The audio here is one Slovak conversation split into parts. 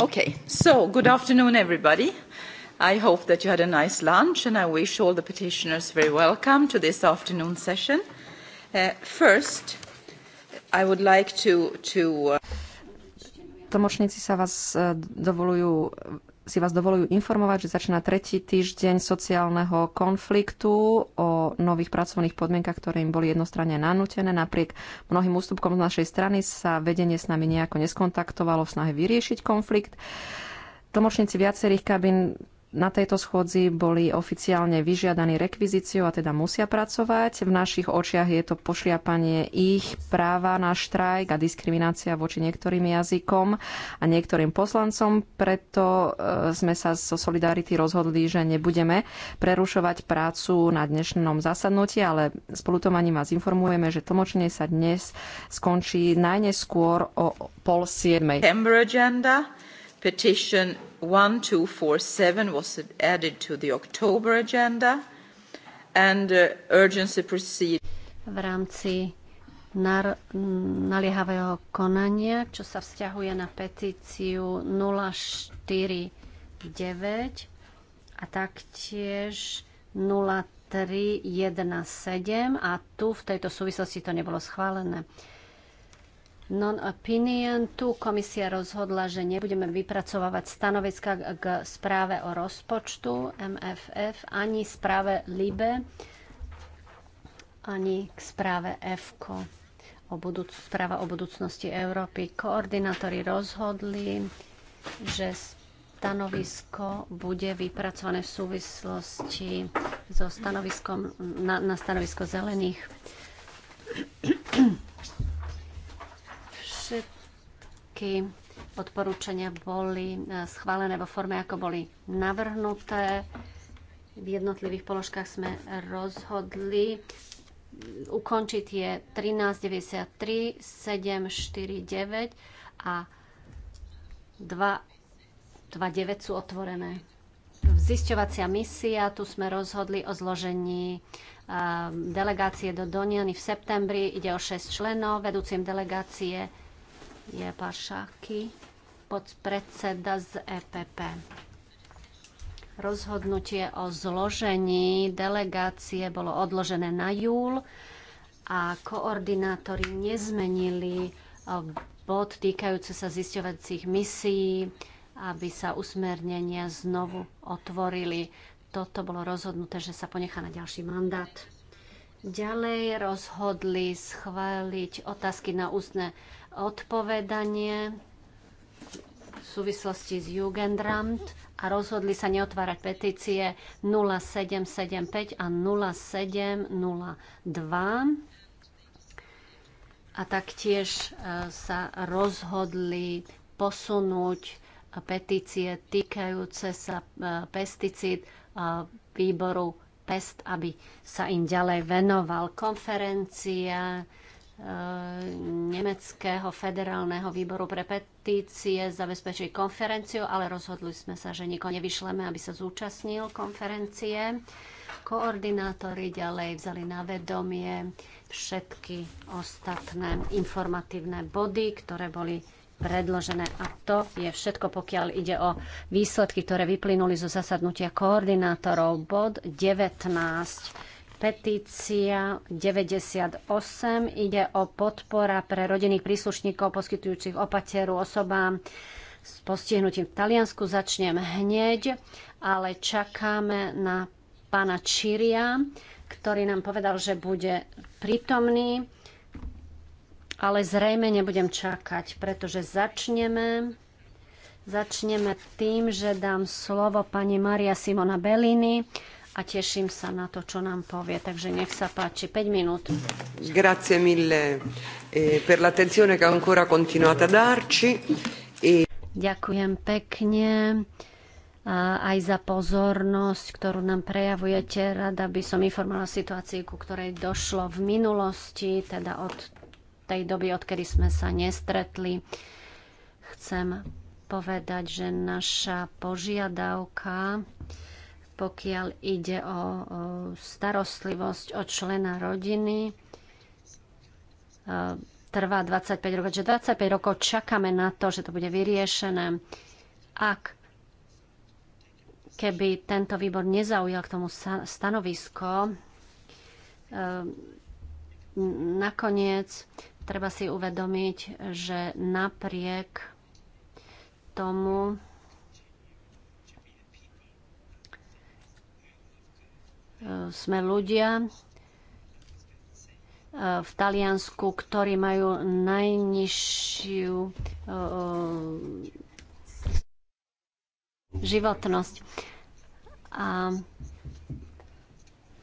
Okay, so good afternoon, everybody. I hope that you had a nice lunch, and I wish all the petitioners very welcome to this afternoon session. Uh, first, I would like to... Uh, Tlmočníci sa vás eh, dovolujú si vás dovolujú informovať, že začína tretí týždeň sociálneho konfliktu o nových pracovných podmienkach, ktoré im boli jednostranne nanútené. Napriek mnohým ústupkom z našej strany sa vedenie s nami nejako neskontaktovalo v snahe vyriešiť konflikt. Tlmočníci viacerých kabín na tejto schôdzi boli oficiálne vyžiadaní rekvizíciou a teda musia pracovať. V našich očiach je to pošliapanie ich práva na štrajk a diskriminácia voči niektorým jazykom a niektorým poslancom. Preto e, sme sa zo so Solidarity rozhodli, že nebudeme prerušovať prácu na dnešnom zasadnutí, ale s polutovaním vás informujeme, že tlmočenie sa dnes skončí najneskôr o pol siedmej. Petition 1247 was added to the October agenda and uh, urgency proceed. V rámci nar- naliehavého konania, čo sa vzťahuje na petíciu 049 a taktiež 0317 a tu v tejto súvislosti to nebolo schválené non-opinion. Tu komisia rozhodla, že nebudeme vypracovávať stanoviska k správe o rozpočtu MFF, ani správe LIBE, ani k správe EFKO. O budúc- správa o budúcnosti Európy. Koordinátori rozhodli, že stanovisko bude vypracované v súvislosti so stanoviskom na, na stanovisko zelených. Všetky odporúčania boli eh, schválené vo forme, ako boli navrhnuté. V jednotlivých položkách sme rozhodli ukončiť je 1393, 749 a 229 sú otvorené. Zisťovacia misia, tu sme rozhodli o zložení eh, delegácie do Doniany v septembri. Ide o 6 členov, vedúcim delegácie je Pašáky, podpredseda z EPP. Rozhodnutie o zložení delegácie bolo odložené na júl a koordinátori nezmenili eh, bod týkajúce sa zisťovacích misií, aby sa usmernenia znovu otvorili. Toto bolo rozhodnuté, že sa ponechá na ďalší mandát. Ďalej rozhodli schváliť otázky na ústne odpovedanie v súvislosti s Jugendramt a rozhodli sa neotvárať petície 0775 a 0702 a taktiež e, sa rozhodli posunúť petície týkajúce sa e, pesticíd e, výboru PEST, aby sa im ďalej venoval. Konferencia Eh, Nemeckého federálneho výboru pre petície zabezpečiť konferenciu, ale rozhodli sme sa, že nikoho nevyšleme, aby sa zúčastnil konferencie. Koordinátori ďalej vzali na vedomie všetky ostatné informatívne body, ktoré boli predložené. A to je všetko, pokiaľ ide o výsledky, ktoré vyplynuli zo zasadnutia koordinátorov. Bod 19 Petícia 98 ide o podpora pre rodinných príslušníkov poskytujúcich opateru osobám s postihnutím v Taliansku. Začnem hneď, ale čakáme na pána Číria, ktorý nám povedal, že bude prítomný, ale zrejme nebudem čakať, pretože začneme Začneme tým, že dám slovo pani Maria Simona Bellini, a teším sa na to, čo nám povie. Takže nech sa páči, 5 minút. Grazie mille eh, per l'attenzione che ancora continuate a darci. E Ďakujem pekne aj za pozornosť, ktorú nám prejavujete. Rada by som informovala situácii, ku ktorej došlo v minulosti, teda od tej doby, odkedy sme sa nestretli. Chcem povedať, že naša požiadavka pokiaľ ide o starostlivosť o člena rodiny. E, trvá 25 rokov, čiže 25 rokov čakáme na to, že to bude vyriešené. Ak keby tento výbor nezaujal k tomu stanovisko, e, nakoniec treba si uvedomiť, že napriek tomu, Sme ľudia e, v Taliansku, ktorí majú najnižšiu e, e, životnosť. A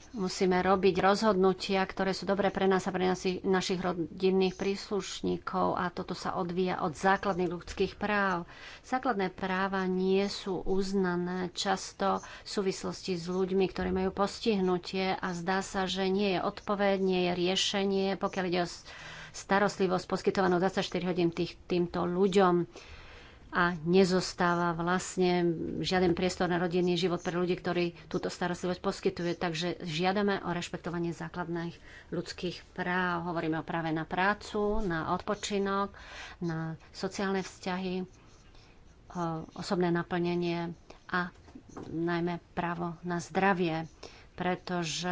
Musíme robiť rozhodnutia, ktoré sú dobré pre nás a pre nás, našich rodinných príslušníkov a toto sa odvíja od základných ľudských práv. Základné práva nie sú uznané často v súvislosti s ľuďmi, ktorí majú postihnutie a zdá sa, že nie je odpoveď, nie je riešenie, pokiaľ ide o starostlivosť poskytovanú 24 hodín tých, týmto ľuďom a nezostáva vlastne žiaden priestor na rodinný život pre ľudí, ktorí túto starostlivosť poskytuje. Takže žiadame o rešpektovanie základných ľudských práv. Hovoríme o práve na prácu, na odpočinok, na sociálne vzťahy, osobné naplnenie a najmä právo na zdravie pretože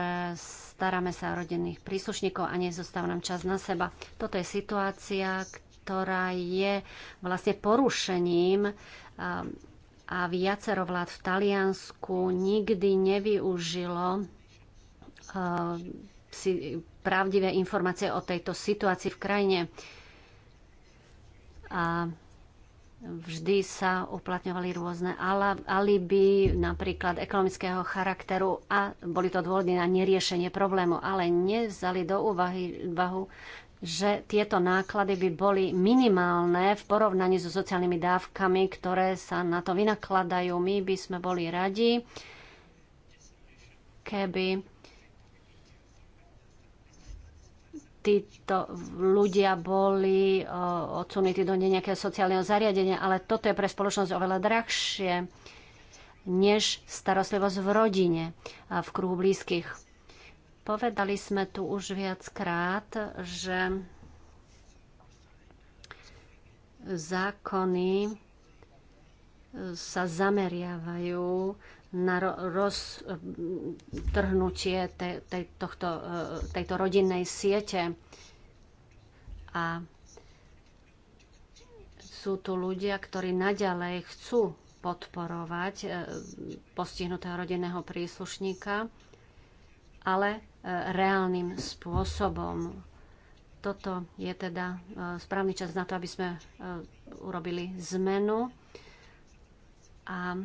staráme sa o rodinných príslušníkov a nezostáva nám čas na seba. Toto je situácia, ktorá je vlastne porušením um, a viacero vlád v Taliansku nikdy nevyužilo uh, si pravdivé informácie o tejto situácii v krajine. A vždy sa uplatňovali rôzne alibi, napríklad ekonomického charakteru a boli to dôvody na neriešenie problému, ale nevzali do úvahy, že tieto náklady by boli minimálne v porovnaní so sociálnymi dávkami, ktoré sa na to vynakladajú. My by sme boli radi, keby títo ľudia boli odsunutí do nejakého sociálneho zariadenia, ale toto je pre spoločnosť oveľa drahšie než starostlivosť v rodine a v kruhu blízkych. Povedali sme tu už viackrát, že zákony sa zameriavajú na roztrhnutie tej, tej, tohto, eh, tejto rodinnej siete. A sú tu ľudia, ktorí naďalej chcú podporovať eh, postihnutého rodinného príslušníka, ale reálnym spôsobom. Toto je teda e, správny čas na to, aby sme e, urobili zmenu. A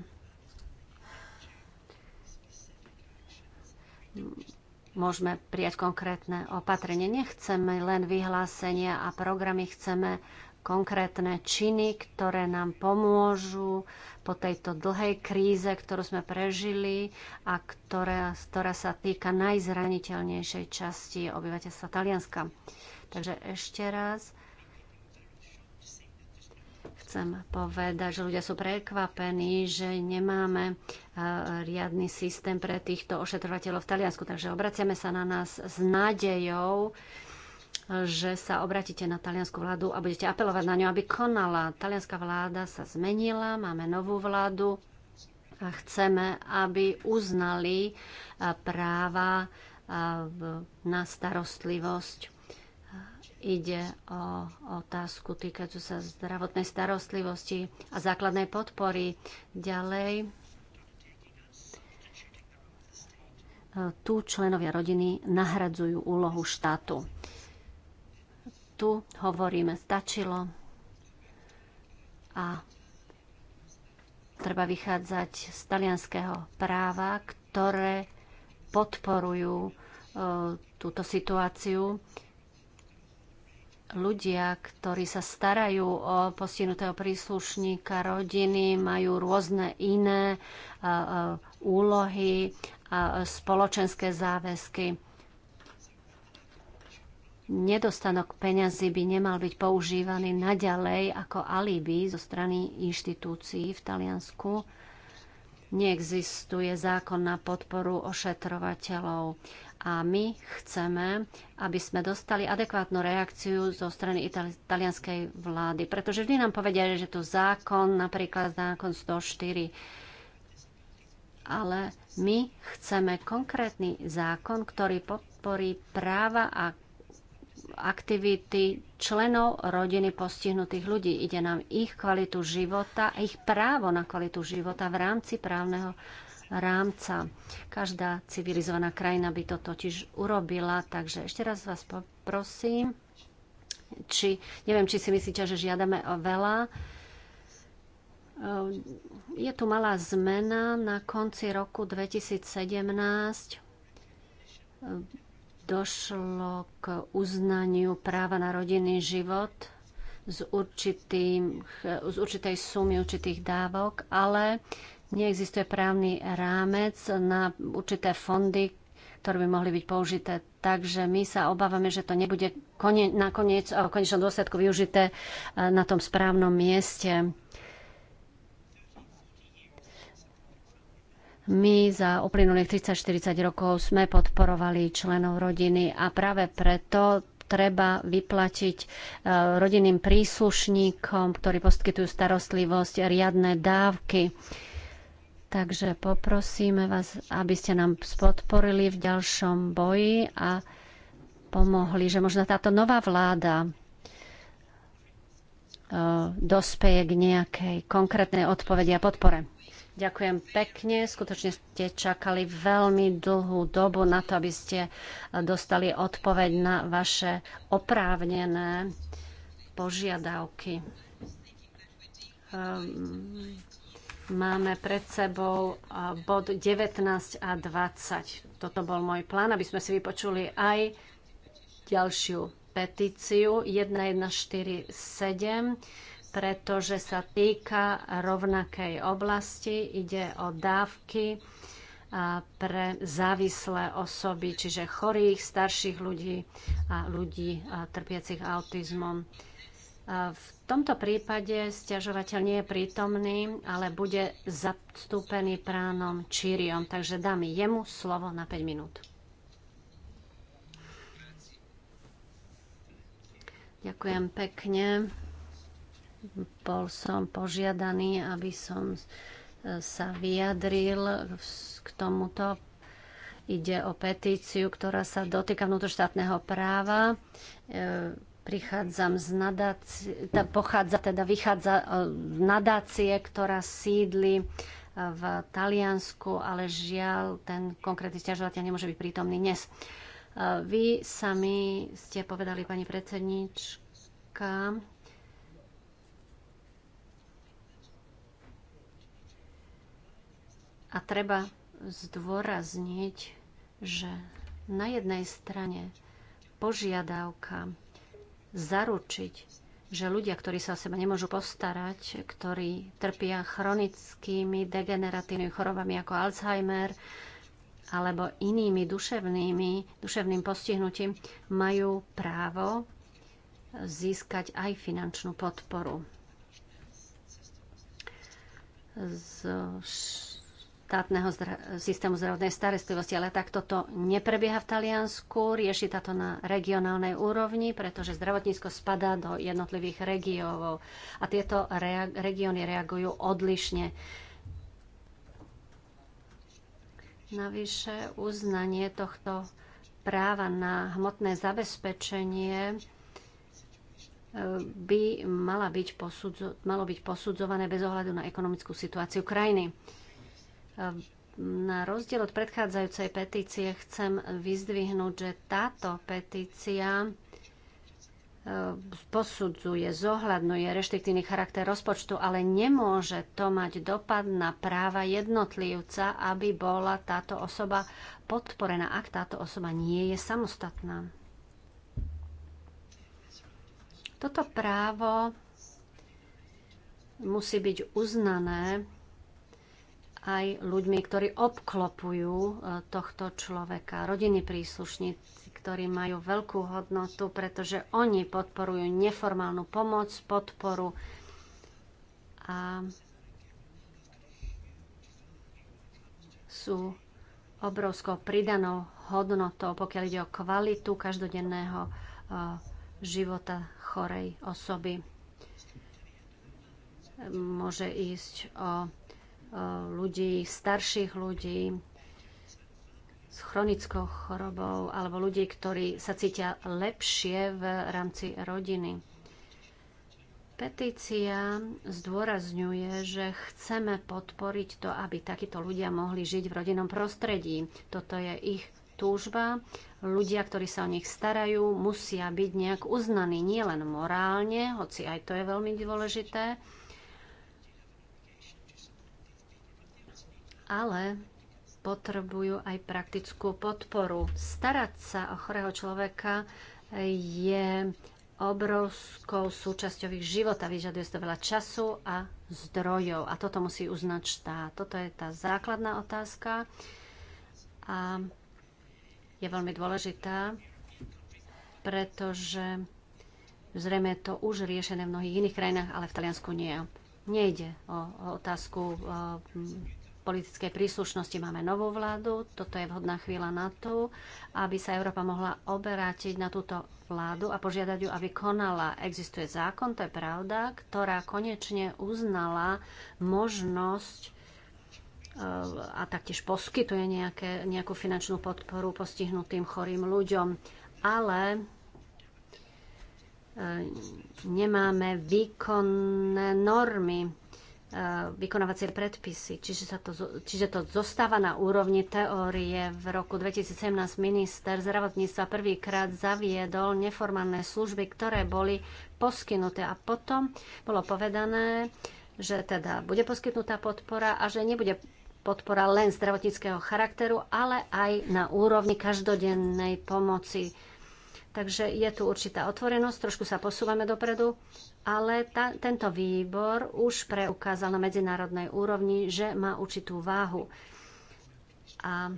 môžeme prijať konkrétne opatrenie. Nechceme len vyhlásenia a programy, chceme konkrétne činy, ktoré nám pomôžu po tejto dlhej kríze, ktorú sme prežili a ktorá, ktorá sa týka najzraniteľnejšej časti obyvateľstva Talianska. Takže ešte raz chcem povedať, že ľudia sú prekvapení, že nemáme e, riadny systém pre týchto ošetrovateľov v Taliansku. Takže obraciame sa na nás s nádejou, že sa obratíte na taliansku vládu a budete apelovať na ňu, aby konala. Talianská vláda sa zmenila, máme novú vládu a chceme, aby uznali práva na starostlivosť. Ide o otázku týkajúcu sa zdravotnej starostlivosti a základnej podpory. Ďalej, tu členovia rodiny nahradzujú úlohu štátu tu hovoríme stačilo a treba vychádzať z talianského práva, ktoré podporujú e, túto situáciu. Ľudia, ktorí sa starajú o postihnutého príslušníka rodiny, majú rôzne iné e, e, úlohy a spoločenské záväzky nedostanok peňazí by nemal byť používaný naďalej ako alibi zo strany inštitúcií v Taliansku. Neexistuje zákon na podporu ošetrovateľov a my chceme, aby sme dostali adekvátnu reakciu zo strany itali- talianskej vlády, pretože vždy nám povedia, že to zákon, napríklad zákon 104, ale my chceme konkrétny zákon, ktorý podporí práva a aktivity členov rodiny postihnutých ľudí. Ide nám ich kvalitu života, ich právo na kvalitu života v rámci právneho rámca. Každá civilizovaná krajina by to totiž urobila, takže ešte raz vás poprosím, či, neviem, či si myslíte, že žiadame o veľa. Ehm, je tu malá zmena na konci roku 2017 došlo k uznaniu práva na rodinný život z, určitým, z určitej sumy určitých dávok, ale neexistuje právny rámec na určité fondy, ktoré by mohli byť použité. Takže my sa obávame, že to nebude konie, nakoniec, v konečnom dôsledku využité eh, na tom správnom mieste. My za uplynulých 30-40 rokov sme podporovali členov rodiny a práve preto treba vyplatiť e, rodinným príslušníkom, ktorí poskytujú starostlivosť, riadne dávky. Takže poprosíme vás, aby ste nám podporili v ďalšom boji a pomohli, že možno táto nová vláda e, dospeje k nejakej konkrétnej odpovedi a podpore. Ďakujem pekne. Skutočne ste čakali veľmi dlhú dobu na to, aby ste dostali odpoveď na vaše oprávnené požiadavky. Ehm, máme pred sebou bod 19 a 20. Toto bol môj plán, aby sme si vypočuli aj ďalšiu petíciu 1147 pretože sa týka rovnakej oblasti. Ide o dávky pre závislé osoby, čiže chorých, starších ľudí a ľudí trpiacich autizmom. V tomto prípade stiažovateľ nie je prítomný, ale bude zastúpený pránom Číriom. Takže dám jemu slovo na 5 minút. Ďakujem pekne. Bol som požiadaný, aby som e, sa vyjadril k tomuto. Ide o petíciu, ktorá sa dotýka vnútroštátneho práva. E, Prichádzam z nadácie, pochádza, teda vychádza e, z nadácie, ktorá sídli v Taliansku, ale žiaľ, ten konkrétny stiažovateľ nemôže byť prítomný dnes. Vy sami ste povedali, pani predsednička, A treba zdôrazniť, že na jednej strane požiadavka zaručiť, že ľudia, ktorí sa o seba nemôžu postarať, ktorí trpia chronickými degeneratívnymi chorobami ako Alzheimer alebo inými duševnými, duševným postihnutím, majú právo získať aj finančnú podporu. Z štátneho zdra- systému zdravotnej starostlivosti, ale takto to neprebieha v Taliansku, rieši táto na regionálnej úrovni, pretože zdravotnícko spadá do jednotlivých regiónov a tieto rea- regióny reagujú odlišne. Navyše uznanie tohto práva na hmotné zabezpečenie eh, by mala byť malo byť posudzované bez ohľadu na ekonomickú situáciu krajiny. Na rozdiel od predchádzajúcej petície chcem vyzdvihnúť, že táto petícia eh, posudzuje, zohľadňuje reštriktívny charakter rozpočtu, ale nemôže to mať dopad na práva jednotlivca, aby bola táto osoba podporená, ak táto osoba nie je samostatná. Toto právo musí byť uznané aj ľuďmi, ktorí obklopujú e, tohto človeka, rodiny príslušníci, ktorí majú veľkú hodnotu, pretože oni podporujú neformálnu pomoc, podporu a sú obrovskou pridanou hodnotou, pokiaľ ide o kvalitu každodenného e, života chorej osoby. Môže ísť o ľudí, starších ľudí s chronickou chorobou alebo ľudí, ktorí sa cítia lepšie v rámci rodiny. Petícia zdôrazňuje, že chceme podporiť to, aby takíto ľudia mohli žiť v rodinnom prostredí. Toto je ich túžba. Ľudia, ktorí sa o nich starajú, musia byť nejak uznaní nielen morálne, hoci aj to je veľmi dôležité, ale potrebujú aj praktickú podporu. Starať sa o chorého človeka je obrovskou súčasťou ich života. Vyžaduje to veľa času a zdrojov. A toto musí uznať štát. Toto je tá základná otázka. A je veľmi dôležitá, pretože zrejme je to už riešené v mnohých iných krajinách, ale v Taliansku nie. Nejde o, otázku politickej príslušnosti máme novú vládu. Toto je vhodná chvíľa na to, aby sa Európa mohla oberátiť na túto vládu a požiadať ju, aby konala. Existuje zákon, to je pravda, ktorá konečne uznala možnosť eh, a taktiež poskytuje nejaké, nejakú finančnú podporu postihnutým chorým ľuďom. Ale eh, nemáme výkonné normy E, vykonávacie predpisy, čiže, sa to, čiže to zostáva na úrovni teórie. V roku 2017 minister zdravotníctva prvýkrát zaviedol neformálne služby, ktoré boli poskynuté a potom bolo povedané, že teda bude poskytnutá podpora a že nebude podpora len zdravotníckého charakteru, ale aj na úrovni každodennej pomoci. Takže je tu určitá otvorenosť, trošku sa posúvame dopredu, ale ta, tento výbor už preukázal na medzinárodnej úrovni, že má určitú váhu. A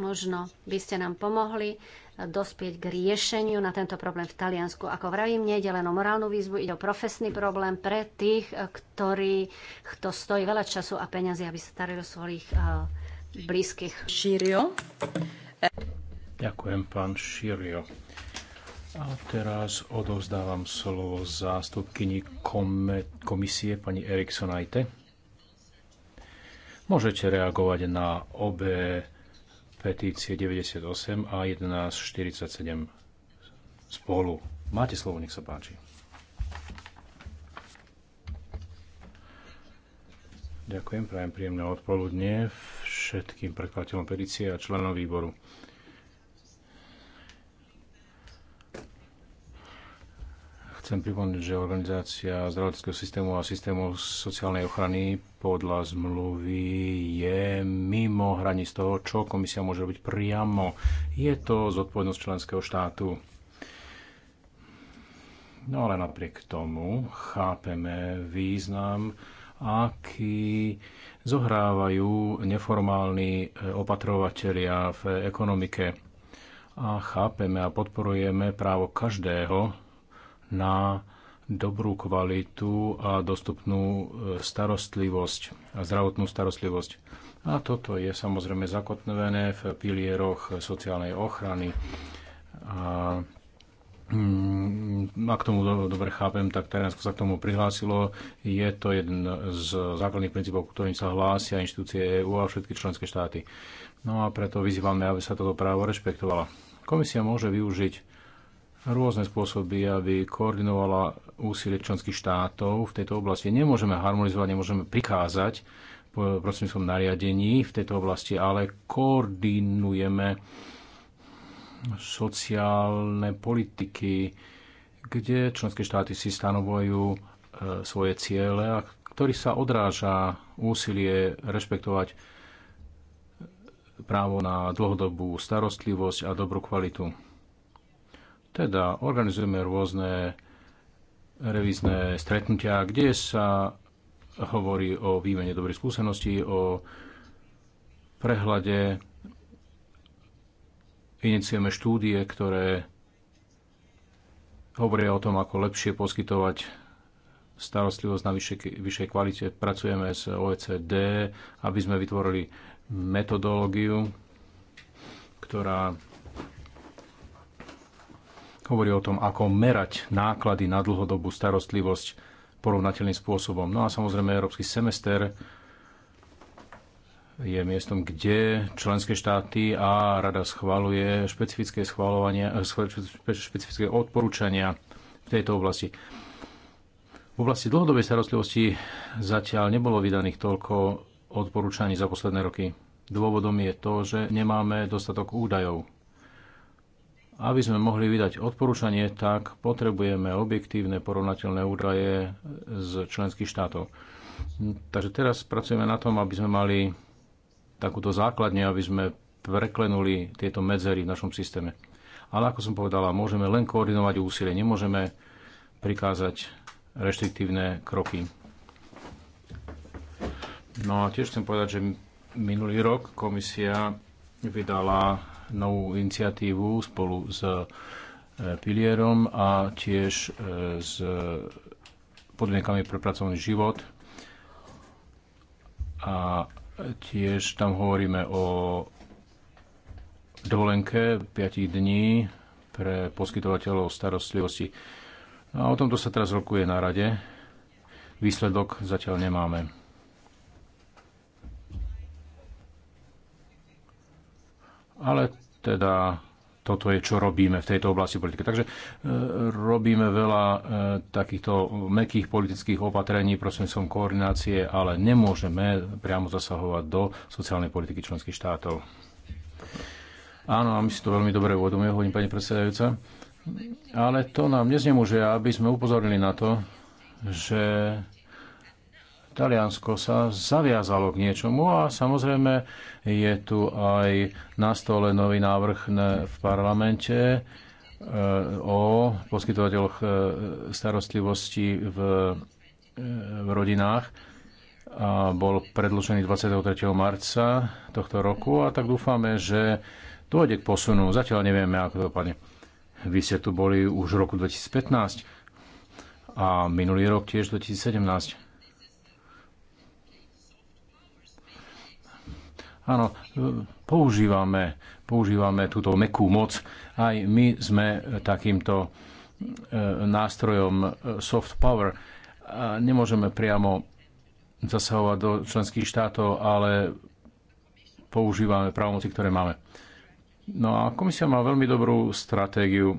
možno by ste nám pomohli e, dospieť k riešeniu na tento problém v Taliansku. Ako vravím, nie je len o morálnu výzvu, ide o profesný problém pre tých, e, ktorí to stojí veľa času a peniazy, aby sa starili o svojich uh, blízkych. Šírio. Ďakujem, pán Šírio. A teraz odovzdávam slovo zástupkyni komisie pani Eriksonajte. Môžete reagovať na obe petície 98 a 1147 spolu. Máte slovo, nech sa páči. Ďakujem, prajem príjemné odpoludne všetkým predkladateľom petície a členom výboru. Chcem pripomenúť, že organizácia zdravotníckého systému a systému sociálnej ochrany podľa zmluvy je mimo z toho, čo komisia môže robiť priamo. Je to zodpovednosť členského štátu. No ale napriek tomu chápeme význam, aký zohrávajú neformálni e, opatrovateľia v ekonomike. A chápeme a podporujeme právo každého na dobrú kvalitu a dostupnú e, starostlivosť a zdravotnú starostlivosť. A toto je samozrejme zakotvené v pilieroch sociálnej ochrany. A mm, ak tomu dobre chápem, tak Taliansko sa k tomu prihlásilo. Je to jeden z základných princípov, ktorým sa hlásia inštitúcie EÚ a všetky členské štáty. No a preto vyzývame, aby sa toto právo rešpektovalo. Komisia môže využiť rôzne spôsoby, aby koordinovala úsilie členských štátov v tejto oblasti. Nemôžeme harmonizovať, nemôžeme prikázať prostredníctvom nariadení v tejto oblasti, ale koordinujeme sociálne politiky, kde členské štáty si stanovujú e, svoje ciele a ktorý sa odráža úsilie rešpektovať právo na dlhodobú starostlivosť a dobrú kvalitu teda organizujeme rôzne revízne stretnutia, kde sa hovorí o výmene dobrých skúseností, o prehľade. Iniciujeme štúdie, ktoré hovoria o tom, ako lepšie poskytovať starostlivosť na vyššej, vyššej kvalite. Pracujeme s OECD, aby sme vytvorili metodológiu, ktorá hovorí o tom, ako merať náklady na dlhodobú starostlivosť porovnateľným spôsobom. No a samozrejme, Európsky semester je miestom, kde členské štáty a rada schvaluje špecifické, eh, špecifické odporúčania v tejto oblasti. V oblasti dlhodobej starostlivosti zatiaľ nebolo vydaných toľko odporúčaní za posledné roky. Dôvodom je to, že nemáme dostatok údajov. Aby sme mohli vydať odporúčanie, tak potrebujeme objektívne porovnateľné údaje z členských štátov. Takže teraz pracujeme na tom, aby sme mali takúto základne, aby sme preklenuli tieto medzery v našom systéme. Ale ako som povedala, môžeme len koordinovať úsilie, nemôžeme prikázať reštriktívne kroky. No a tiež chcem povedať, že minulý rok komisia vydala novú iniciatívu spolu s e, pilierom a tiež e, s podmienkami pre pracovný život. A tiež tam hovoríme o dovolenke 5 dní pre poskytovateľov starostlivosti. A o tomto sa teraz rokuje na rade. Výsledok zatiaľ nemáme. ale teda toto je, čo robíme v tejto oblasti politiky. Takže e, robíme veľa e, takýchto mekých politických opatrení som koordinácie, ale nemôžeme priamo zasahovať do sociálnej politiky členských štátov. Áno, a my si to veľmi dobre uvedomujeme, hovorím pani predsedajúca. Ale to nám dnes nemôže, aby sme upozornili na to, že Taliansko sa zaviazalo k niečomu a samozrejme je tu aj na stole nový návrh v parlamente e, o poskytovateľoch e, starostlivosti v, e, v rodinách a bol predložený 23. marca tohto roku a tak dúfame, že dôjde k posunu. Zatiaľ nevieme, ako to dopadne. Vy ste tu boli už v roku 2015 a minulý rok tiež 2017. Áno, používame, používame túto mekú moc. Aj my sme takýmto e, nástrojom e, soft power. A nemôžeme priamo zasahovať do členských štátov, ale používame právomoci, ktoré máme. No a komisia má veľmi dobrú stratégiu, e,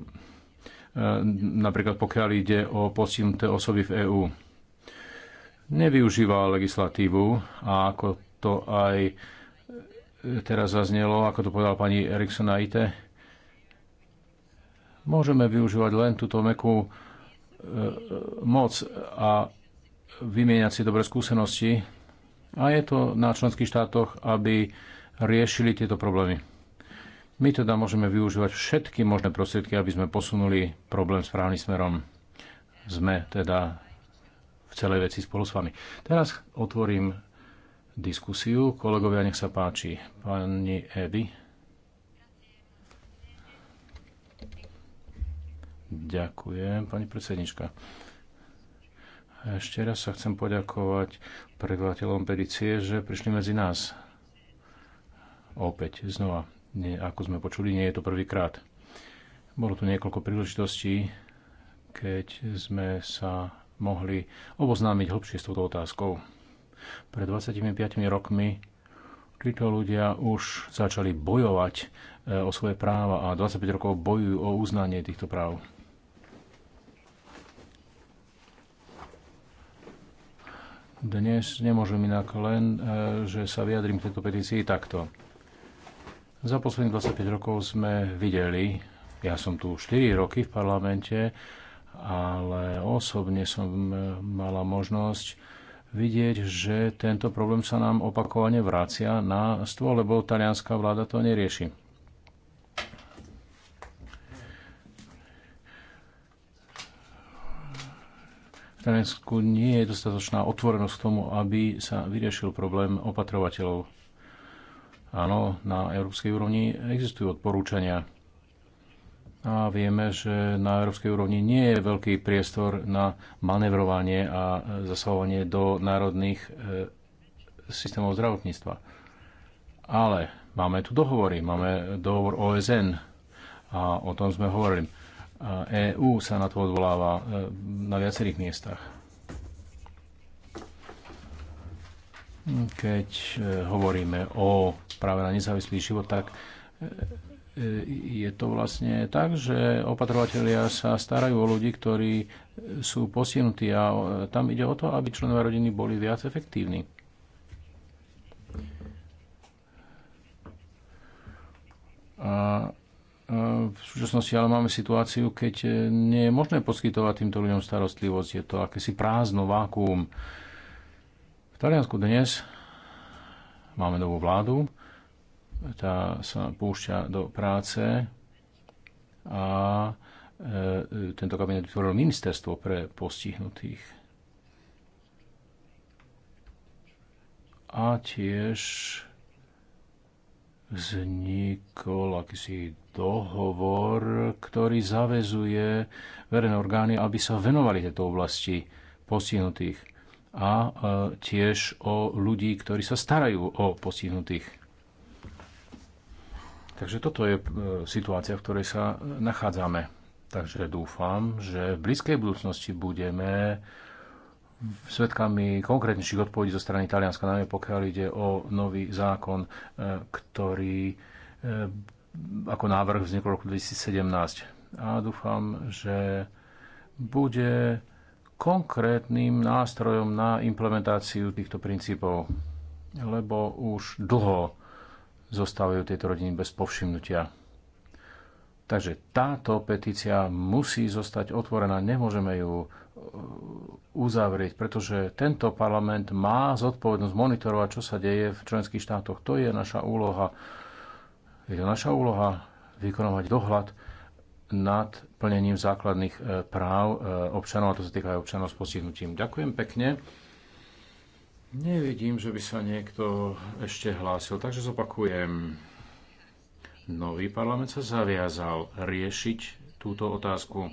napríklad pokiaľ ide o postihnuté osoby v EÚ. Nevyužíva legislatívu a ako to aj teraz zaznelo, ako to povedal pani a IT, môžeme využívať len túto mekú e, e, moc a vymieňať si dobré skúsenosti. A je to na členských štátoch, aby riešili tieto problémy. My teda môžeme využívať všetky možné prostriedky, aby sme posunuli problém správnym smerom. Sme teda v celej veci spolu s vami. Teraz otvorím diskusiu. Kolegovia, nech sa páči. Pani Eby. Ďakujem, pani predsednička. Ešte raz sa chcem poďakovať predkladateľom pedície, že prišli medzi nás. Opäť, znova. Nie, ako sme počuli, nie je to prvýkrát. Bolo tu niekoľko príležitostí, keď sme sa mohli oboznámiť hlbšie s touto otázkou. Pred 25 rokmi títo ľudia už začali bojovať e, o svoje práva a 25 rokov bojujú o uznanie týchto práv. Dnes nemôžem inak len, e, že sa vyjadrím k tejto petícii takto. Za posledných 25 rokov sme videli, ja som tu 4 roky v parlamente, ale osobne som e, mala možnosť vidieť, že tento problém sa nám opakovane vracia na stôl, lebo talianská vláda to nerieši. V Taliansku nie je dostatočná otvorenosť k tomu, aby sa vyriešil problém opatrovateľov. Áno, na európskej úrovni existujú odporúčania a vieme, že na európskej úrovni nie je veľký priestor na manevrovanie a zasahovanie do národných e, systémov zdravotníctva. Ale máme tu dohovory, máme dohovor OSN a o tom sme hovorili. EÚ sa na to odvoláva e, na viacerých miestach. Keď e, hovoríme o práve na nezávislý život, tak E, je to vlastne tak, že opatrovateľia sa starajú o ľudí, ktorí sú posienutí a e, tam ide o to, aby členovia rodiny boli viac efektívni. A e, v súčasnosti ale máme situáciu, keď nie je možné poskytovať týmto ľuďom starostlivosť. Je to akési prázdno, vákuum. V Taliansku dnes máme novú vládu, tá sa púšťa do práce a e, tento kabinet vytvoril ministerstvo pre postihnutých. A tiež vznikol akýsi dohovor, ktorý zavezuje verejné orgány, aby sa venovali tejto oblasti postihnutých a e, tiež o ľudí, ktorí sa starajú o postihnutých. Takže toto je e, situácia, v ktorej sa nachádzame. Takže dúfam, že v blízkej budúcnosti budeme svetkami konkrétnejších odpovedí zo strany Talianska, najmä pokiaľ ide o nový zákon, e, ktorý e, ako návrh vznikol v roku 2017. A dúfam, že bude konkrétnym nástrojom na implementáciu týchto princípov, lebo už dlho zostávajú tieto rodiny bez povšimnutia. Takže táto petícia musí zostať otvorená, nemôžeme ju e, uzavrieť, pretože tento parlament má zodpovednosť monitorovať, čo sa deje v členských štátoch. To je naša úloha. Je to naša úloha vykonovať dohľad nad plnením základných e, práv e, občanov, a to sa týka aj občanov s postihnutím. Ďakujem pekne. Nevidím, že by sa niekto ešte hlásil, takže zopakujem. Nový parlament sa zaviazal riešiť túto otázku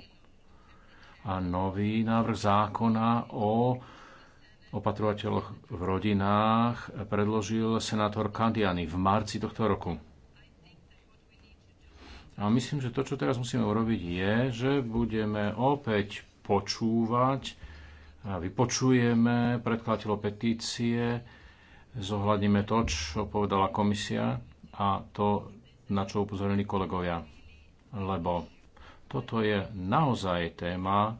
a nový návrh zákona o opatrovateľoch v rodinách predložil senátor Kandiani v marci tohto roku. A myslím, že to, čo teraz musíme urobiť, je, že budeme opäť počúvať vypočujeme predkladateľov petície, zohľadíme to, čo povedala komisia a to, na čo upozorili kolegovia. Lebo toto je naozaj téma,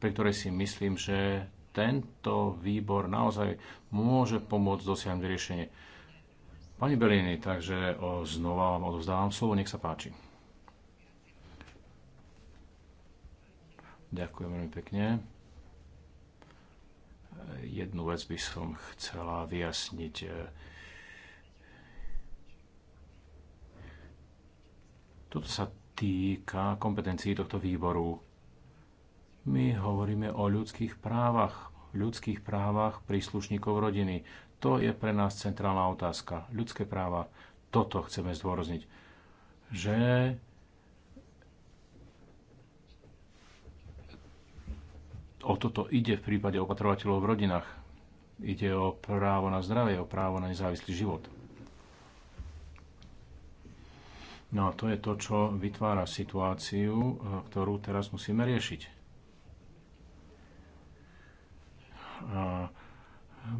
pri ktorej si myslím, že tento výbor naozaj môže pomôcť dosiahnuť riešenie. Pani Beliny, takže znova vám odovzdávam slovo, nech sa páči. Ďakujem veľmi pekne jednu vec by som chcela vyjasniť. E, toto sa týka kompetencií tohto výboru. My hovoríme o ľudských právach, ľudských právach príslušníkov rodiny. To je pre nás centrálna otázka. Ľudské práva, toto chceme zdôrazniť. Že o toto ide v prípade opatrovateľov v rodinách. Ide o právo na zdravie, o právo na nezávislý život. No a to je to, čo vytvára situáciu, e, ktorú teraz musíme riešiť. A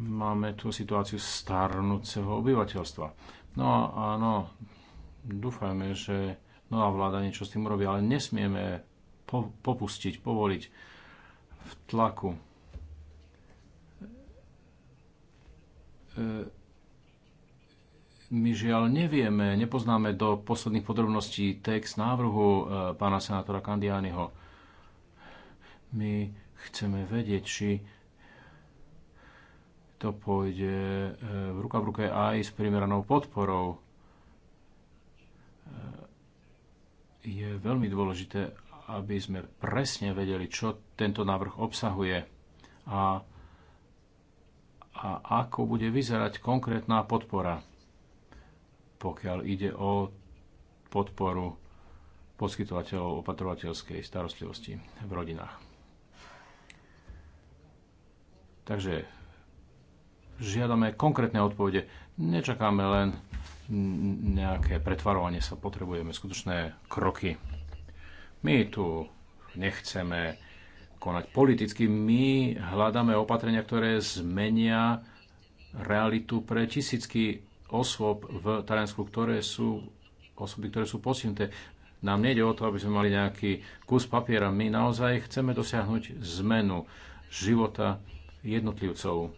máme tu situáciu starnúceho obyvateľstva. No a áno, dúfajme, že nová vláda niečo s tým urobí, ale nesmieme po- popustiť, povoliť v tlaku. E, my žiaľ nevieme, nepoznáme do posledných podrobností text návrhu e, pána senátora Kandiányho. My chceme vedieť, či to pôjde v e, ruka v ruke aj s primeranou podporou. Je veľmi dôležité, aby sme presne vedeli, čo tento návrh obsahuje a, a ako bude vyzerať konkrétna podpora, pokiaľ ide o podporu poskytovateľov opatrovateľskej starostlivosti v rodinách. Takže žiadame konkrétne odpovede. Nečakáme len nejaké pretvarovanie sa, potrebujeme skutočné kroky. My tu nechceme konať politicky, my hľadáme opatrenia, ktoré zmenia realitu pre tisícky osôb v Taliansku, ktoré sú osoby, ktoré sú posunuté. Nám nejde o to, aby sme mali nejaký kus papiera. My naozaj chceme dosiahnuť zmenu života jednotlivcov.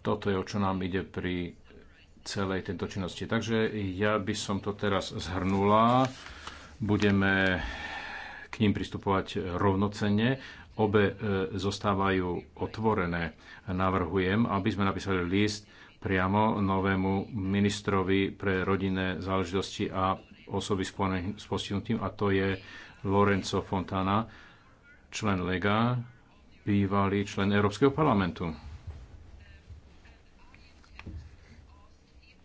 Toto je, o čo nám ide pri celej tejto činnosti. Takže ja by som to teraz zhrnula. Budeme k ním pristupovať rovnocenne. Obe e, zostávajú otvorené. Navrhujem, aby sme napísali list priamo novému ministrovi pre rodinné záležitosti a osoby s postihnutím, a to je Lorenzo Fontana, člen Lega, bývalý člen Európskeho parlamentu.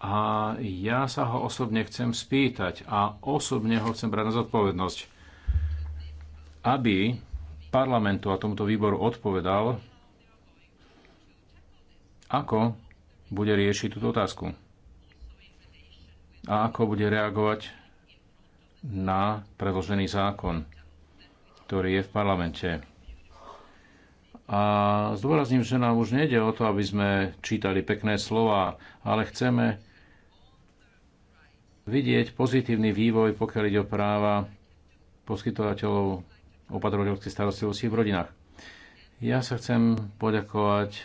a ja sa ho osobne chcem spýtať a osobne ho chcem brať na zodpovednosť, aby parlamentu a tomuto výboru odpovedal, ako bude riešiť túto otázku a ako bude reagovať na predložený zákon, ktorý je v parlamente. A zdôrazním, že nám už nejde o to, aby sme čítali pekné slova, ale chceme vidieť pozitívny vývoj, pokiaľ ide o práva poskytovateľov opatrovateľskej starostlivosti v rodinách. Ja sa chcem poďakovať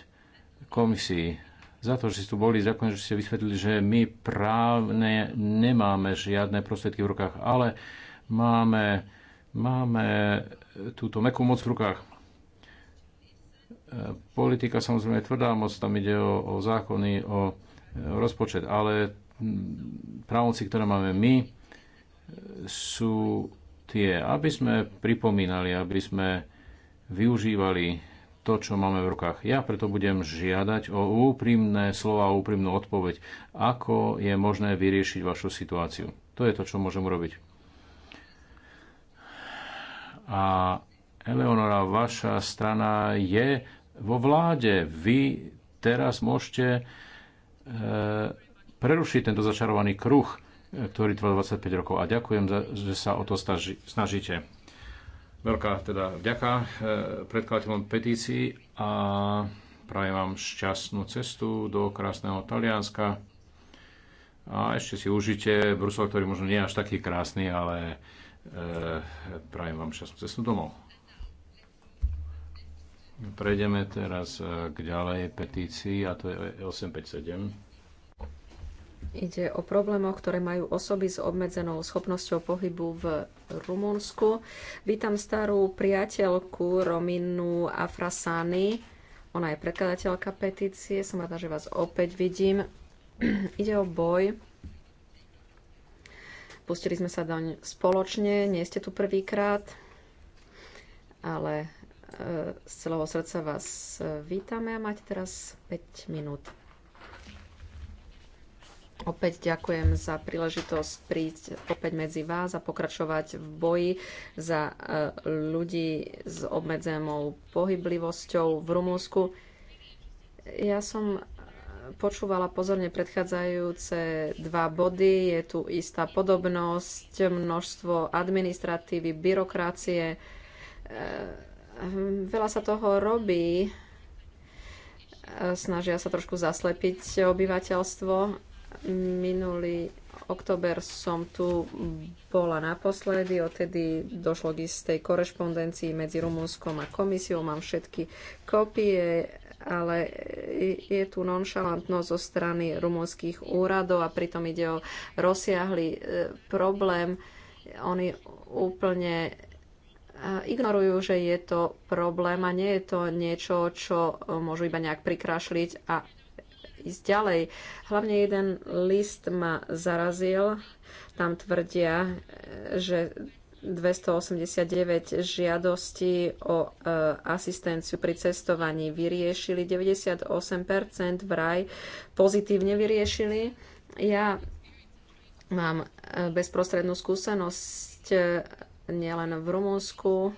komisii za to, že ste tu boli, ďakujem, že ste vysvetlili, že my právne nemáme žiadne prostriedky v rukách, ale máme, máme túto mekú moc v rukách. Politika samozrejme je tvrdá moc, tam ide o, o zákony, o, o rozpočet, ale právoci, ktoré máme my, e, sú tie, aby sme pripomínali, aby sme využívali to, čo máme v rukách. Ja preto budem žiadať o úprimné slova, o úprimnú odpoveď, ako je možné vyriešiť vašu situáciu. To je to, čo môžem urobiť. A Eleonora, vaša strana je vo vláde. Vy teraz môžete e, prerušiť tento začarovaný kruh, e, ktorý trval 25 rokov. A ďakujem, že sa o to snažíte. Veľká teda vďaka e, predkladateľom petícií a prajem vám šťastnú cestu do krásneho Talianska. A ešte si užite Brusel, ktorý možno nie je až taký krásny, ale e, prajem vám šťastnú cestu domov. Prejdeme teraz e, k ďalej petícii a to je 857. Ide o problémoch, ktoré majú osoby s obmedzenou schopnosťou pohybu v Rumunsku. Vítam starú priateľku Rominu Afrasány. Ona je predkladateľka petície. Som rada, že vás opäť vidím. Ide o boj. Pustili sme sa doň spoločne. Nie ste tu prvýkrát, ale e, z celého srdca vás e, vítame a máte teraz 5 minút. Opäť ďakujem za príležitosť prísť opäť medzi vás a pokračovať v boji za e, ľudí s obmedzenou pohyblivosťou v Rumúnsku. Ja som počúvala pozorne predchádzajúce dva body. Je tu istá podobnosť, množstvo administratívy, byrokracie. E, veľa sa toho robí, e, snažia sa trošku zaslepiť obyvateľstvo Minulý október som tu bola naposledy, odtedy došlo k istej korešpondencii medzi Rumunskom a komisiou, mám všetky kopie, ale je tu nonšalantnosť zo strany rumunských úradov a pritom ide o rozsiahly e, problém. Oni úplne e, ignorujú, že je to problém a nie je to niečo, čo môžu iba nejak prikrašliť a ísť ďalej. Hlavne jeden list ma zarazil. Tam tvrdia, že 289 žiadostí o e, asistenciu pri cestovaní vyriešili, 98% vraj pozitívne vyriešili. Ja mám e, bezprostrednú skúsenosť e, nielen v Rumunsku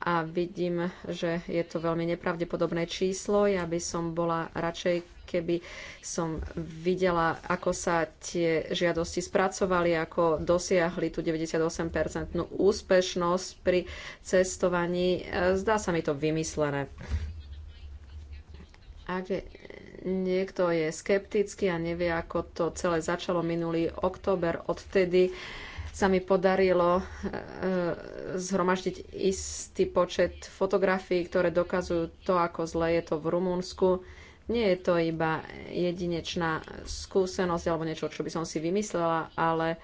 a vidím, že je to veľmi nepravdepodobné číslo. Ja by som bola radšej keby som videla, ako sa tie žiadosti spracovali, ako dosiahli tú 98-percentnú úspešnosť pri cestovaní. Zdá sa mi to vymyslené. Ak niekto je skeptický a nevie, ako to celé začalo minulý október, odtedy sa mi podarilo e, e, zhromaždiť istý počet fotografií, ktoré dokazujú to, ako zle je to v Rumunsku nie je to iba jedinečná skúsenosť alebo niečo, čo by som si vymyslela, ale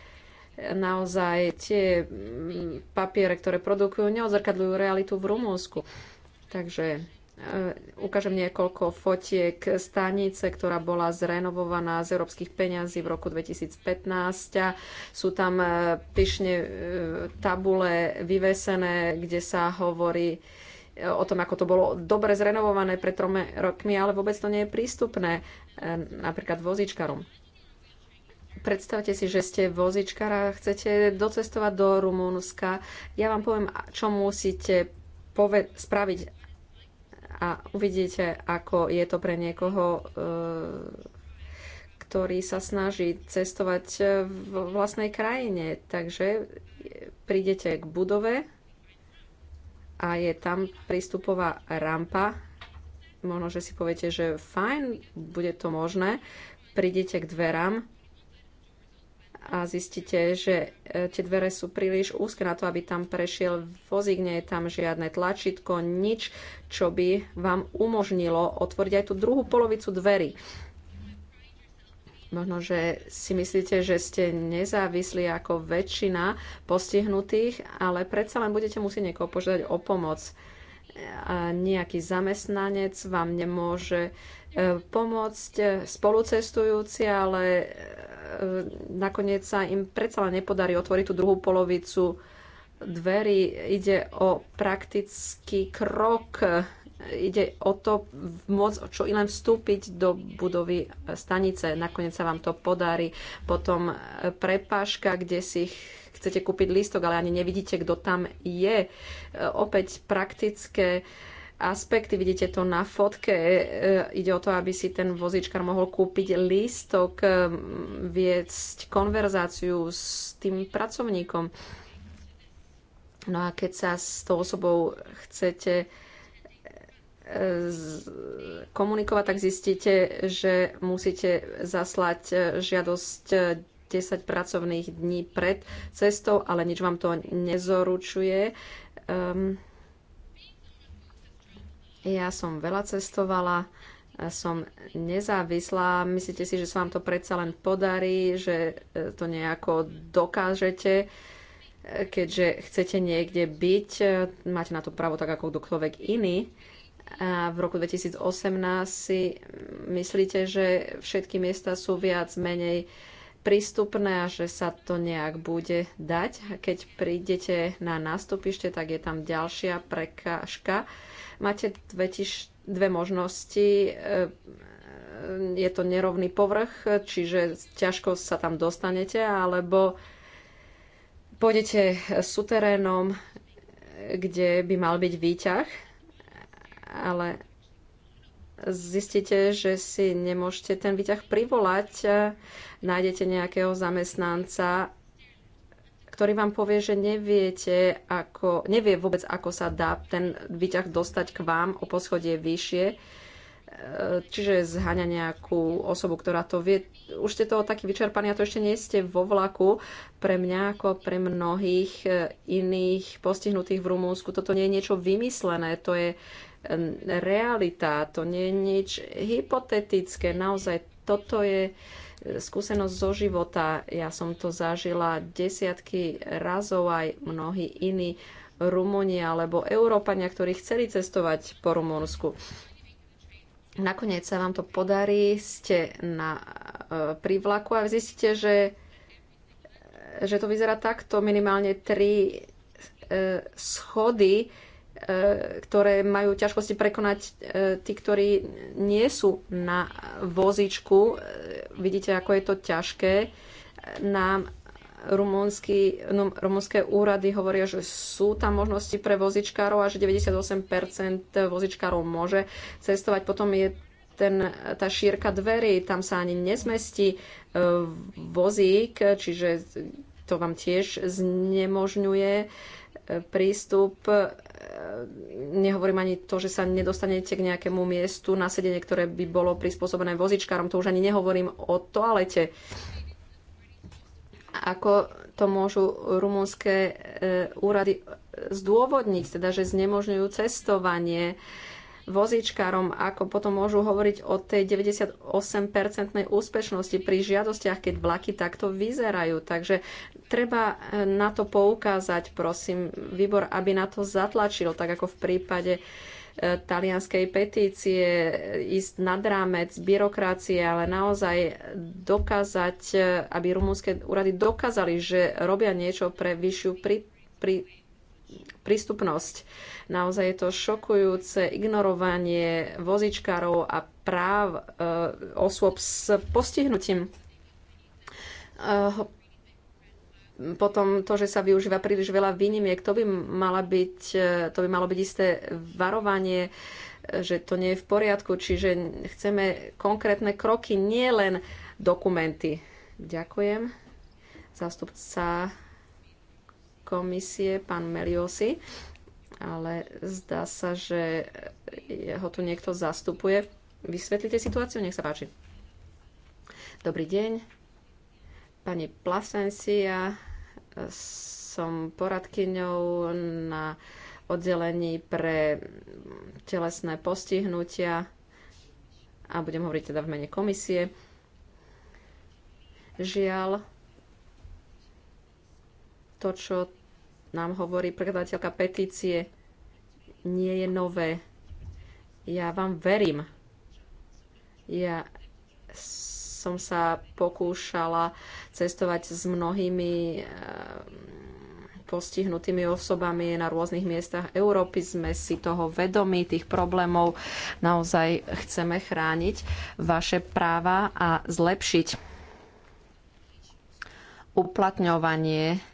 naozaj tie papiere, ktoré produkujú, neodzrkadľujú realitu v Rumúnsku. Takže e, ukážem niekoľko fotiek stanice, ktorá bola zrenovovaná z európskych peňazí v roku 2015. sú tam e, pyšne e, tabule vyvesené, kde sa hovorí o tom, ako to bolo dobre zrenovované pred tromi rokmi, ale vôbec to nie je prístupné e, napríklad vozičkarom. Predstavte si, že ste vozičkara, chcete docestovať do Rumúnska. Ja vám poviem, čo musíte spraviť a uvidíte, ako je to pre niekoho, e, ktorý sa snaží cestovať v vlastnej krajine. Takže e, prídete k budove, a je tam prístupová rampa. Možno, že si poviete, že fajn, bude to možné. Prídete k dverám a zistíte, že e, tie dvere sú príliš úzke na to, aby tam prešiel vozík, nie je tam žiadne tlačítko, nič, čo by vám umožnilo otvoriť aj tú druhú polovicu dverí. Možno, že si myslíte, že ste nezávislí ako väčšina postihnutých, ale predsa len budete musieť niekoho požiadať o pomoc. A nejaký zamestnanec vám nemôže e, pomôcť e, spolucestujúci, ale e, nakoniec sa im predsa len nepodarí otvoriť tú druhú polovicu dverí. Ide o praktický krok ide o to môcť čo i len vstúpiť do budovy stanice. Nakoniec sa vám to podarí. Potom e, prepáška, kde si chcete kúpiť lístok, ale ani nevidíte, kto tam je. E, opäť praktické aspekty, vidíte to na fotke, e, ide o to, aby si ten vozíčkar mohol kúpiť lístok, viesť konverzáciu s tým pracovníkom. No a keď sa s tou osobou chcete komunikovať, tak zistíte, že musíte zaslať e, žiadosť 10 e, pracovných dní pred cestou, ale nič vám to nezoručuje. Um, ehm, ja som veľa cestovala, e, som nezávislá. Myslíte si, že sa vám to predsa len podarí, že to nejako dokážete, keďže chcete niekde byť, máte na to právo tak ako kdokoľvek iný. A v roku 2018 si myslíte, že všetky miesta sú viac menej prístupné a že sa to nejak bude dať. keď prídete na nástupište, tak je tam ďalšia prekážka. Máte dve, tiž, dve možnosti. E, je to nerovný povrch, čiže ťažko sa tam dostanete, alebo pôjdete suterénom, kde by mal byť výťah ale zistíte, že si nemôžete ten výťah privolať, nájdete nejakého zamestnanca, ktorý vám povie, že neviete, ako, nevie vôbec, ako sa dá ten výťah dostať k vám o poschodie vyššie. E, čiže zháňa nejakú osobu, ktorá to vie. Už ste toho taký vyčerpaní a to ešte nie ste vo vlaku. Pre mňa ako pre mnohých e, iných postihnutých v Rumúnsku toto nie je niečo vymyslené. To je realita, to nie je nič hypotetické, naozaj toto je e, skúsenosť zo života. Ja som to zažila desiatky razov aj mnohí iní Rumúni alebo Európania, ktorí chceli cestovať po Rumúnsku. Nakoniec sa vám to podarí, ste na, e, pri vlaku a zistíte, že, e, že to vyzerá takto minimálne tri e, schody E, ktoré majú ťažkosti prekonať e, tí, ktorí nie sú na vozičku. E, vidíte, ako je to ťažké. Nám rumúnsky, no, rumúnske úrady hovoria, že sú tam možnosti pre vozičkárov a že 98% vozičkárov môže cestovať. Potom je ten, tá šírka dverí, tam sa ani nezmestí vozík, čiže to vám tiež znemožňuje prístup nehovorím ani to, že sa nedostanete k nejakému miestu na sedenie, ktoré by bolo prispôsobené vozičkárom. To už ani nehovorím o toalete. Ako to môžu rumúnske úrady e, zdôvodniť, teda že znemožňujú cestovanie, vozíčkárom, ako potom môžu hovoriť o tej 98-percentnej úspešnosti pri žiadostiach, keď vlaky takto vyzerajú. Takže treba e, na to poukázať, prosím, výbor, aby na to zatlačil, tak ako v prípade e, talianskej petície, e, ísť nad rámec byrokracie, ale naozaj dokázať, aby rumúnske úrady dokázali, že robia niečo pre vyššiu pri, pri, prístupnosť. Naozaj je to šokujúce ignorovanie vozičkárov a práv e, osôb s postihnutím. E, potom to, že sa využíva príliš veľa výnimiek, to by, mala byť, e, to by malo byť isté varovanie, e, že to nie je v poriadku, čiže chceme konkrétne kroky, nielen len dokumenty. Ďakujem. Zástupca komisie, pán Meliosi, ale zdá sa, že ho tu niekto zastupuje. Vysvetlite situáciu, nech sa páči. Dobrý deň. Pani Plasencia, som poradkyňou na oddelení pre telesné postihnutia a budem hovoriť teda v mene komisie. Žiaľ, to, čo nám hovorí prekladateľka petície, nie je nové. Ja vám verím. Ja som sa pokúšala cestovať s mnohými ehm, postihnutými osobami na rôznych miestach Európy. Sme si toho vedomi, tých problémov. Naozaj chceme chrániť vaše práva a zlepšiť uplatňovanie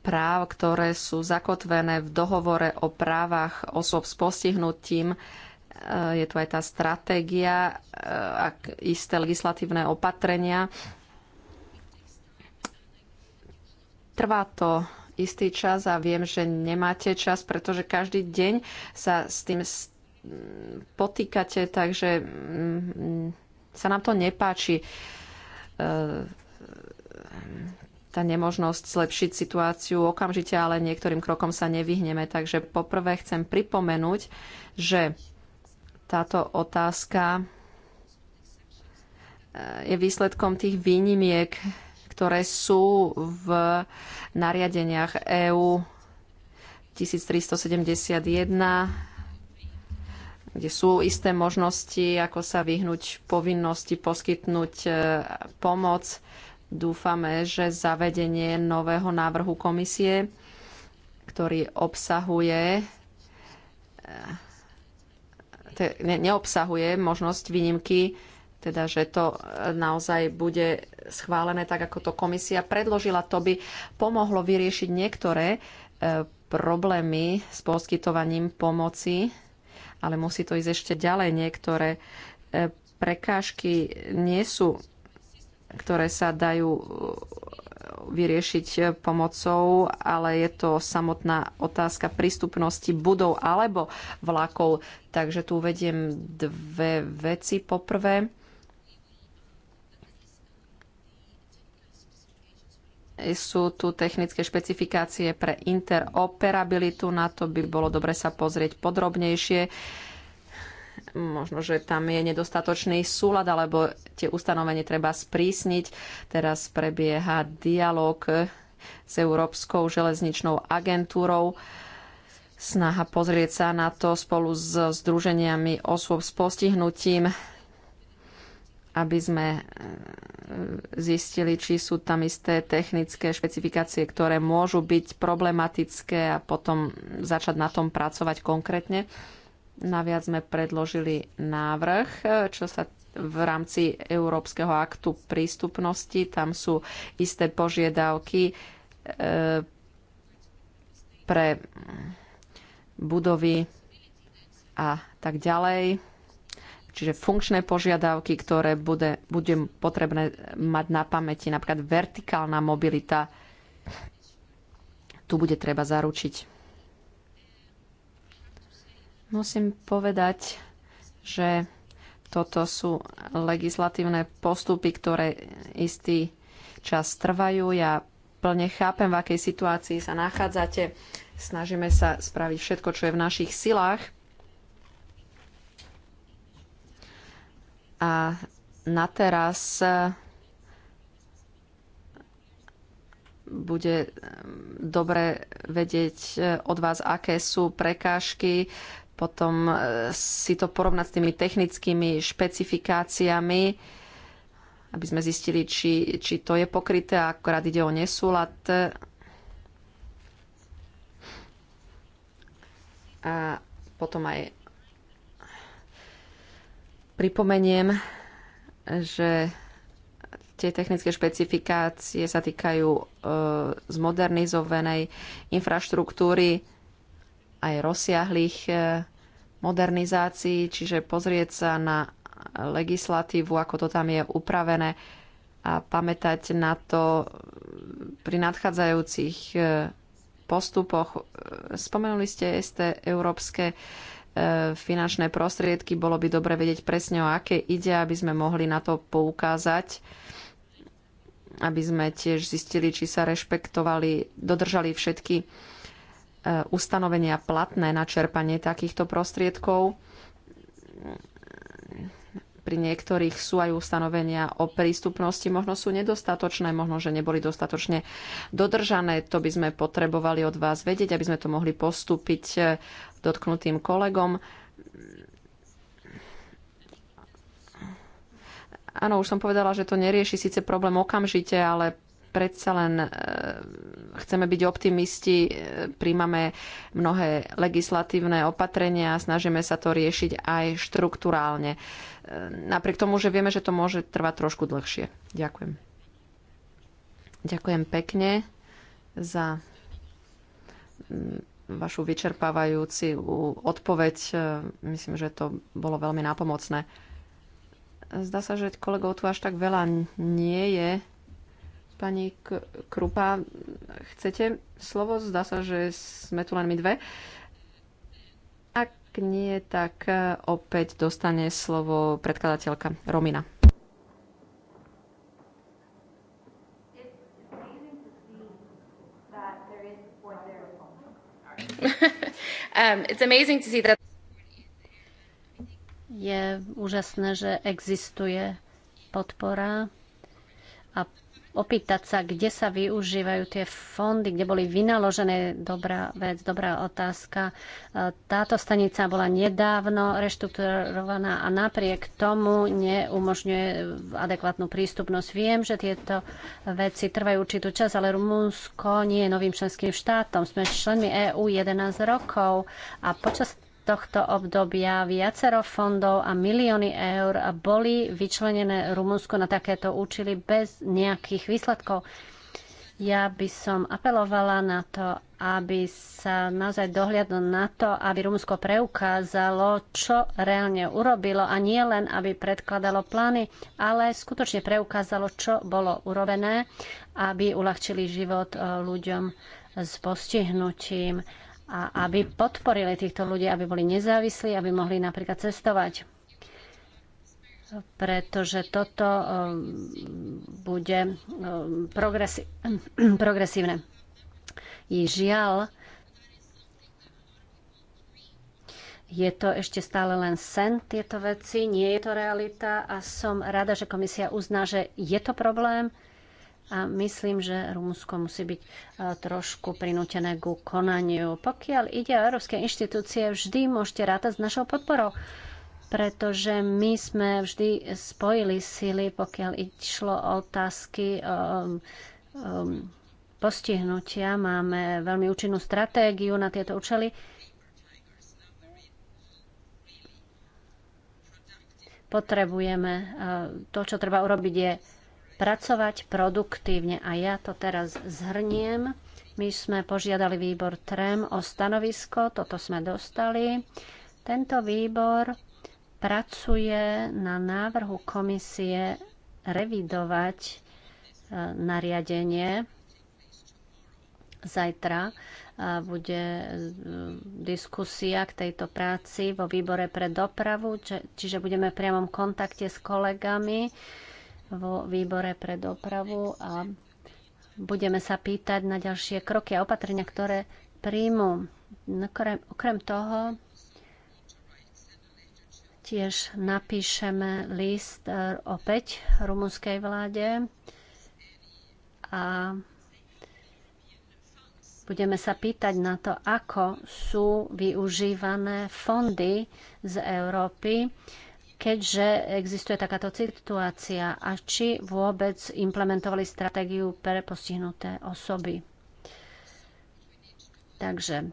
práv, ktoré sú zakotvené v dohovore o právach osôb s postihnutím. E, je tu aj tá stratégia e, a isté legislatívne opatrenia. Trvá to istý čas a viem, že nemáte čas, pretože každý deň sa s tým potýkate, takže mm, sa nám to nepáči e, tá nemožnosť zlepšiť situáciu okamžite, ale niektorým krokom sa nevyhneme. Takže poprvé chcem pripomenúť, že táto otázka eh, je výsledkom tých výnimiek, ktoré sú v nariadeniach EÚ 1371, kde sú isté možnosti, ako sa vyhnúť povinnosti poskytnúť eh, pomoc dúfame, že zavedenie nového návrhu komisie, ktorý obsahuje eh, neobsahuje možnosť výnimky, teda že to eh, naozaj bude schválené tak, ako to komisia predložila. To by pomohlo vyriešiť niektoré eh, problémy s poskytovaním pomoci, ale musí to ísť ešte ďalej. Niektoré prekážky nie sú ktoré sa dajú e, vyriešiť e, pomocou, ale je to samotná otázka prístupnosti budov alebo vlakov. Takže tu uvediem dve veci. Poprvé, sú tu technické špecifikácie pre interoperabilitu. Na to by bolo dobre sa pozrieť podrobnejšie možno, že tam je nedostatočný súlad, alebo tie ustanovenie treba sprísniť. Teraz prebieha dialog s Európskou železničnou agentúrou. Snaha pozrieť sa na to spolu s združeniami osôb s postihnutím, aby sme e, zistili, či sú tam isté technické špecifikácie, ktoré môžu byť problematické a potom začať na tom pracovať konkrétne. Naviac sme predložili návrh, e, čo sa v rámci Európskeho aktu prístupnosti. Tam sú isté požiadavky e, pre budovy a tak ďalej. Čiže funkčné požiadavky, ktoré bude, bude potrebné mať na pamäti, napríklad vertikálna mobilita, tu bude treba zaručiť Musím povedať, že toto sú legislatívne postupy, ktoré istý čas trvajú. Ja plne chápem, v akej situácii sa nachádzate. Snažíme sa spraviť všetko, čo je v našich silách. A na teraz eh, bude eh, dobre vedieť eh, od vás, aké sú prekážky, potom e, si to porovnať s tými technickými špecifikáciami, aby sme zistili, či, či to je pokryté, akorát ide o nesúlad. A potom aj pripomeniem, že tie technické špecifikácie sa týkajú e, zmodernizovanej infraštruktúry aj rozsiahlých e, modernizácií, čiže pozrieť sa na legislatívu, ako to tam je upravené a pamätať na to pri nadchádzajúcich e, postupoch. E, spomenuli ste isté európske finančné prostriedky, bolo by dobre vedieť presne, o aké ide, aby sme mohli na to poukázať aby sme tiež zistili, či sa rešpektovali, dodržali všetky Eh, ustanovenia platné na čerpanie takýchto prostriedkov. Pri niektorých sú aj ustanovenia o prístupnosti, možno sú nedostatočné, možno, že neboli dostatočne dodržané. To by sme potrebovali od vás vedieť, aby sme to mohli postúpiť eh, dotknutým kolegom. Áno, už som povedala, že to nerieši síce problém okamžite, ale predsa len e, chceme byť optimisti, e, príjmame mnohé legislatívne opatrenia a snažíme sa to riešiť aj štruktúrálne. E, napriek tomu, že vieme, že to môže trvať trošku dlhšie. Ďakujem. Ďakujem pekne za mm, vašu vyčerpávajúci odpoveď. Myslím, že to bolo veľmi nápomocné. Zdá sa, že kolegov tu až tak veľa nie je. Pani Krupa, chcete slovo? Zdá sa, že sme tu len my dve. Ak nie, tak e, opäť dostane slovo predkladateľka Romina. Um, je úžasné, že existuje podpora a opýtať sa, kde sa využívajú tie fondy, kde boli vynaložené. Dobrá vec, dobrá otázka. E, táto stanica bola nedávno reštrukturovaná a napriek tomu neumožňuje adekvátnu prístupnosť. Viem, že tieto veci trvajú určitú čas, ale Rumunsko nie je novým členským štátom. Sme členmi EÚ 11 rokov a počas tohto obdobia viacero fondov a milióny eur boli vyčlenené Rumunsku na takéto účely bez nejakých výsledkov. Ja by som apelovala na to, aby sa naozaj dohliadlo na to, aby Rumunsko preukázalo, čo reálne urobilo a nie len, aby predkladalo plány, ale skutočne preukázalo, čo bolo urobené, aby uľahčili život eh, ľuďom s postihnutím a aby podporili týchto ľudí, aby boli nezávislí, aby mohli napríklad cestovať. Pretože toto um, bude um, progresívne. Je žiaľ, je to ešte stále len sen, tieto veci, nie je to realita a som rada, že komisia uzná, že je to problém, a myslím, že Rumunsko musí byť e, trošku prinútené ku konaniu. Pokiaľ ide o európske inštitúcie, vždy môžete rátať s našou podporou pretože my sme vždy spojili sily, pokiaľ išlo o otázky um, um, postihnutia. Máme veľmi účinnú stratégiu na tieto účely. Potrebujeme, to, čo treba urobiť, je pracovať produktívne. A ja to teraz zhrniem. My sme požiadali výbor TREM o stanovisko, toto sme dostali. Tento výbor pracuje na návrhu komisie revidovať e, nariadenie. Zajtra e, bude e, diskusia k tejto práci vo výbore pre dopravu, čiže budeme v priamom kontakte s kolegami vo výbore pre dopravu a budeme sa pýtať na ďalšie kroky a opatrenia, ktoré príjmu. No, okrem, okrem toho tiež napíšeme list e, opäť rumunskej vláde a budeme sa pýtať na to, ako sú využívané fondy z Európy keďže existuje takáto situácia a či vôbec implementovali stratégiu pre postihnuté osoby. Takže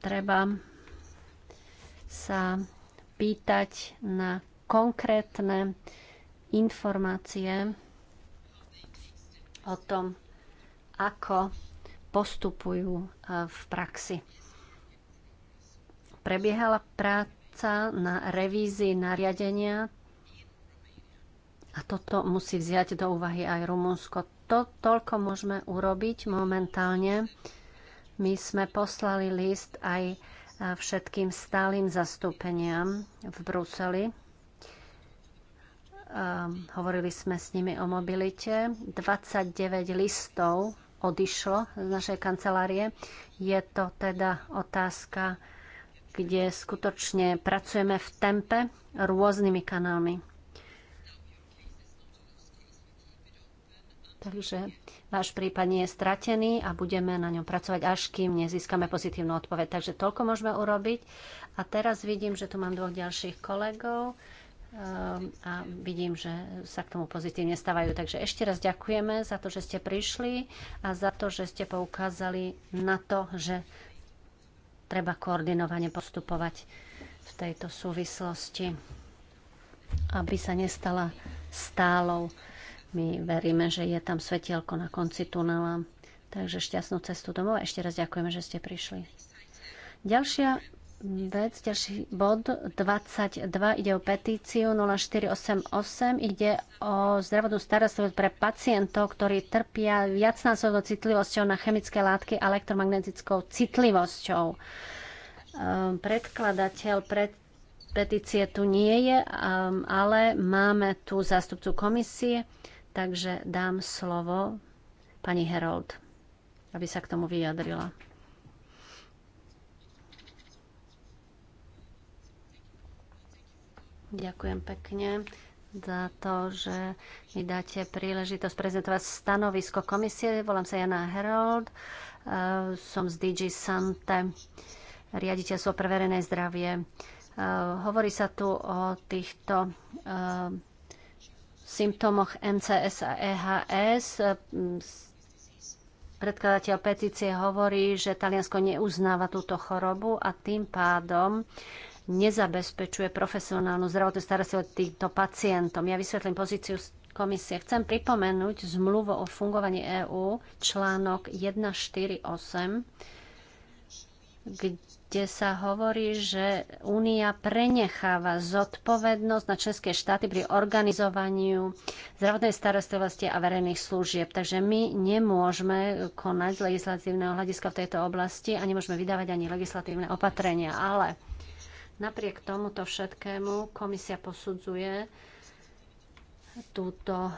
treba sa pýtať na konkrétne informácie o tom, ako postupujú eh, v praxi. Prebiehala práca práca na revízii nariadenia a toto musí vziať do úvahy aj Rumunsko. To toľko môžeme urobiť momentálne. My sme poslali list aj e, všetkým stálym zastúpeniam v Bruseli. E, hovorili sme s nimi o mobilite. 29 listov odišlo z našej kancelárie. Je to teda otázka kde skutočne pracujeme v tempe rôznymi kanálmi. Takže váš prípad nie je stratený a budeme na ňom pracovať, až kým nezískame pozitívnu odpoveď. Takže toľko môžeme urobiť. A teraz vidím, že tu mám dvoch ďalších kolegov ehm, a vidím, že sa k tomu pozitívne stavajú. Takže ešte raz ďakujeme za to, že ste prišli a za to, že ste poukázali na to, že treba koordinovane postupovať v tejto súvislosti, aby sa nestala stálou. My veríme, že je tam svetielko na konci tunela. Takže šťastnú cestu domov ešte raz ďakujeme, že ste prišli. Ďalšia vec, ďalší bod 22 ide o petíciu 0488, ide o zdravotnú starostlivosť pre pacientov, ktorí trpia viacnásobnou citlivosťou na chemické látky a elektromagnetickou citlivosťou. Ehm, predkladateľ pred petície tu nie je, ehm, ale máme tu zástupcu komisie, takže dám slovo pani Herold, aby sa k tomu vyjadrila. Ďakujem pekne za to, že mi dáte príležitosť prezentovať stanovisko komisie. Volám sa Jana Herold, e, som z DG Sante, riaditeľstvo pre verejné zdravie. E, hovorí sa tu o týchto e, symptómoch MCS a EHS. Predkladateľ petície hovorí, že Taliansko neuznáva túto chorobu a tým pádom nezabezpečuje profesionálnu zdravotnú starostlivosť týmto pacientom. Ja vysvetlím pozíciu komisie. Chcem pripomenúť zmluvu o fungovaní EÚ, článok 148, kde sa hovorí, že Únia prenecháva zodpovednosť na členské štáty pri organizovaniu zdravotnej starostlivosti a verejných služieb. Takže my nemôžeme konať legislatívneho hľadiska v tejto oblasti a nemôžeme vydávať ani legislatívne opatrenia. Ale Napriek tomuto všetkému komisia posudzuje túto e,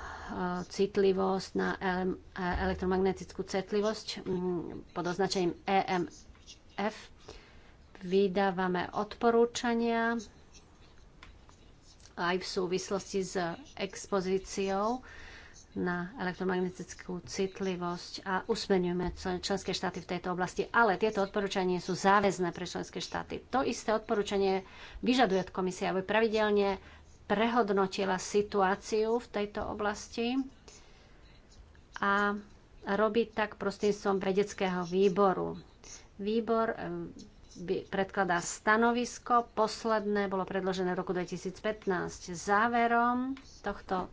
citlivosť na e, elektromagnetickú citlivosť pod označením EMF. Vydávame odporúčania aj v súvislosti s expozíciou na elektromagnetickú citlivosť a usmerňujeme členské štáty v tejto oblasti. Ale tieto odporúčania sú záväzné pre členské štáty. To isté odporúčanie vyžaduje od komisie, aby pravidelne prehodnotila situáciu v tejto oblasti a robí tak prostredníctvom vedeckého výboru. Výbor eh, predkladá stanovisko, posledné bolo predložené v roku 2015. Záverom tohto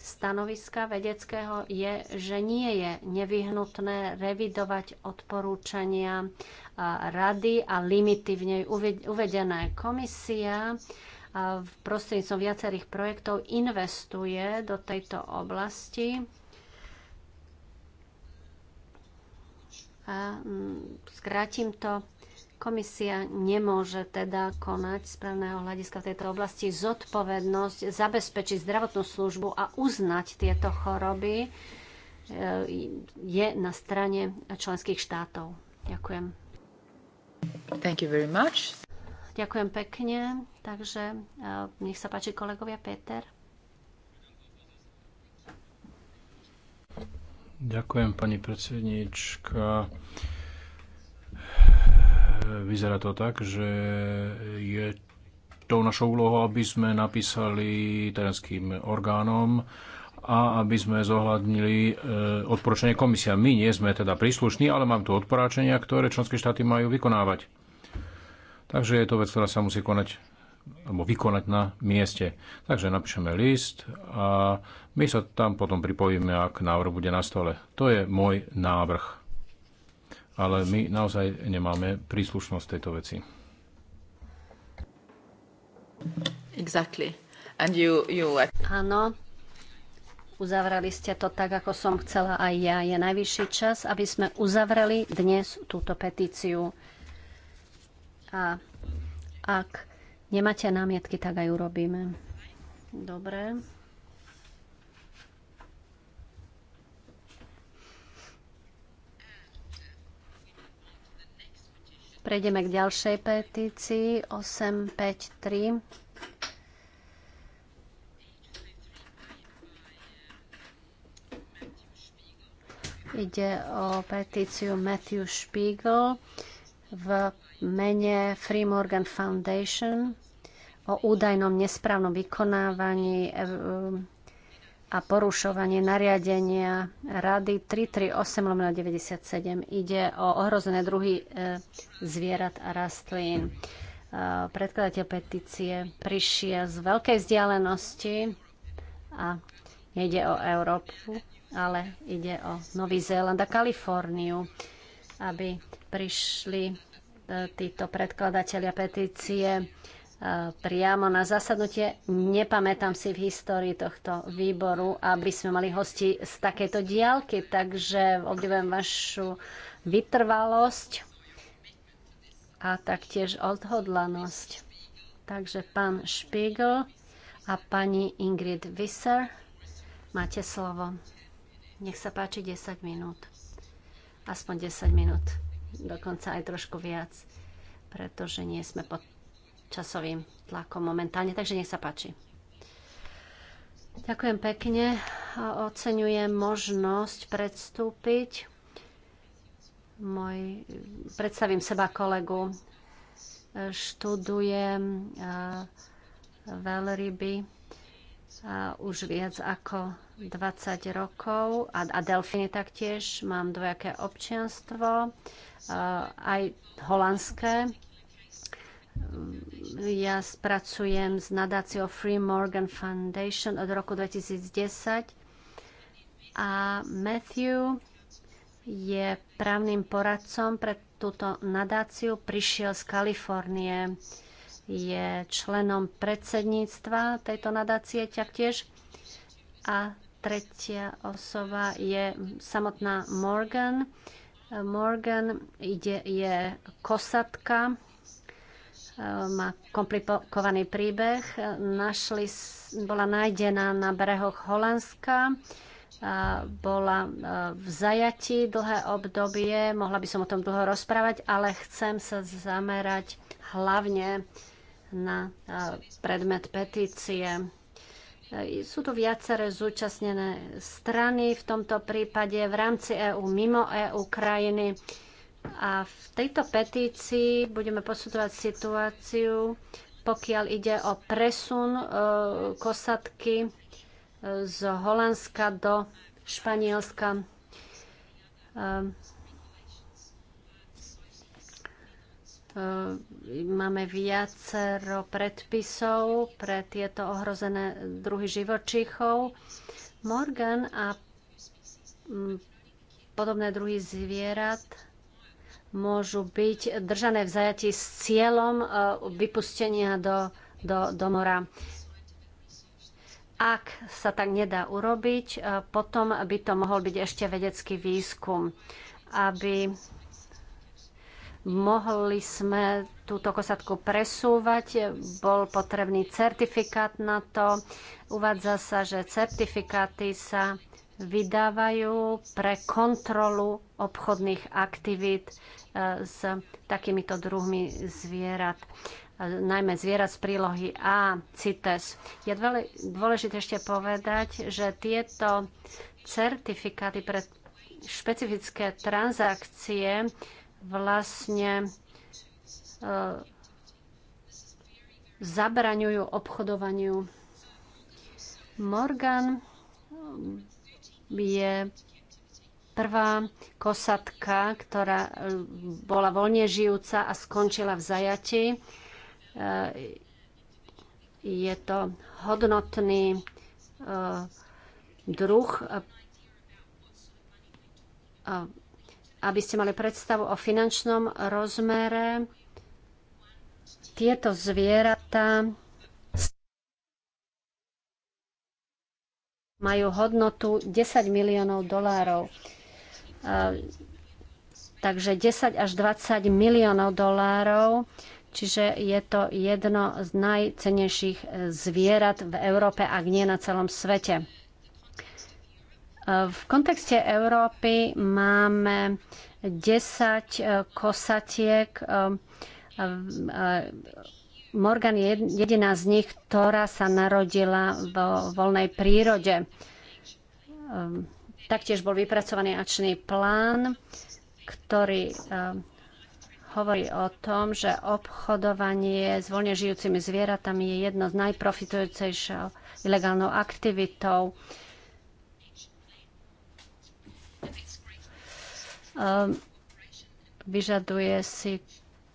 stanoviska vedeckého je, že nie je nevyhnutné revidovať odporúčania rady a limity v nej uvedené. Komisia v prostredníctvom viacerých projektov investuje do tejto oblasti. Skrátim to Komisia nemôže teda konať z právneho hľadiska v tejto oblasti zodpovednosť zabezpečiť zdravotnú službu a uznať tieto choroby e, je na strane členských štátov. Ďakujem. Thank you very much. Ďakujem pekne. Takže e, nech sa páči kolegovia Peter. Ďakujem, pani predsedníčka vyzerá to tak, že je tou našou úlohou, aby sme napísali terenským orgánom a aby sme zohľadnili e, odporúčanie komisia. My nie sme teda príslušní, ale mám tu odporáčenia, ktoré členské štáty majú vykonávať. Takže je to vec, ktorá sa musí konať alebo vykonať na mieste. Takže napíšeme list a my sa tam potom pripojíme, ak návrh bude na stole. To je môj návrh ale my naozaj nemáme príslušnosť tejto veci. Exactly. And you, you... Uh, Áno, uzavrali ste to tak, ako som chcela aj ja. Je najvyšší čas, aby sme uzavreli dnes túto petíciu. A ak nemáte námietky, tak aj urobíme. Dobre. Prejdeme k ďalšej petícii 853. Ide o petíciu Matthew Spiegel v mene Free Morgan Foundation o údajnom nesprávnom vykonávaní eh, a porušovanie nariadenia Rady 338 97. Ide o ohrozené druhy e, zvierat a rastlín. E, predkladateľ petície prišiel z veľkej vzdialenosti a nejde o Európu, ale ide o Nový Zéland a Kaliforniu, aby prišli e, títo predkladatelia petície priamo na zasadnutie. Nepamätám si v histórii tohto výboru, aby sme mali hosti z takejto diálky, takže obdivujem vašu vytrvalosť a taktiež odhodlanosť. Takže pán Špígl a pani Ingrid Visser, máte slovo. Nech sa páči 10 minút. Aspoň 10 minút, dokonca aj trošku viac, pretože nie sme pod časovým tlakom momentálne, takže nech sa páči. Ďakujem pekne. Oceňujem možnosť predstúpiť. Môj, predstavím seba kolegu. Študujem eh, veľryby eh, už viac ako 20 rokov a, a delfíny taktiež. Mám dvojaké občianstvo, eh, aj holandské ja spracujem s nadáciou Free Morgan Foundation od roku 2010 a Matthew je právnym poradcom pre túto nadáciu, prišiel z Kalifornie, je členom predsedníctva tejto nadácie taktiež a tretia osoba je samotná Morgan. Morgan ide, je kosatka, má komplikovaný príbeh. Našli, bola nájdená na brehoch Holandska, bola e, v zajati dlhé obdobie, mohla by som o tom dlho rozprávať, ale chcem sa zamerať hlavne na e, predmet petície. E, sú tu viaceré zúčastnené strany v tomto prípade v rámci EÚ, mimo EÚ krajiny. A v tejto petícii budeme posudovať situáciu, pokiaľ ide o presun e, kosatky e, z Holandska do Španielska. E, máme viacero predpisov pre tieto ohrozené druhy živočíchov. Morgan a podobné druhy zvierat môžu byť držané v zajati s cieľom e, vypustenia do, do, do mora. Ak sa tak nedá urobiť, e, potom by to mohol byť ešte vedecký výskum, aby mohli sme túto kosatku presúvať. Bol potrebný certifikát na to. Uvádza sa, že certifikáty sa vydávajú pre kontrolu obchodných aktivít e, s takýmito druhmi zvierat e, najmä zvierat z prílohy A, CITES. Je dôležité ešte povedať, že tieto certifikáty pre špecifické transakcie vlastne e, zabraňujú obchodovaniu. Morgan je prvá kosatka, ktorá e, bola voľne žijúca a skončila v zajati. E, je to hodnotný e, druh. Aby ste mali predstavu o finančnom rozmere, tieto zvieratá majú hodnotu 10 miliónov dolárov. Takže 10 až 20 miliónov dolárov, čiže je to jedno z najcenejších e, zvierat v Európe, ak nie na celom svete. E, v kontexte Európy máme 10 e, kosatiek Morgan je jediná z nich, ktorá sa narodila vo voľnej prírode. Ehm, taktiež bol vypracovaný akčný plán, ktorý ehm, hovorí o tom, že obchodovanie s voľne žijúcimi zvieratami je jedno z najprofitujúcejšou ilegálnou aktivitou. Ehm, vyžaduje si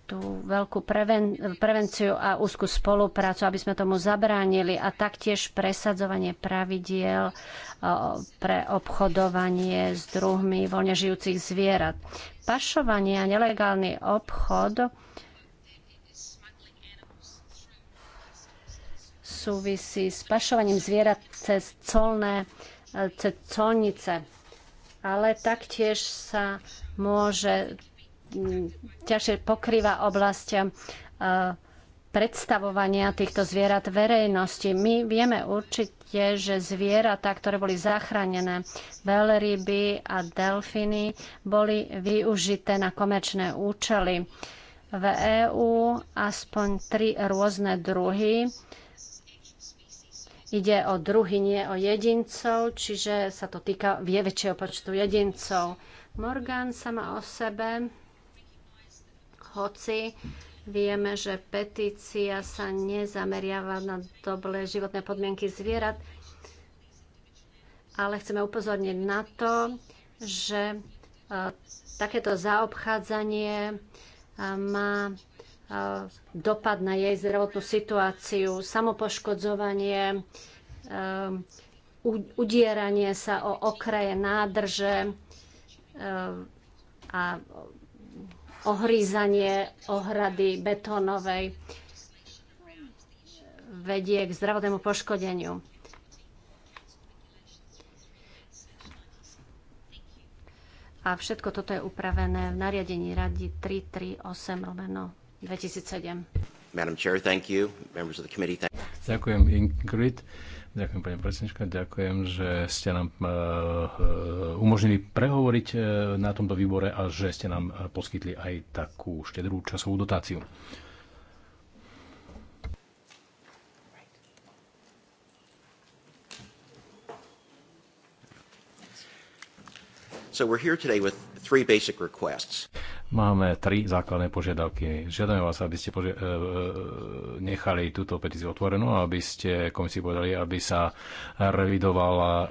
tú veľkú preven- prevenciu a úzkú spoluprácu, aby sme tomu zabránili a taktiež presadzovanie pravidiel pre obchodovanie s druhmi voľne žijúcich zvierat. Pašovanie a nelegálny obchod súvisí s pašovaním zvierat cez colné, cez colnice, ale taktiež sa môže ťažšie pokrýva oblasť eh, predstavovania týchto zvierat verejnosti. My vieme určite, že zvieratá, ktoré boli zachránené, veľryby a delfiny, boli využité na komerčné účely. V EÚ aspoň tri rôzne druhy. Ide o druhy, nie o jedincov, čiže sa to týka väčšieho počtu jedincov. Morgan sama o sebe hoci Vieme, že petícia sa nezameriava na dobre životné podmienky zvierat, ale chceme upozorniť na to, že e, takéto zaobchádzanie e, má e, dopad na jej zdravotnú situáciu, samopoškodzovanie, udieranie sa o okraje nádrže a ohrízanie ohrady betónovej vedie k zdravotnému poškodeniu. A všetko toto je upravené v nariadení rady 338 lomeno 2007. Madam Chair, thank you. Members of the committee, thank you. Ďakujem, Ingrid. Ďakujem, pani predsednička. Ďakujem, že ste nám e, e, umožnili prehovoriť e, na tomto výbore a že ste nám poskytli aj takú štedrú časovú dotáciu. So we're here today with three basic requests. Máme tri základné požiadavky. Žiadame vás, aby ste poži- e, e, nechali túto petíciu otvorenú, aby ste komisii povedali, aby sa revidovala e,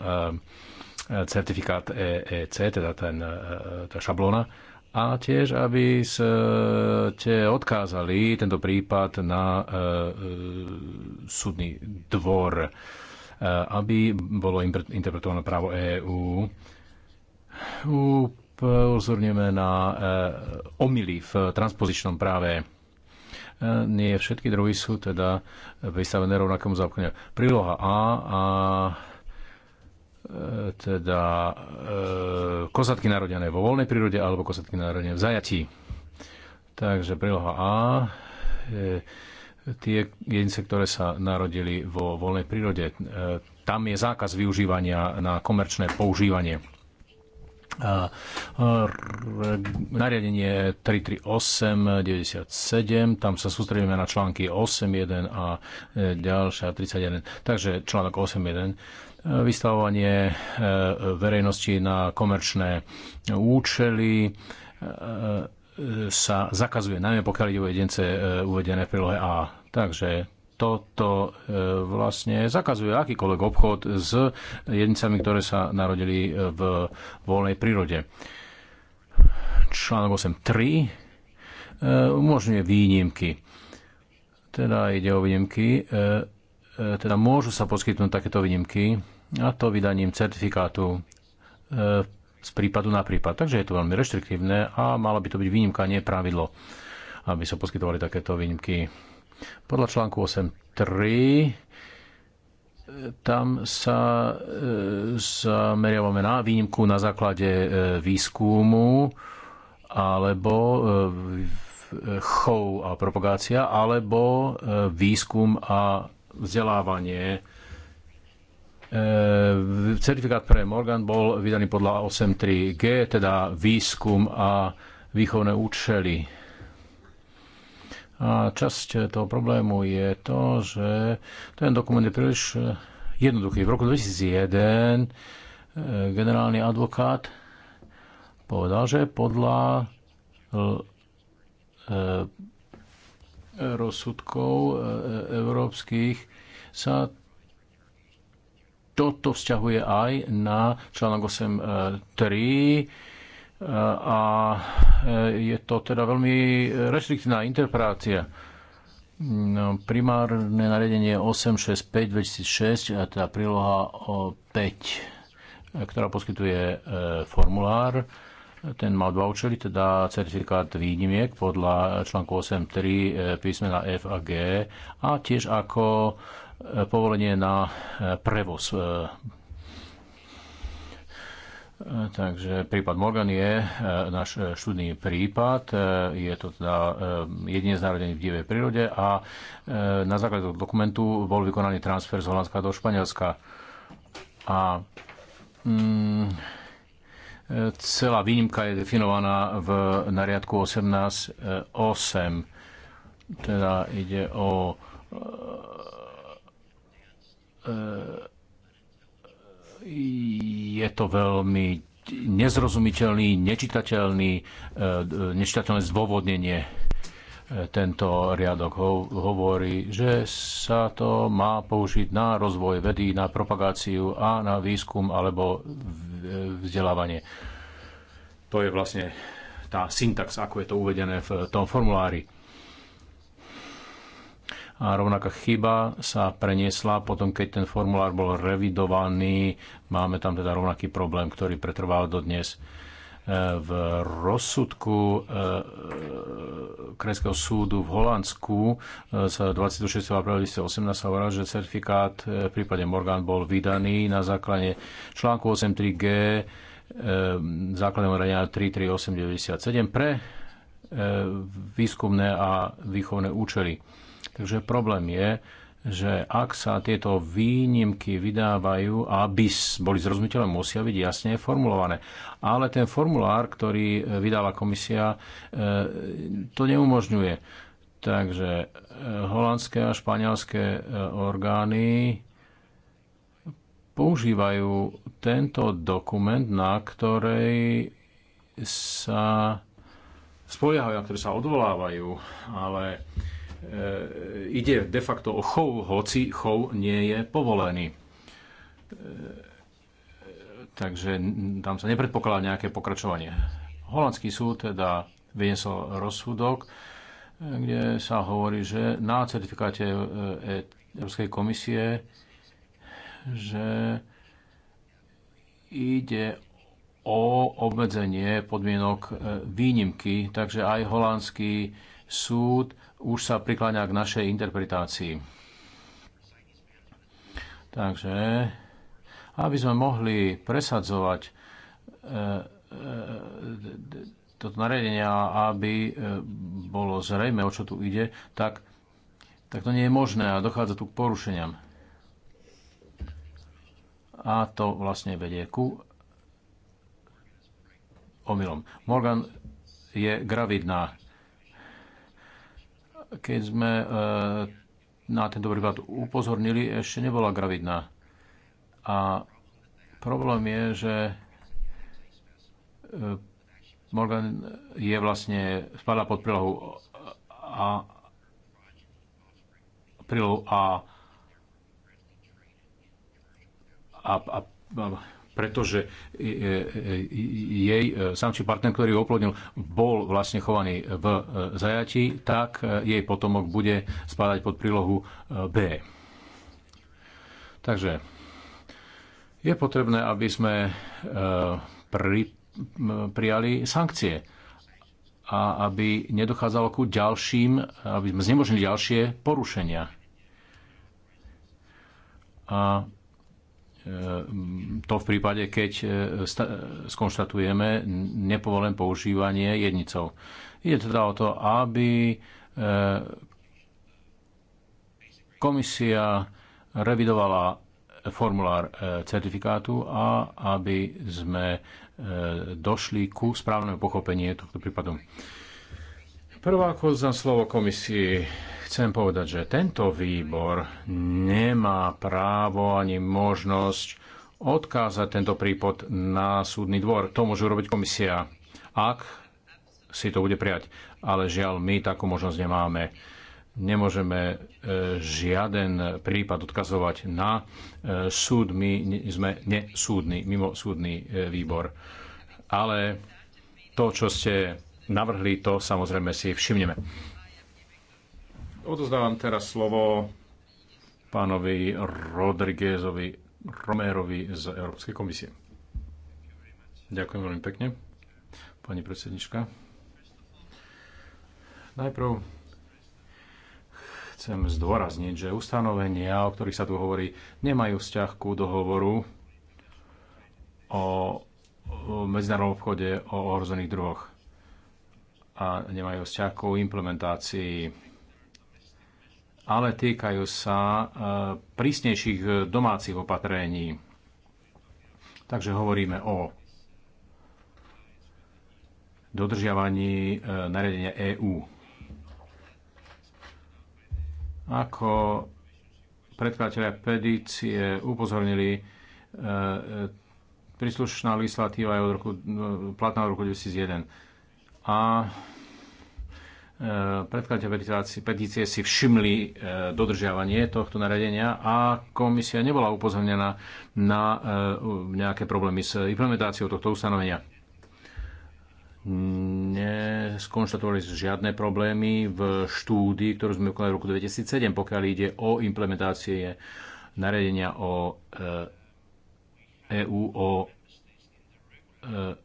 certifikát EEC, teda ten, tá šablona, a tiež, aby ste odkázali tento prípad na súdny dvor, aby bolo interpretované právo EÚ. U Pozorneme na eh, omily v transpozičnom práve. Eh, nie všetky druhy sú teda vystavené rovnakému zákonu. Príloha A a eh, teda kozatky narodené vo voľnej prírode alebo kozatky narodené v zajatí. Takže príloha A tie jedince, ktoré sa narodili vo voľnej prírode. Tam je zákaz využívania na komerčné používanie nariadenie 338 97, tam sa sústredíme na články 8.1 a e, ďalšia 31. Takže článok 8.1 vystavovanie e, verejnosti na komerčné účely e, sa zakazuje, najmä pokiaľ ide o jedince uvedené v prílohe A. Takže toto e, vlastne zakazuje akýkoľvek obchod s jedincami, ktoré sa narodili e, v voľnej prírode. Článok 8.3 e, umožňuje výnimky. Teda ide o výnimky, teda môžu sa poskytnúť takéto výnimky a to vydaním certifikátu z prípadu na prípad. Takže je to veľmi reštriktívne a mala by to byť výnimka, nie pravidlo, aby sa poskytovali takéto výnimky podľa článku 8.3 e, tam sa e, zameriavame na výnimku na základe e, výskumu alebo chov a propagácia, alebo výskum a vzdelávanie. Certifikát pre Morgan bol vydaný podľa 8.3G, teda výskum a výchovné účely a časť toho problému je to, že ten dokument je príliš jednoduchý. V roku 2001 e, generálny advokát povedal, že podľa e, rozsudkov e, európskych sa toto vzťahuje aj na článok 8.3 a e, je to teda veľmi restriktívna interpretácia. No, primárne nariadenie 865 2006 a teda príloha 5, ktorá poskytuje e, formulár. Ten má dva účely, teda certifikát výnimiek podľa článku 8.3 e, písmena F a G a tiež ako povolenie na prevoz Takže prípad Morgan je e, náš e, študný prípad. E, je to teda jedine narodený v divej prírode a na základe toho dokumentu bol vykonaný transfer z Holandska do Španielska. A mm, celá výnimka je definovaná v nariadku 18.8. Teda ide o e, e, je to veľmi nezrozumiteľný, nečitateľný, e, nečitateľné zdôvodnenie e, tento riadok ho- hovorí, že sa to má použiť na rozvoj vedy, na propagáciu a na výskum alebo vzdelávanie. To je vlastne tá syntax, ako je to uvedené v tom formulári a rovnaká chyba sa preniesla potom, keď ten formulár bol revidovaný. Máme tam teda rovnaký problém, ktorý pretrval dodnes. E, v rozsudku e, Krajského súdu v Holandsku e, sa 26. apríla 2018 sa hovorilo, že certifikát v prípade Morgan bol vydaný na základe článku 83G základného rania 33897 pre výskumné a výchovné účely. Takže problém je, že ak sa tieto výnimky vydávajú, aby boli zrozumiteľné, musia byť jasne formulované. Ale ten formulár, ktorý e, vydala komisia, e, to neumožňuje. Takže e, holandské a španielské orgány používajú tento dokument, na ktorej sa spoliehajú, na ktorý sa odvolávajú, ale E, ide de facto o chov, hoci chov nie je povolený. E, takže tam sa nepredpokladá nejaké pokračovanie. Holandský súd teda vyniesol rozsudok, e, kde sa hovorí, že na certifikáte Európskej komisie, že ide o obmedzenie podmienok výnimky, takže aj holandský súd už sa prikláňa k našej interpretácii. Takže, aby sme mohli presadzovať e, e, toto nariadenia, aby e, bolo zrejme, o čo tu ide, tak, tak to nie je možné a dochádza tu k porušeniam. A to vlastne vedie ku omylom. Morgan je gravidná keď sme e, na tento prípad upozornili, ešte nebola gravidná. A problém je, že e, Morgan je vlastne, spadá pod prílohu A, prílohu A, a, a, a pretože e, e, e, jej samčí partner, ktorý ju oplodnil, bol vlastne chovaný v zajati, tak jej potomok bude spadať pod prílohu B. Takže je potrebné, aby sme pri, prijali sankcie a aby nedochádzalo ku ďalším, aby sme znemožnili ďalšie porušenia. A Ehm, to v prípade, keď e, skonštatujeme nepovolené používanie jednicov. Ide teda o to, aby e, komisia revidovala formulár e, certifikátu a aby sme došli ku správnemu pochopeniu tohto prípadu. Prvá ako za slovo komisii chcem povedať, že tento výbor nemá právo ani možnosť odkázať tento prípad na súdny dvor. To môže urobiť komisia, ak si to bude prijať. Ale žiaľ, my takú možnosť nemáme. Nemôžeme e, žiaden prípad odkazovať na e, súd. My sme nesúdny, mimo súdny e, výbor. Ale to, čo ste navrhli, to samozrejme si všimneme. Odozdávam teraz slovo pánovi Rodriguezovi Romerovi z Európskej komisie. Ďakujem veľmi pekne, pani predsednička. Najprv chcem zdôrazniť, že ustanovenia, o ktorých sa tu hovorí, nemajú vzťah ku dohovoru o medzinárodnom obchode o ohrozených druhoch a nemajú vzťah ku implementácii, ale týkajú sa e, prísnejších domácich opatrení. Takže hovoríme o dodržiavaní e, nariadenia EÚ. Ako predkladateľe pedície upozornili, e, príslušná legislatíva je od roku, no, platná od roku 2001 a e, predkladateľ petície si všimli e, dodržiavanie tohto naradenia a komisia nebola upozornená na e, nejaké problémy s implementáciou tohto ustanovenia. Neskonštatovali žiadne problémy v štúdii, ktorú sme ukonali v roku 2007, pokiaľ ide o implementácie nariadenia o EÚ o E,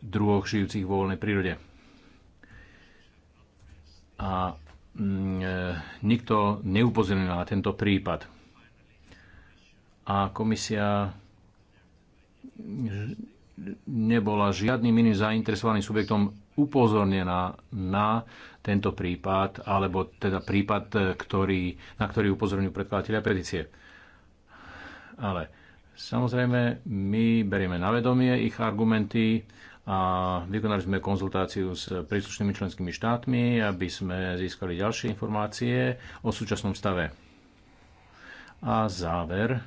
druhoch žijúcich vo voľnej prírode. A mm, e, nikto neupozornil na tento prípad. A komisia nebola žiadnym iným zainteresovaným subjektom upozornená na tento prípad, alebo teda prípad, ktorý, na ktorý upozorňujú predkladateľia petície. Ale Samozrejme, my berieme na vedomie ich argumenty a vykonali sme konzultáciu s príslušnými členskými štátmi, aby sme získali ďalšie informácie o súčasnom stave. A záver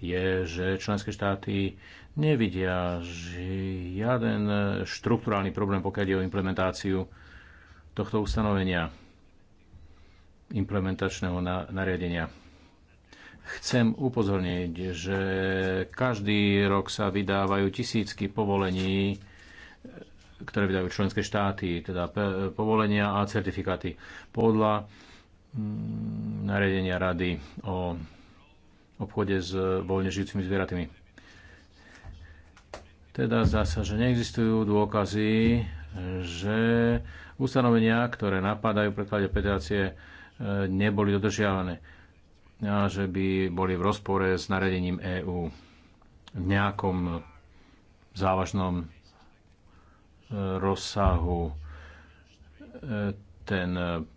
je, že členské štáty nevidia žiaden štruktúrálny problém, pokiaľ ide o implementáciu tohto ustanovenia implementačného nariadenia. Chcem upozorniť, že každý rok sa vydávajú tisícky povolení, ktoré vydajú členské štáty, teda povolenia a certifikáty podľa mm, nariadenia rady o obchode s voľne žijúcimi zvieratami. Teda zdá sa, že neexistujú dôkazy, že ustanovenia, ktoré napadajú v preklade petácie, e, neboli dodržiavané že by boli v rozpore s naredením EÚ v nejakom závažnom e, rozsahu. E, ten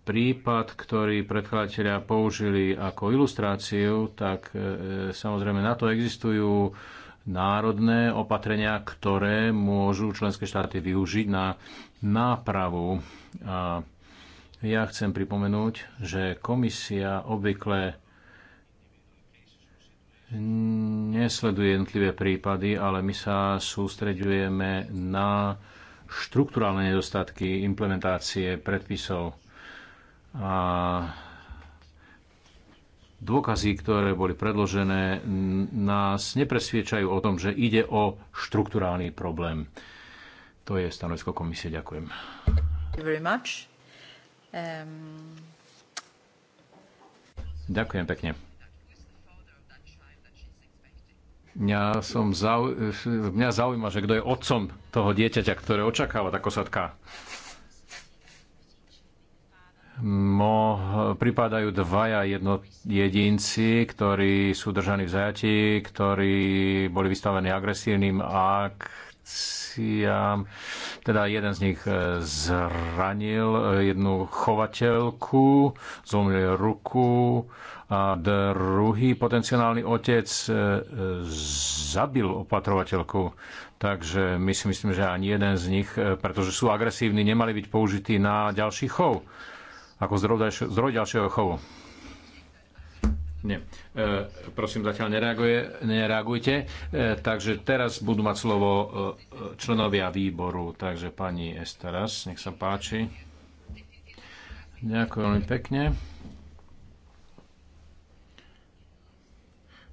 prípad, ktorý predkladateľia použili ako ilustráciu, tak e, samozrejme na to existujú národné opatrenia, ktoré môžu členské štáty využiť na nápravu. A ja chcem pripomenúť, že komisia obvykle nesleduje jednotlivé prípady, ale my sa sústreďujeme na štruktúrálne nedostatky implementácie predpisov a dôkazy, ktoré boli predložené, nás nepresviečajú o tom, že ide o štruktúrálny problém. To je stanovisko komisie. Ďakujem. Um... Ďakujem pekne. Mňa, som zau... Mňa zaujíma, že kto je otcom toho dieťaťa, ktoré očakáva tá kosatka. Mo, pripadajú dvaja jedno, jedinci, ktorí sú držaní v zajatí, ktorí boli vystavení agresívnym ak, akciám. Teda jeden z nich e, zranil e, jednu chovateľku, zomrel ruku a druhý potenciálny otec e, zabil opatrovateľku. Takže my si myslím, že ani jeden z nich, pretože sú agresívni, nemali byť použití na ďalší chov, ako zdroj ďalšieho chovu. Nie. E, prosím, zatiaľ nereaguje, nereagujte. E, takže teraz budú mať slovo e, členovia výboru. Takže pani Esteras, nech sa páči. Ďakujem veľmi pekne.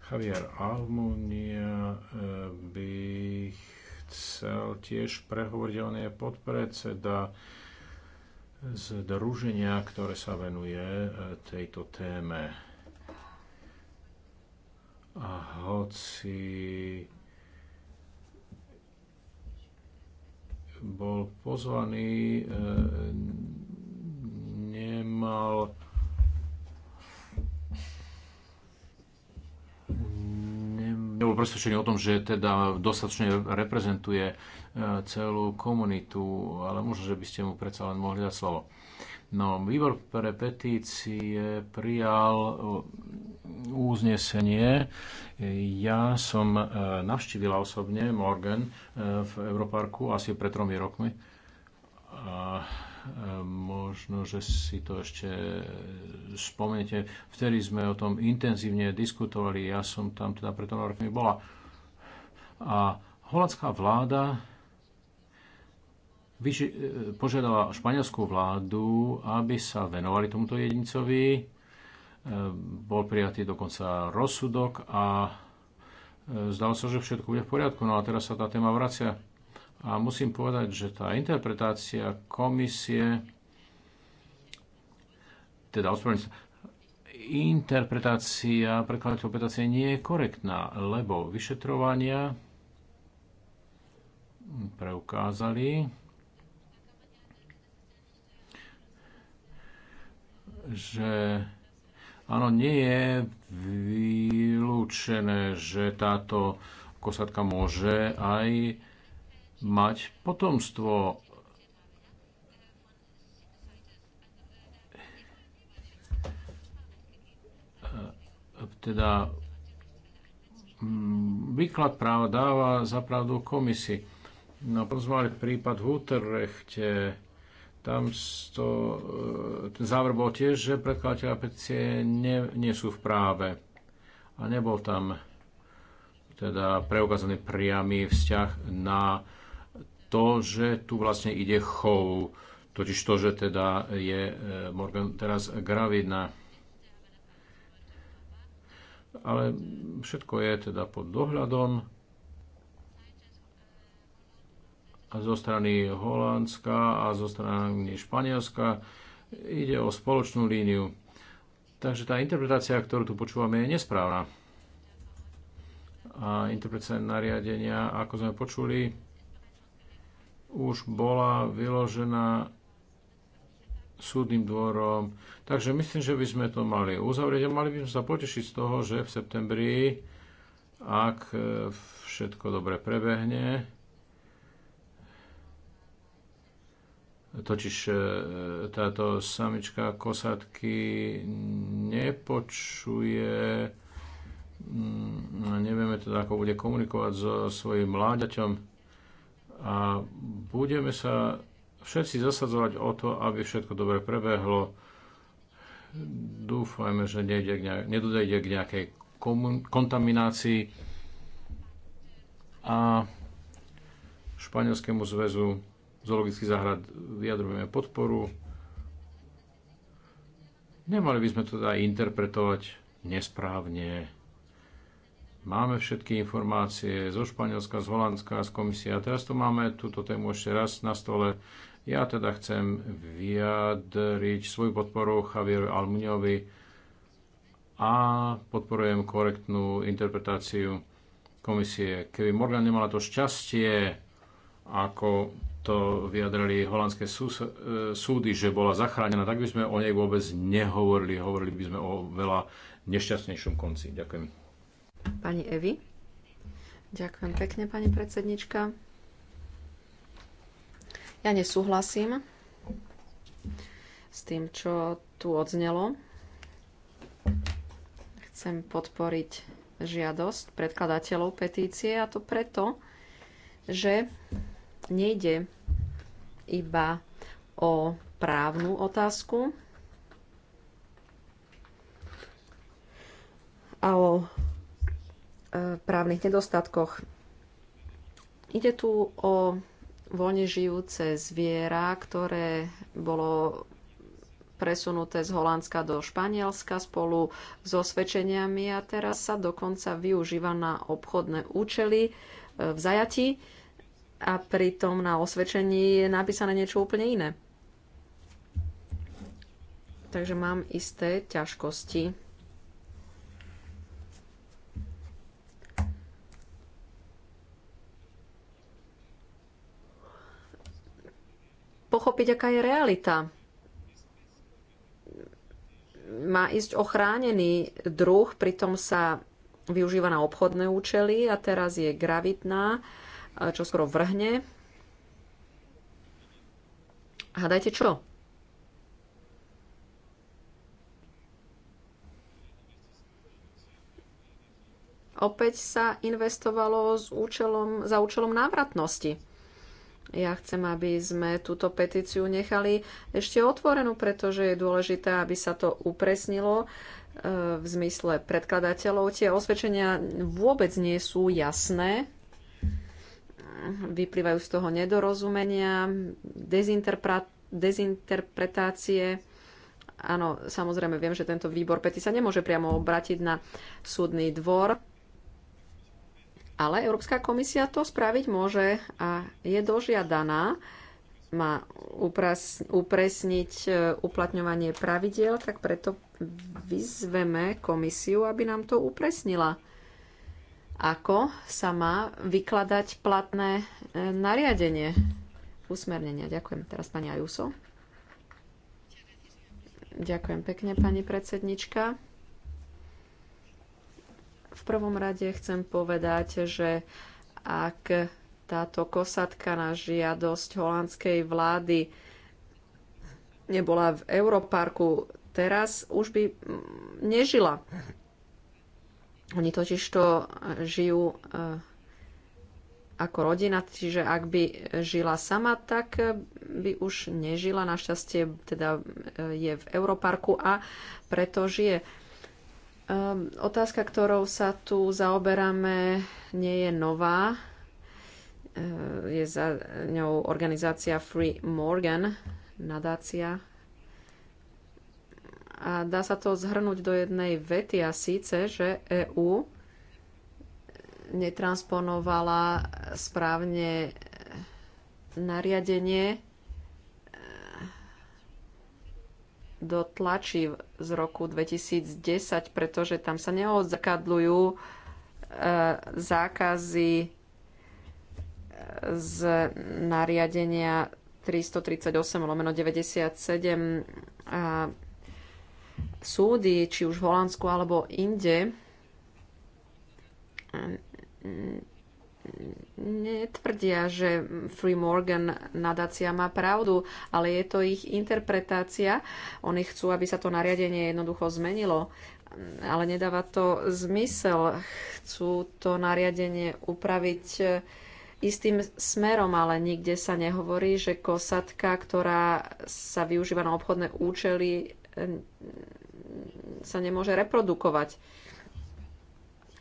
Javier Almunia e, by chcel tiež prehovoriť, on je podpredseda združenia, ktoré sa venuje e, tejto téme. A hoci bol pozvaný, eh, nemal nebol presvedčený o tom, že teda dostatočne reprezentuje eh, celú komunitu, ale možno, že by ste mu predsa len mohli dať slovo. No, výbor pre petície prijal uh, uznesenie. Ja som uh, navštívila osobne Morgan uh, v Europarku asi pred tromi rokmi. A možno, že si to ešte spomeniete. Vtedy sme o tom intenzívne diskutovali. Ja som tam teda pred tromi rokmi bola. A holandská vláda E, požiadala španielskú vládu, aby sa venovali tomuto jedincovi. E, bol prijatý dokonca rozsudok a e, zdalo sa, že všetko bude v poriadku. No a teraz sa tá téma vracia. A musím povedať, že tá interpretácia komisie, teda ospravedlňujem interpretácia prekladateľ petácie nie je korektná, lebo vyšetrovania preukázali, že áno, nie je vylúčené, že táto kosatka môže aj mať potomstvo. Teda mm, výklad práva dáva za pravdu komisi. No, pozvali prípad v Utrechte, tam to, e, ten záver bol tiež, že predkladateľa petície nie, nie sú v práve a nebol tam teda preukázaný priamy vzťah na to, že tu vlastne ide chov, totiž to, že teda je e, Morgan teraz gravidná. Ale všetko je teda pod dohľadom. zo strany Holandska a zo strany Španielska. Ide o spoločnú líniu. Takže tá interpretácia, ktorú tu počúvame, je nesprávna. A interpretácia nariadenia, ako sme počuli, už bola vyložená súdnym dvorom. Takže myslím, že by sme to mali uzavrieť a mali by sme sa potešiť z toho, že v septembri, ak všetko dobre prebehne, Totiž e, táto samička kosatky nepočuje, mm, nevieme teda, ako bude komunikovať so svojím mláďaťom a budeme sa všetci zasadzovať o to, aby všetko dobre prebehlo. Dúfajme, že nedodejde k nejakej kontaminácii a Španielskému zväzu zoologických záhrad vyjadrujeme podporu. Nemali by sme to teda interpretovať nesprávne. Máme všetky informácie zo Španielska, z Holandska, z komisie a teraz tu máme túto tému ešte raz na stole. Ja teda chcem vyjadriť svoju podporu Javieru Almuňovi a podporujem korektnú interpretáciu komisie. Keby Morgan nemala to šťastie, ako to vyjadrali holandské e, súdy, že bola zachránená, tak by sme o nej vôbec nehovorili. Hovorili by sme o veľa nešťastnejšom konci. Ďakujem. Pani Evi. Ďakujem pekne, pani predsednička. Ja nesúhlasím s tým, čo tu odznelo. Chcem podporiť žiadosť predkladateľov petície a to preto, že Nejde iba o právnu otázku, a o e, právnych nedostatkoch. Ide tu o voľne žijúce zviera, ktoré bolo presunuté z Holandska do Španielska spolu so osvedčeniami a teraz sa dokonca využíva na obchodné účely e, v zajati a pritom na osvedčení je napísané niečo úplne iné. Takže mám isté ťažkosti. Pochopiť, aká je realita. Má ísť ochránený druh, pritom sa využíva na obchodné účely a teraz je gravitná čo skoro vrhne. Hádajte čo? Opäť sa investovalo s účelom, za účelom návratnosti. Ja chcem, aby sme túto petíciu nechali ešte otvorenú, pretože je dôležité, aby sa to upresnilo e, v zmysle predkladateľov. Tie osvedčenia vôbec nie sú jasné vyplývajú z toho nedorozumenia, dezinterpretácie. Áno, samozrejme viem, že tento výbor pety sa nemôže priamo obratiť na súdny dvor, ale Európska komisia to spraviť môže a je dožiadaná má upresniť e, uplatňovanie pravidiel, tak preto vyzveme komisiu, aby nám to upresnila ako sa má vykladať platné e, nariadenie usmernenia. Ďakujem. Teraz pani Ajuso. Ďakujem pekne, pani predsednička. V prvom rade chcem povedať, že ak táto kosatka na žiadosť holandskej vlády nebola v Európarku, teraz už by mm, nežila. Oni totiž to e, žijú e, ako rodina, čiže ak by žila sama, tak e, by už nežila. Našťastie teda je v Europarku a preto žije. Ehm, otázka, ktorou sa tu zaoberáme, nie je nová. Ehm, je za ňou organizácia Free Morgan, nadácia a dá sa to zhrnúť do jednej vety a síce, že EÚ netransponovala správne nariadenie e, do tlačí z roku 2010, pretože tam sa neodzakadľujú e, zákazy e, z nariadenia 338 lomeno 97 a súdy, či už v Holandsku alebo inde, netvrdia, že Free Morgan nadácia má pravdu, ale je to ich interpretácia. Oni chcú, aby sa to nariadenie jednoducho zmenilo, ale nedáva to zmysel. Chcú to nariadenie upraviť eh, istým smerom, ale nikde sa nehovorí, že kosatka, ktorá sa využíva na obchodné účely, eh, sa nemôže reprodukovať.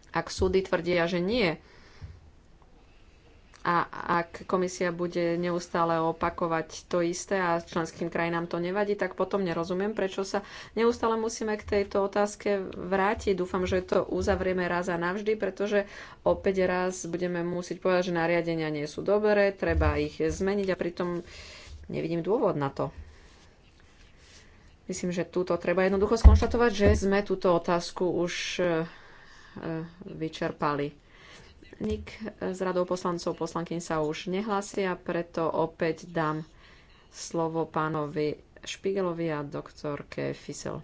Ak súdy tvrdia, že nie, a ak komisia bude neustále opakovať to isté a členským krajinám to nevadí, tak potom nerozumiem, prečo sa neustále musíme k tejto otázke vrátiť. Dúfam, že to uzavrieme raz a navždy, pretože opäť raz budeme musieť povedať, že nariadenia nie sú dobré, treba ich zmeniť a pritom nevidím dôvod na to. Myslím, že túto treba jednoducho skonštatovať, že sme túto otázku už e, e, vyčerpali. Nik e, z radou poslancov poslankyň sa už nehlásia, preto opäť dám slovo pánovi Špigelovi a doktorke Fisel.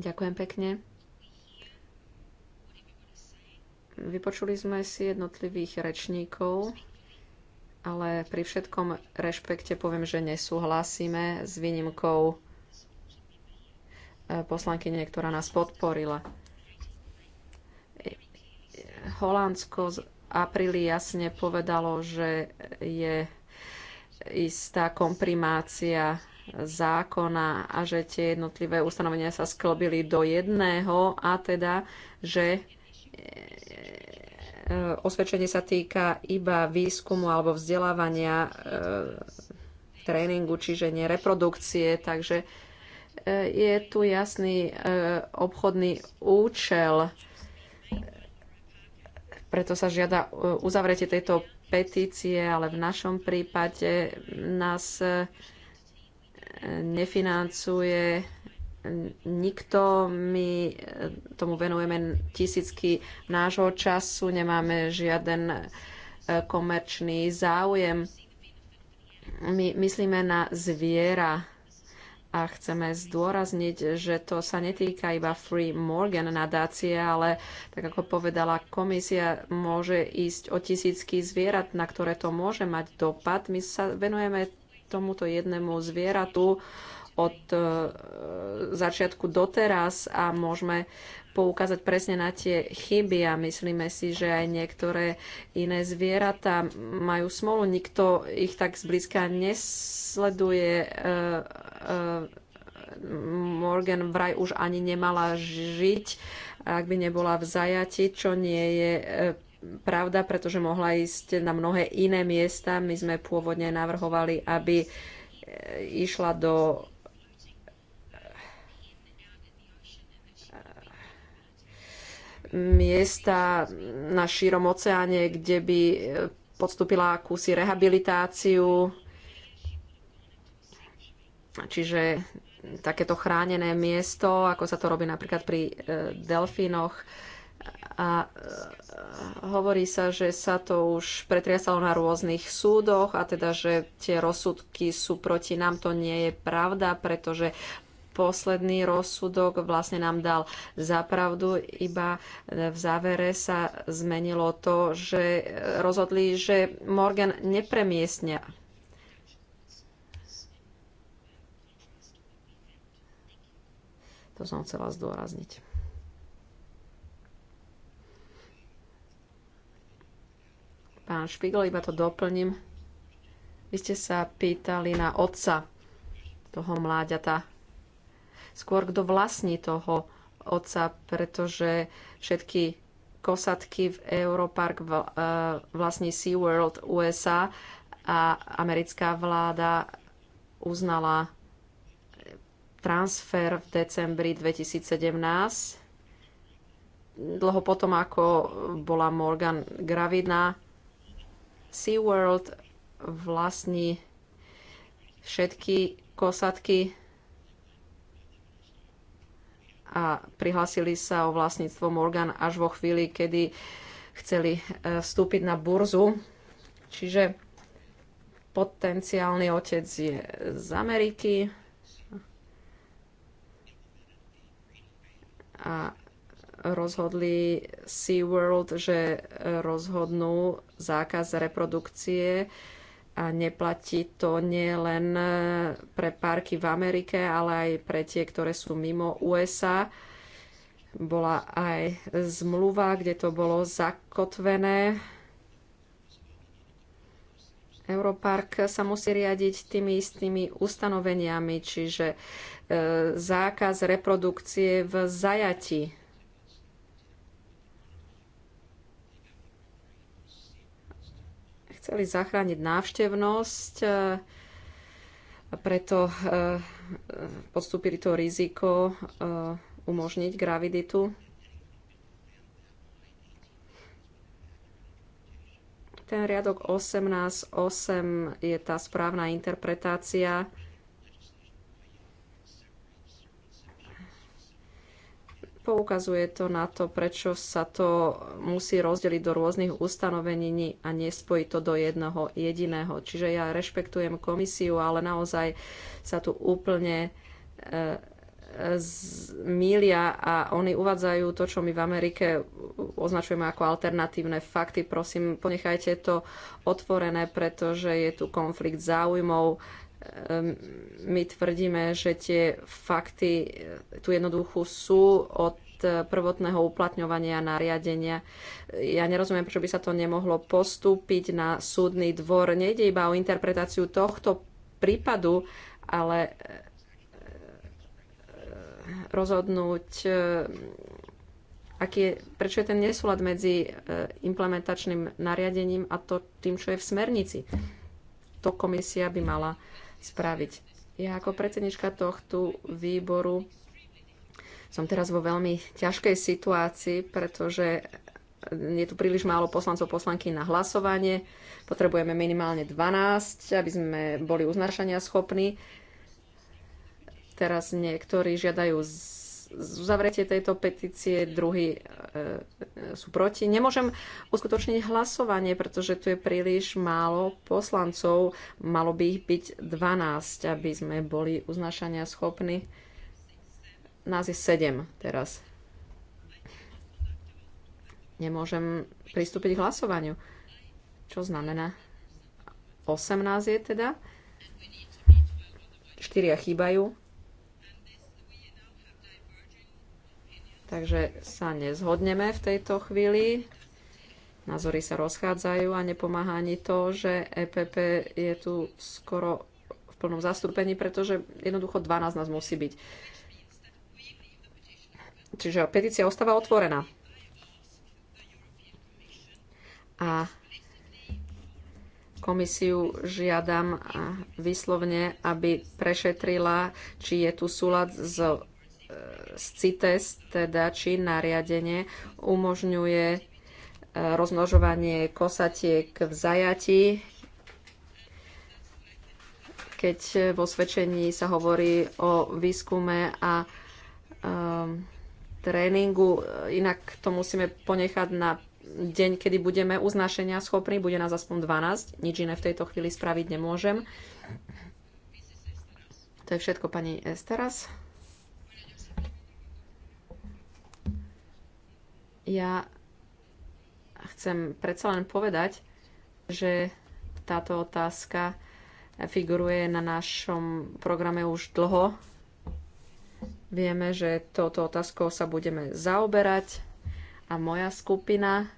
Ďakujem pekne. Vypočuli sme si jednotlivých rečníkov ale pri všetkom rešpekte poviem, že nesúhlasíme s výnimkou e, poslankyne, ktorá nás podporila. Holandsko z apríli jasne povedalo, že je istá komprimácia zákona a že tie jednotlivé ustanovenia sa sklobili do jedného a teda, že Eh, osvedčenie sa týka iba výskumu alebo vzdelávania, eh, tréningu, čiže nereprodukcie, takže eh, je tu jasný obchodný účel. Preto sa žiada uzavretie tejto petície, ale v našom prípade nás nefinancuje nikto, my eh, tomu venujeme tisícky nášho času, nemáme žiaden eh, komerčný záujem. My myslíme na zviera a chceme zdôrazniť, že to sa netýka iba Free Morgan nadácie, ale tak ako povedala komisia, môže ísť o tisícky zvierat, na ktoré to môže mať dopad. My sa venujeme tomuto jednému zvieratu, od e, začiatku doteraz a môžeme poukázať presne na tie chyby a myslíme si, že aj niektoré iné zvieratá majú smolu. Nikto ich tak zblízka nesleduje. E, e, Morgan vraj už ani nemala žiť, ak by nebola v zajati, čo nie je pravda, pretože mohla ísť na mnohé iné miesta. My sme pôvodne navrhovali, aby išla do miesta na šírom oceáne, kde by e, podstúpila akúsi rehabilitáciu. Čiže takéto chránené miesto, ako sa to robí napríklad pri e, delfínoch. A e, hovorí sa, že sa to už pretriasalo na rôznych súdoch a teda, že tie rozsudky sú proti nám. To nie je pravda, pretože posledný rozsudok vlastne nám dal zapravdu, iba v závere sa zmenilo to, že rozhodli, že Morgan nepremiestnia To som chcela zdôrazniť. Pán Špigl, iba to doplním. Vy ste sa pýtali na otca toho mláďata skôr kto vlastní toho oca, pretože všetky kosatky v Europark e, vlastní SeaWorld USA a americká vláda uznala transfer v decembri 2017 dlho potom, ako bola Morgan gravidná, SeaWorld vlastní všetky kosatky a prihlásili sa o vlastníctvo Morgan až vo chvíli, kedy chceli e, vstúpiť na burzu. Čiže potenciálny otec je z Ameriky a rozhodli SeaWorld, že e, rozhodnú zákaz reprodukcie a neplatí to nie len e, pre parky v Amerike, ale aj pre tie, ktoré sú mimo USA. Bola aj zmluva, kde to bolo zakotvené. Europark sa musí riadiť tými istými ustanoveniami, čiže e, zákaz reprodukcie v zajati chceli zachrániť návštevnosť, e, preto e, e, podstúpili to riziko umožniť graviditu. Ten riadok 18.8 je tá správna interpretácia Poukazuje to na to, prečo sa to musí rozdeliť do rôznych ustanovení a nespojiť to do jednoho jediného. Čiže ja rešpektujem komisiu, ale naozaj sa tu úplne e, zmília a oni uvádzajú to, čo my v Amerike označujeme ako alternatívne fakty. Prosím, ponechajte to otvorené, pretože je tu konflikt záujmov Ehm, my tvrdíme, že tie fakty eh, tu jednoducho sú od eh, prvotného uplatňovania nariadenia. Ja nerozumiem, prečo by sa to nemohlo postúpiť na súdny dvor. Nejde iba o interpretáciu tohto prípadu, ale eh, rozhodnúť, aký je, prečo je ten nesúlad medzi implementačným nariadením a to tým, čo je v smernici. To komisia by mala spraviť. Ja ako predsednička tohto výboru som teraz vo veľmi ťažkej situácii, pretože je tu príliš málo poslancov poslanky na hlasovanie. Potrebujeme minimálne 12, aby sme boli uznášania schopní. Teraz niektorí žiadajú uzavretie tejto petície, druhý e, e, sú proti. Nemôžem uskutočniť hlasovanie, pretože tu je príliš málo poslancov. Malo by ich byť 12, aby sme boli uznašania schopní. Nás je 7 teraz. Nemôžem pristúpiť k hlasovaniu. Čo znamená? 18 je teda. 4 chýbajú. Takže sa nezhodneme v tejto chvíli. Názory sa rozchádzajú a nepomáha ani to, že EPP je tu skoro v plnom zastúpení, pretože jednoducho 12 nás musí byť. Čiže petícia ostáva otvorená. A komisiu žiadam vyslovne, aby prešetrila, či je tu súlad s z CITES, teda či nariadenie, umožňuje e, rozmnožovanie kosatiek v zajati, keď vo svedčení sa hovorí o výskume a um, tréningu. Inak to musíme ponechať na deň, kedy budeme uznášenia schopní. Bude nás aspoň 12. Nič iné v tejto chvíli spraviť nemôžem. To je všetko, pani Esteras. Ja chcem predsa len povedať, že táto otázka figuruje na našom programe už dlho. Vieme, že touto otázkou sa budeme zaoberať a moja skupina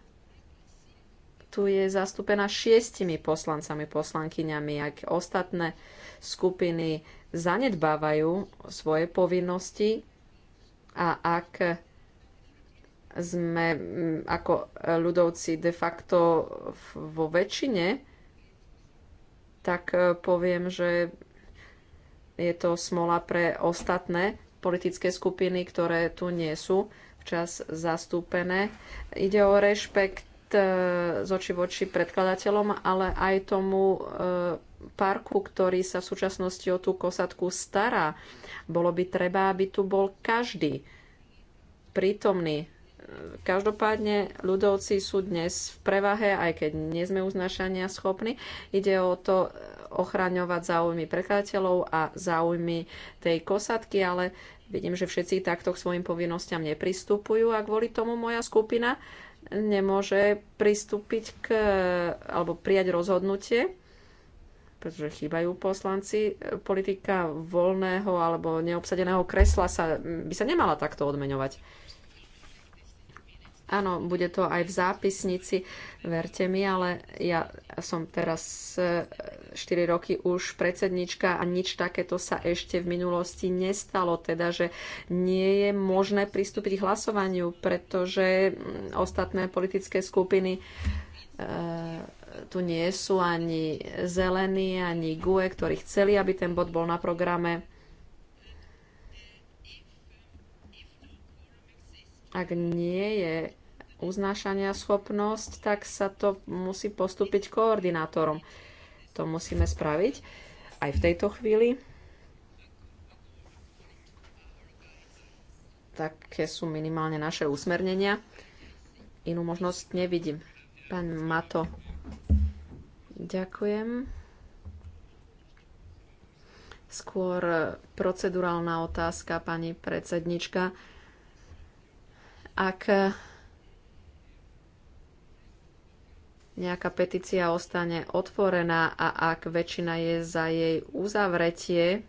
tu je zastúpená šiestimi poslancami, poslankyňami. Ak ostatné skupiny zanedbávajú svoje povinnosti a ak sme ako e, ľudovci de facto vo väčšine, tak e, poviem, že je to smola pre ostatné politické skupiny, ktoré tu nie sú včas zastúpené. Ide o rešpekt e, z oči voči predkladateľom, ale aj tomu parku, ktorý sa v súčasnosti o tú kosatku stará. Bolo by treba, aby tu bol každý prítomný Každopádne ľudovci sú dnes v prevahe, aj keď nie sme uznášania schopní. Ide o to ochraňovať záujmy prekladateľov a záujmy tej kosatky, ale vidím, že všetci takto k svojim povinnostiam nepristupujú a kvôli tomu moja skupina nemôže pristúpiť k, alebo prijať rozhodnutie, pretože chýbajú poslanci. Politika voľného alebo neobsadeného kresla sa, by sa nemala takto odmeňovať. Áno, bude to aj v zápisnici, verte mi, ale ja som teraz 4 e, roky už predsednička a nič takéto sa ešte v minulosti nestalo, teda že nie je možné pristúpiť k hlasovaniu, pretože mm, ostatné politické skupiny e, tu nie sú ani zelení, ani GUE, ktorí chceli, aby ten bod bol na programe. ak nie je uznášania schopnosť, tak sa to musí postúpiť koordinátorom. To musíme spraviť aj v tejto chvíli. Také sú minimálne naše usmernenia. Inú možnosť nevidím. Pán Mato, ďakujem. Skôr procedurálna otázka, pani predsednička. Ak nejaká petícia ostane otvorená a ak väčšina je za jej uzavretie,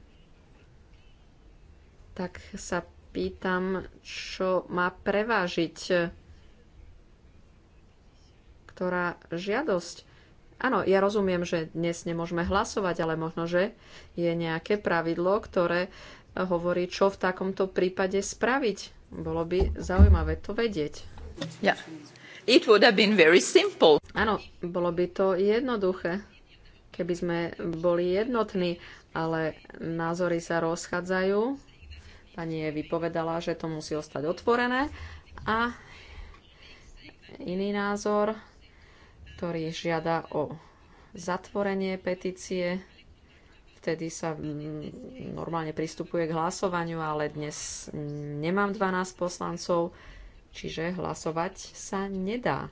tak sa pýtam, čo má prevážiť ktorá žiadosť. Áno, ja rozumiem, že dnes nemôžeme hlasovať, ale možno, že je nejaké pravidlo, ktoré hovorí, čo v takomto prípade spraviť. Bolo by zaujímavé to vedieť. Ja. It would have been very simple. Áno, bolo by to jednoduché, keby sme boli jednotní, ale názory sa rozchádzajú. Pani je vypovedala, že to musí ostať otvorené. A iný názor, ktorý žiada o zatvorenie petície, vtedy sa mm, normálne pristupuje k hlasovaniu, ale dnes nemám 12 poslancov, čiže hlasovať sa nedá.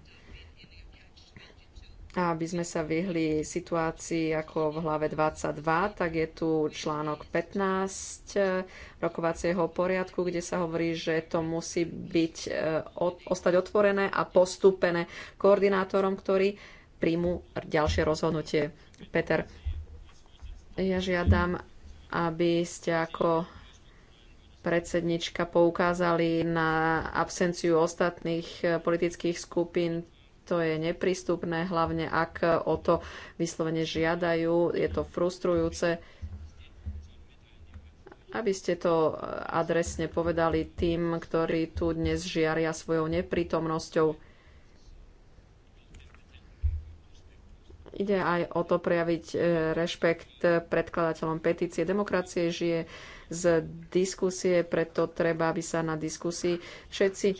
A aby sme sa vyhli situácii ako v hlave 22, tak je tu článok 15 rokovacieho poriadku, kde sa hovorí, že to musí byť, e, ostať otvorené a postúpené koordinátorom, ktorí príjmu ďalšie rozhodnutie. Peter, ja žiadam, aby ste ako predsednička poukázali na absenciu ostatných e, politických skupín. To je neprístupné, hlavne ak o to vyslovene žiadajú. Je to frustrujúce. Aby ste to e, adresne povedali tým, ktorí tu dnes žiaria svojou neprítomnosťou. Ide aj o to prejaviť e, rešpekt predkladateľom petície. Demokracie žije z diskusie, preto treba, aby sa na diskusii všetci eh,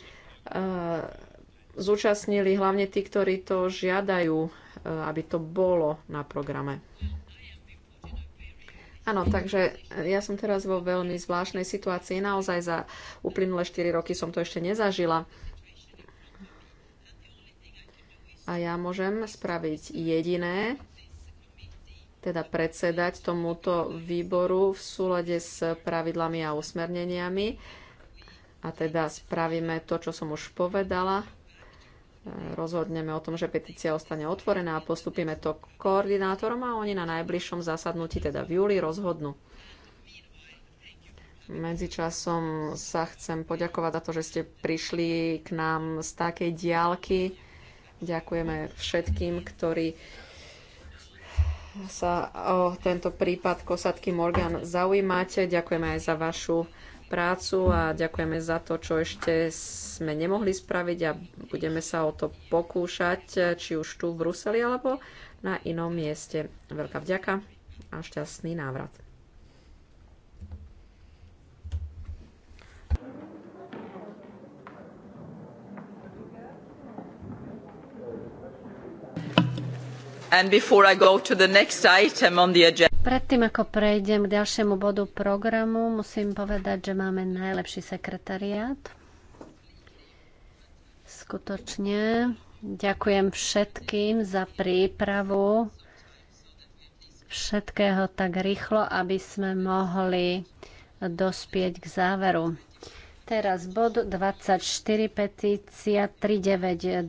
zúčastnili, hlavne tí, ktorí to žiadajú, eh, aby to bolo na programe. Áno, takže eh, ja som teraz vo veľmi zvláštnej situácii. Naozaj za uplynulé 4 roky som to ešte nezažila. A ja môžem spraviť jediné, teda predsedať tomuto výboru v súlade s pravidlami a usmerneniami. A teda spravíme to, čo som už povedala. Rozhodneme o tom, že petícia ostane otvorená a postupíme to koordinátorom a oni na najbližšom zasadnutí, teda v júli, rozhodnú. Medzičasom sa chcem poďakovať za to, že ste prišli k nám z takej diálky. Ďakujeme všetkým, ktorí sa o tento prípad Kosatky Morgan zaujímate. Ďakujeme aj za vašu prácu a ďakujeme za to, čo ešte sme nemohli spraviť a budeme sa o to pokúšať, či už tu v Bruseli alebo na inom mieste. Veľká vďaka a šťastný návrat. Predtým, ako prejdem k ďalšiemu bodu programu, musím povedať, že máme najlepší sekretariát. Skutočne ďakujem všetkým za prípravu všetkého tak rýchlo, aby sme mohli dospieť k záveru teraz bod 24, petícia 392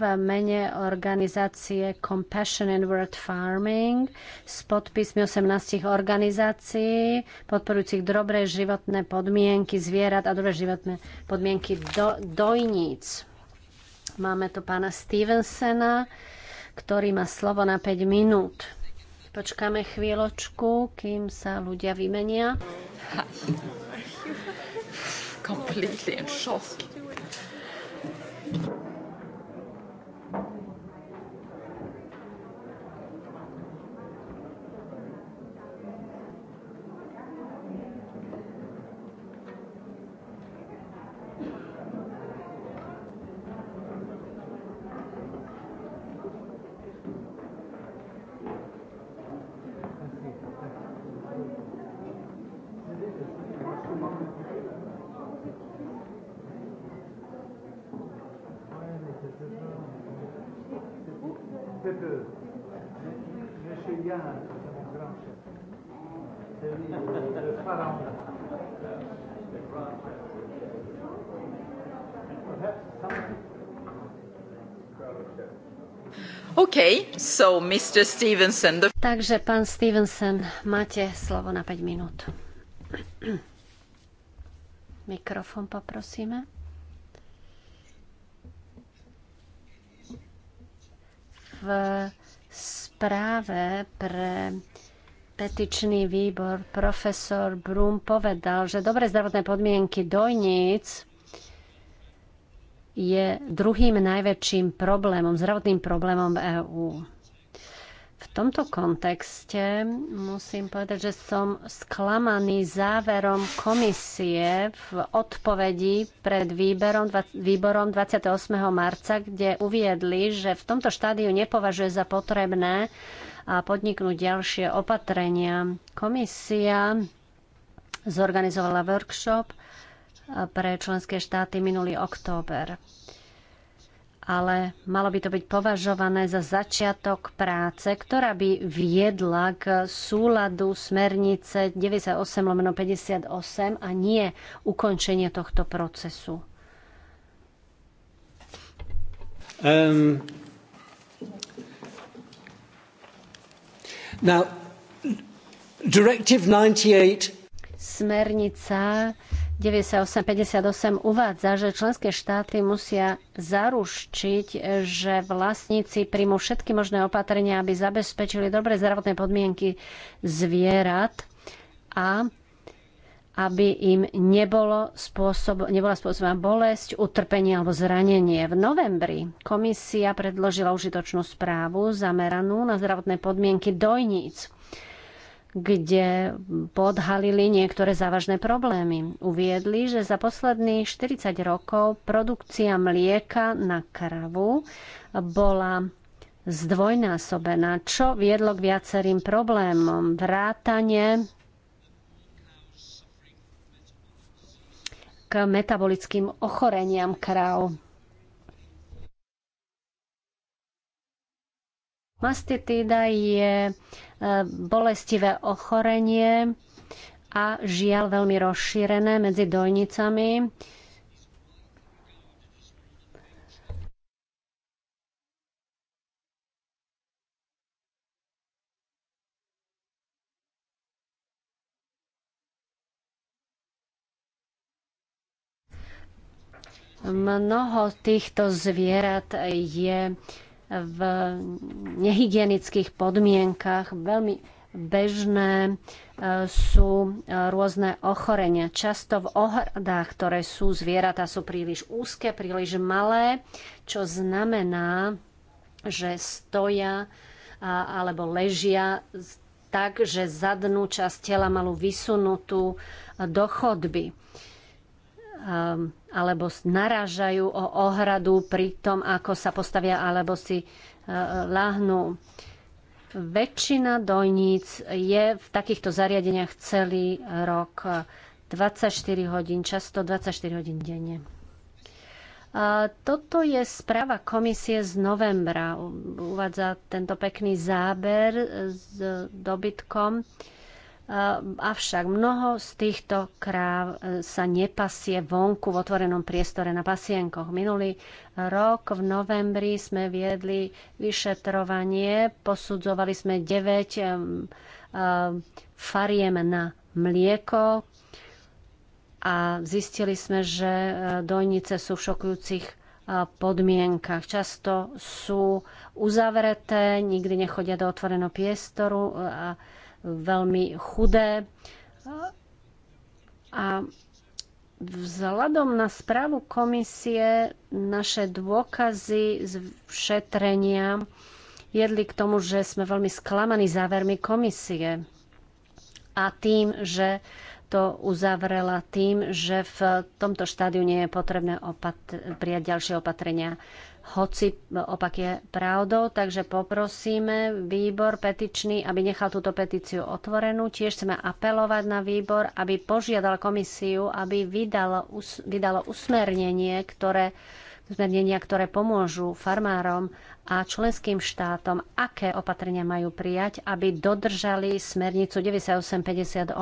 v mene organizácie Compassion and World Farming s podpismi 18 organizácií podporujúcich dobré životné podmienky zvierat a dobré životné podmienky do, dojníc. Máme tu pána Stevensena, ktorý má slovo na 5 minút. Počkáme chvíľočku, kým sa ľudia vymenia. Ha. completely in shock. so Mr. Stevenson, the... Takže pán Stevenson, máte slovo na 5 minút. Mikrofón poprosíme. V správe pre petičný výbor profesor Brum povedal, že dobré zdravotné podmienky dojníc je druhým najväčším problémom, zdravotným problémom EÚ. V tomto kontexte musím povedať, že som sklamaný záverom komisie v odpovedi pred výberom, výborom 28. marca, kde uviedli, že v tomto štádiu nepovažuje za potrebné a podniknúť ďalšie opatrenia. Komisia zorganizovala workshop pre členské štáty minulý október. Ale malo by to byť považované za začiatok práce, ktorá by viedla k súladu smernice 98 58 a nie ukončenie tohto procesu. Um, now, Directive 98 Smernica 9858 uvádza, že členské štáty musia zaručiť, že vlastníci príjmu všetky možné opatrenia, aby zabezpečili dobré zdravotné podmienky zvierat a aby im nebolo spôsob, nebola spôsobená bolesť, utrpenie alebo zranenie. V novembri komisia predložila užitočnú správu zameranú na zdravotné podmienky dojníc kde podhalili niektoré závažné problémy. Uviedli, že za posledných 40 rokov produkcia mlieka na kravu bola zdvojnásobená, čo viedlo k viacerým problémom. Vrátanie k metabolickým ochoreniam kráv. Mastitída je bolestivé ochorenie a žiaľ veľmi rozšírené medzi dojnicami. Mnoho týchto zvierat je v nehygienických podmienkach. Veľmi bežné e, sú e, rôzne ochorenia. Často v ohradách, ktoré sú zvieratá, sú príliš úzke, príliš malé, čo znamená, že stoja alebo ležia tak, že zadnú časť tela malú vysunutú do chodby. Ehm, alebo naražajú o ohradu pri tom, ako sa postavia alebo si láhnú. E, Väčšina dojníc je v takýchto zariadeniach celý rok 24 hodín, často 24 hodín denne. A toto je správa komisie z novembra. Uvádza tento pekný záber s dobytkom. Eh, avšak mnoho z týchto kráv eh, sa nepasie vonku v otvorenom priestore na pasienkoch. Minulý eh, rok v novembri sme viedli vyšetrovanie, posudzovali sme 9 fariem na mlieko a zistili sme, že dojnice sú v šokujúcich podmienkach. Často sú uzavreté, nikdy nechodia do otvoreného priestoru a veľmi chudé. A vzhľadom na správu komisie naše dôkazy z šetrenia viedli k tomu, že sme veľmi sklamaní závermi komisie a tým, že to uzavrela tým, že v tomto štádiu nie je potrebné opat- prijať ďalšie opatrenia hoci opak je pravdou, takže poprosíme výbor petičný, aby nechal túto petíciu otvorenú. Tiež chceme apelovať na výbor, aby požiadal komisiu, aby vydalo, us, vydalo usmernenie, ktoré, usmernenia, ktoré pomôžu farmárom a členským štátom, aké opatrenia majú prijať, aby dodržali smernicu 9858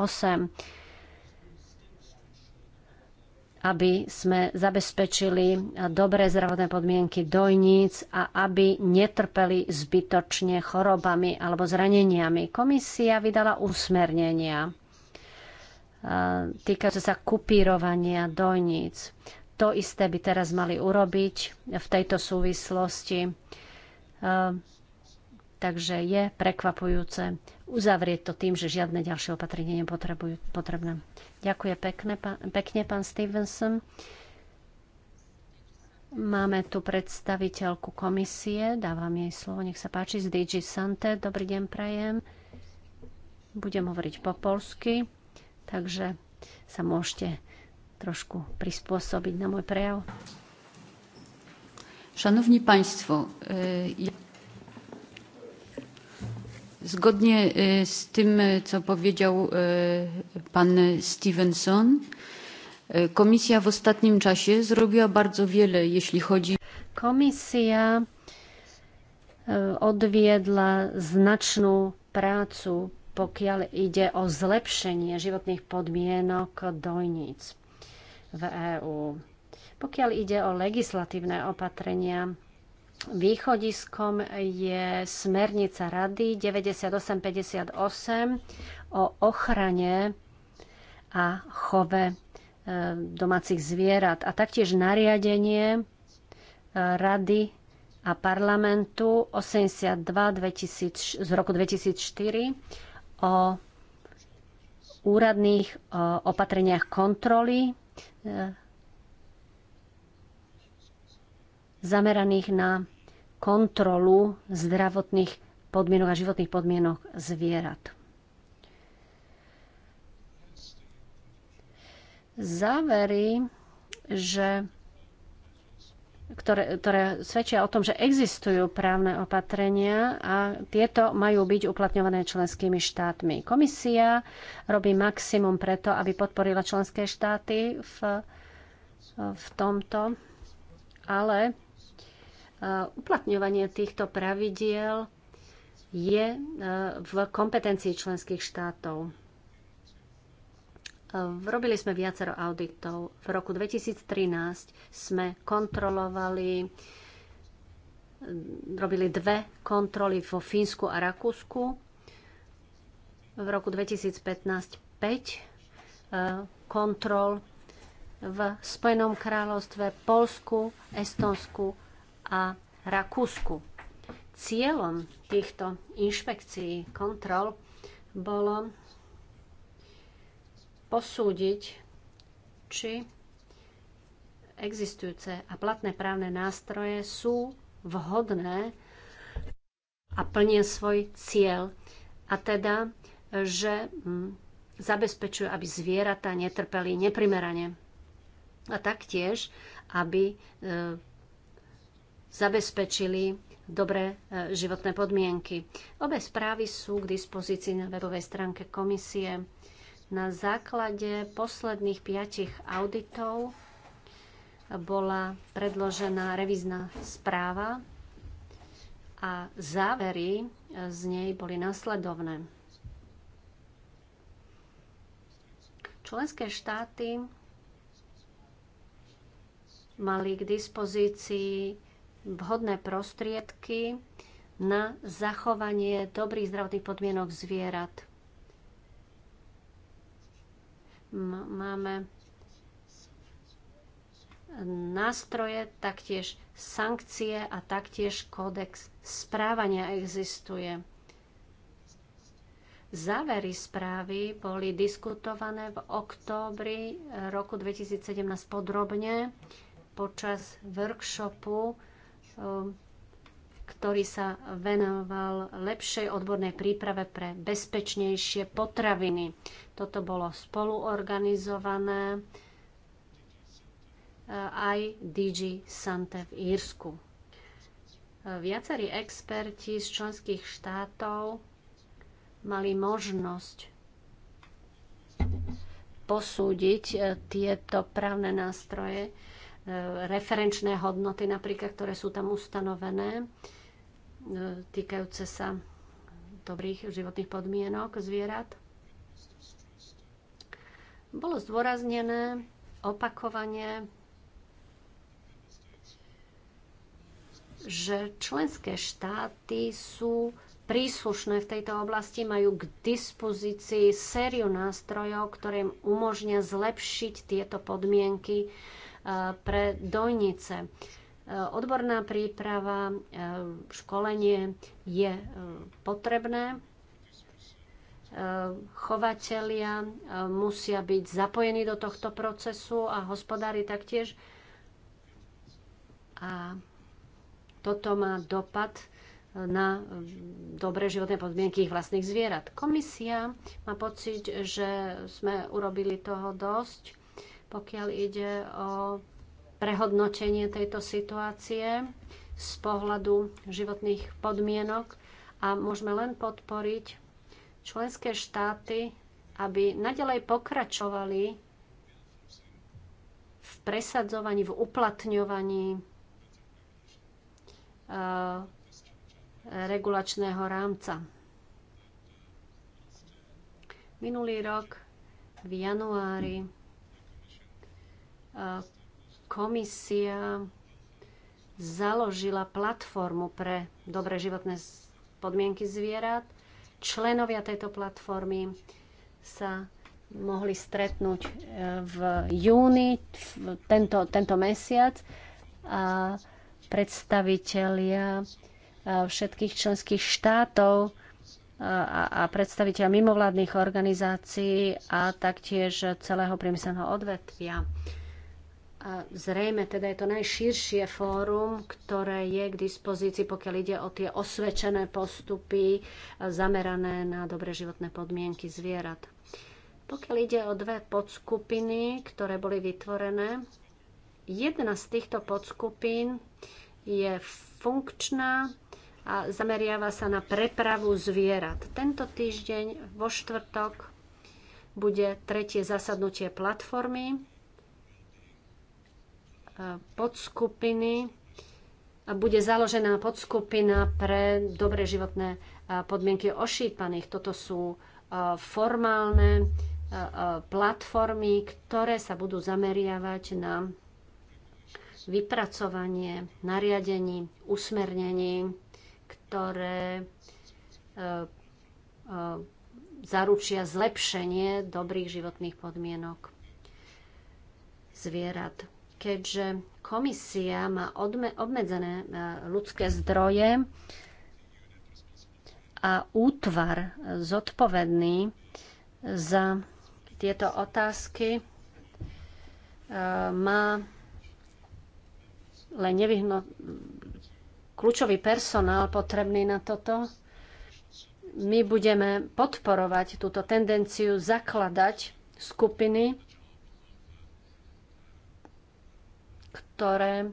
aby sme zabezpečili dobré zdravotné podmienky dojníc a aby netrpeli zbytočne chorobami alebo zraneniami. Komisia vydala usmernenia e, týkajúce sa kupírovania dojníc. To isté by teraz mali urobiť v tejto súvislosti e, Takže je prekvapujúce uzavrieť to tým, že žiadne ďalšie opatrenie je potrebné. Ďakujem pekne, pán, pekne, pán Stevenson. Máme tu predstaviteľku komisie. Dávam jej slovo. Nech sa páči z DG Sante. Dobrý deň, prajem. Budem hovoriť po polsky, takže sa môžete trošku prispôsobiť na môj prejav. Szanowni Państwo, ja... Zgodnie e, z tym, e, co powiedział e, pan Stevenson, komisja w ostatnim czasie zrobiła bardzo wiele, jeśli chodzi. Komisja odviedla značnú prácu, pokiaľ ide o zlepšenie životných podmienok dojníc v EÚ. Pokiaľ ide o legislatívne opatrenia, Východiskom je smernica Rady 9858 o ochrane a chove e, domácich zvierat a taktiež nariadenie e, Rady a parlamentu 82 2000, z roku 2004 o úradných opatreniach kontroly e, zameraných na kontrolu zdravotných podmienok a životných podmienok zvierat. Závery, že ktoré, ktoré svedčia o tom, že existujú právne opatrenia a tieto majú byť uplatňované členskými štátmi. Komisia robí maximum preto, aby podporila členské štáty v, v tomto, ale uplatňovanie týchto pravidiel je e, v kompetencii členských štátov. E, robili sme viacero auditov. V roku 2013 sme kontrolovali, e, robili dve kontroly vo Fínsku a Rakúsku. V roku 2015 5 kontrol v Spojenom kráľovstve, Polsku, Estonsku a Rakúsku. Cieľom týchto inšpekcií kontrol bolo posúdiť, či existujúce a platné právne nástroje sú vhodné a plnia svoj cieľ. A teda, že mm, zabezpečujú, aby zvieratá netrpeli neprimerane. A taktiež, aby e, zabezpečili dobré e, životné podmienky. Obe správy sú k dispozícii na webovej stránke komisie. Na základe posledných piatich auditov bola predložená revízna správa a závery e, z nej boli následovné. Členské štáty mali k dispozícii vhodné prostriedky na zachovanie dobrých zdravotných podmienok zvierat. Máme nástroje, taktiež sankcie a taktiež kódex správania existuje. Závery správy boli diskutované v októbri roku 2017 podrobne počas workshopu Um, ktorý sa venoval lepšej odbornej príprave pre bezpečnejšie potraviny. Toto bolo spoluorganizované uh, aj DG Sante v Írsku. Uh, viacerí experti z členských štátov mali možnosť posúdiť uh, tieto právne nástroje referenčné hodnoty napríklad, ktoré sú tam ustanovené, e, týkajúce sa dobrých životných podmienok zvierat. Bolo zdôraznené opakovanie, že členské štáty sú príslušné v tejto oblasti majú k dispozícii sériu nástrojov, ktoré im umožnia zlepšiť tieto podmienky pre dojnice. Odborná príprava, školenie je potrebné. Chovatelia musia byť zapojení do tohto procesu a hospodári taktiež. A toto má dopad na dobré životné podmienky ich vlastných zvierat. Komisia má pocit, že sme urobili toho dosť pokiaľ ide o prehodnotenie tejto situácie z pohľadu životných podmienok a môžeme len podporiť členské štáty, aby nadalej pokračovali v presadzovaní, v uplatňovaní e, regulačného rámca. Minulý rok v januári komisia založila platformu pre dobré životné podmienky zvierat. Členovia tejto platformy sa mohli stretnúť e, v júni, tento, tento mesiac a predstavitelia e, všetkých členských štátov e, a, a predstaviteľ mimovládnych organizácií a taktiež celého priemyselného odvetvia. A zrejme teda je to najširšie fórum, ktoré je k dispozícii, pokiaľ ide o tie osvedčené postupy e, zamerané na dobré životné podmienky zvierat. Pokiaľ ide o dve podskupiny, ktoré boli vytvorené, jedna z týchto podskupín je funkčná a zameriava sa na prepravu zvierat. Tento týždeň vo štvrtok bude tretie zasadnutie platformy podskupiny a bude založená podskupina pre dobré životné podmienky ošípaných. Toto sú formálne platformy, ktoré sa budú zameriavať na vypracovanie nariadení, usmernení, ktoré zaručia zlepšenie dobrých životných podmienok zvierat keďže komisia má obmedzené e, ľudské zdroje a útvar zodpovedný za tieto otázky e, má len nevyhno... kľúčový personál potrebný na toto. My budeme podporovať túto tendenciu zakladať skupiny ktoré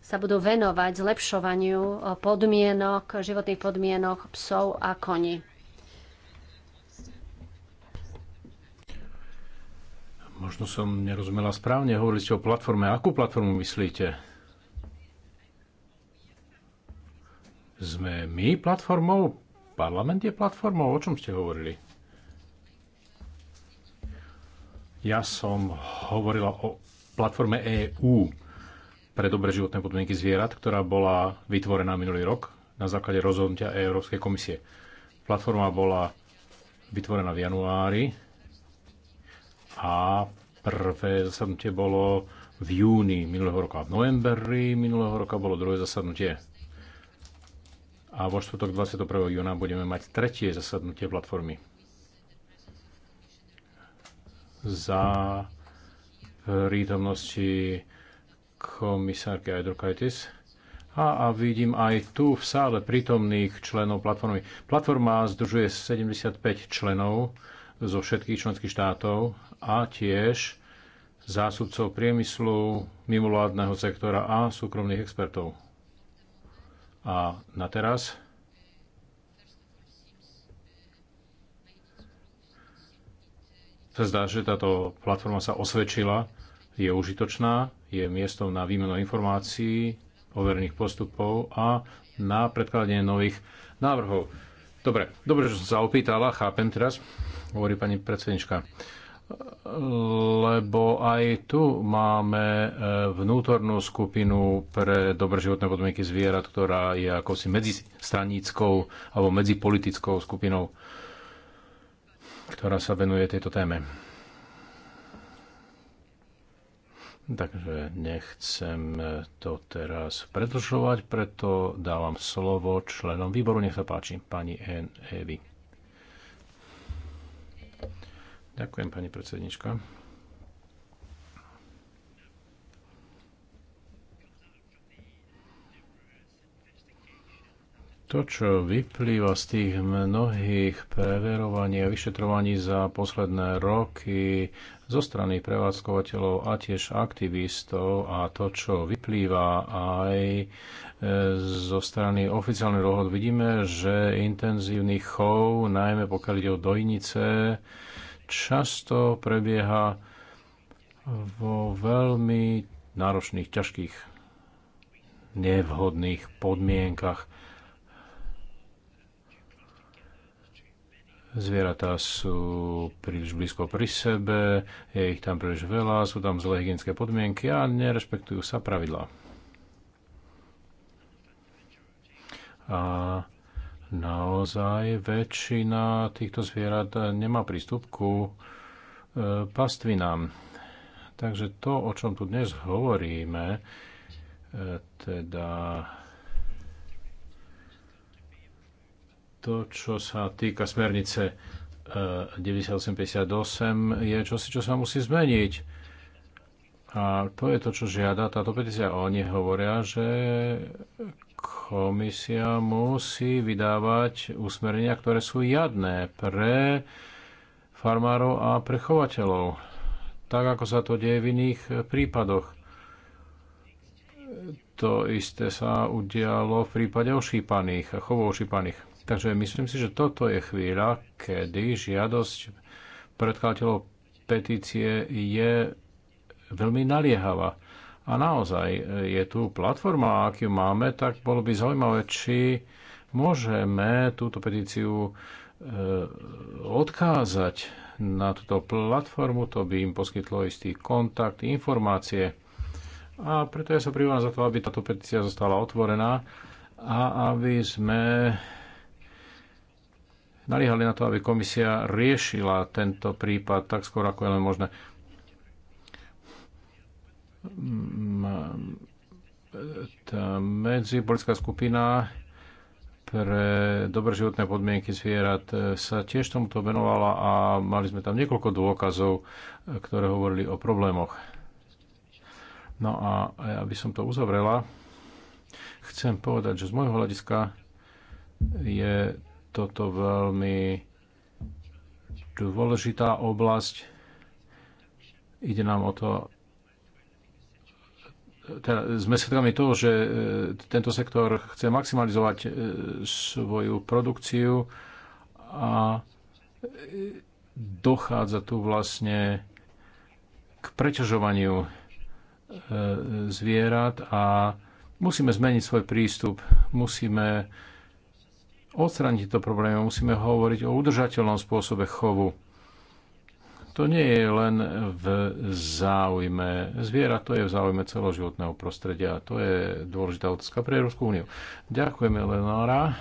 sa budú venovať zlepšovaniu podmienok, životných podmienok psov a koní. Možno som nerozumela správne. Hovorili ste o platforme. Akú platformu myslíte? Sme my platformou? Parlament je platformou? O čom ste hovorili? Ja som hovorila o platforme EU pre dobre životné podmienky zvierat, ktorá bola vytvorená minulý rok na základe rozhodnutia Európskej komisie. Platforma bola vytvorená v januári a prvé zasadnutie bolo v júni minulého roka. V novembri minulého roka bolo druhé zasadnutie. A vo štvrtok 21. júna budeme mať tretie zasadnutie platformy za prítomnosti komisárky Aydrokaitis. A, a vidím aj tu v sále prítomných členov platformy. Platforma združuje 75 členov zo všetkých členských štátov a tiež zásudcov priemyslu, mimovládneho sektora a súkromných expertov. A na teraz sa zdá, že táto platforma sa osvedčila, je užitočná, je miestom na výmenu informácií, overených postupov a na predkladanie nových návrhov. Dobre, dobre, že som sa opýtala, chápem teraz, hovorí pani predsednička lebo aj tu máme eh, vnútornú skupinu pre dobre životné podmienky zvierat, ktorá je ako si medzistraníckou alebo medzipolitickou skupinou ktorá sa venuje tejto téme. Takže nechcem to teraz predlžovať, preto dávam slovo členom výboru. Nech sa páči, pani N. Evi. Ďakujem, pani predsednička. To, čo vyplýva z tých mnohých preverovaní a vyšetrovaní za posledné roky zo strany prevádzkovateľov a tiež aktivistov a to, čo vyplýva aj e, zo strany oficiálnych dohod, vidíme, že intenzívny chov, najmä pokiaľ ide o dojnice, často prebieha vo veľmi náročných, ťažkých, nevhodných podmienkach Zvieratá sú príliš blízko pri sebe, je ich tam príliš veľa, sú tam zlé hygienické podmienky a nerespektujú sa pravidlá. A naozaj väčšina týchto zvierat nemá prístup ku e, pastvinám. Takže to, o čom tu dnes hovoríme, e, teda To, čo sa týka smernice 9858, eh, je čosi, čo sa musí zmeniť. A to je to, čo žiada táto petícia. Oni hovoria, že komisia musí vydávať usmerenia, ktoré sú jadné pre farmárov a pre chovateľov. Tak, ako sa to deje v iných prípadoch. To isté sa udialo v prípade ošípaných chovov ošípaných. Takže myslím si, že toto je chvíľa, kedy žiadosť predkladateľov petície je veľmi naliehavá. A naozaj e, je tu platforma, ak ju máme, tak bolo by zaujímavé, či môžeme túto petíciu e, odkázať na túto platformu, to by im poskytlo istý kontakt, informácie. A preto ja sa privolám za to, aby táto petícia zostala otvorená a aby sme naliehali na to, aby komisia riešila tento prípad tak skôr, ako je len možné. Mm, tá medzipolitická skupina pre dobré životné podmienky zvierat sa tiež tomuto venovala a mali sme tam niekoľko dôkazov, ktoré hovorili o problémoch. No a aby som to uzavrela, chcem povedať, že z môjho hľadiska je toto veľmi dôležitá oblasť. Ide nám o to, teda sme svedkami toho, že e, tento sektor chce maximalizovať e, svoju produkciu a e, dochádza tu vlastne k preťažovaniu zvierat a musíme zmeniť svoj prístup, musíme odstrániť tieto problémy, musíme hovoriť o udržateľnom spôsobe chovu. To nie je len v záujme zviera, to je v záujme celoživotného prostredia. To je dôležitá otázka pre Európsku úniu. Ďakujeme, Eleonora.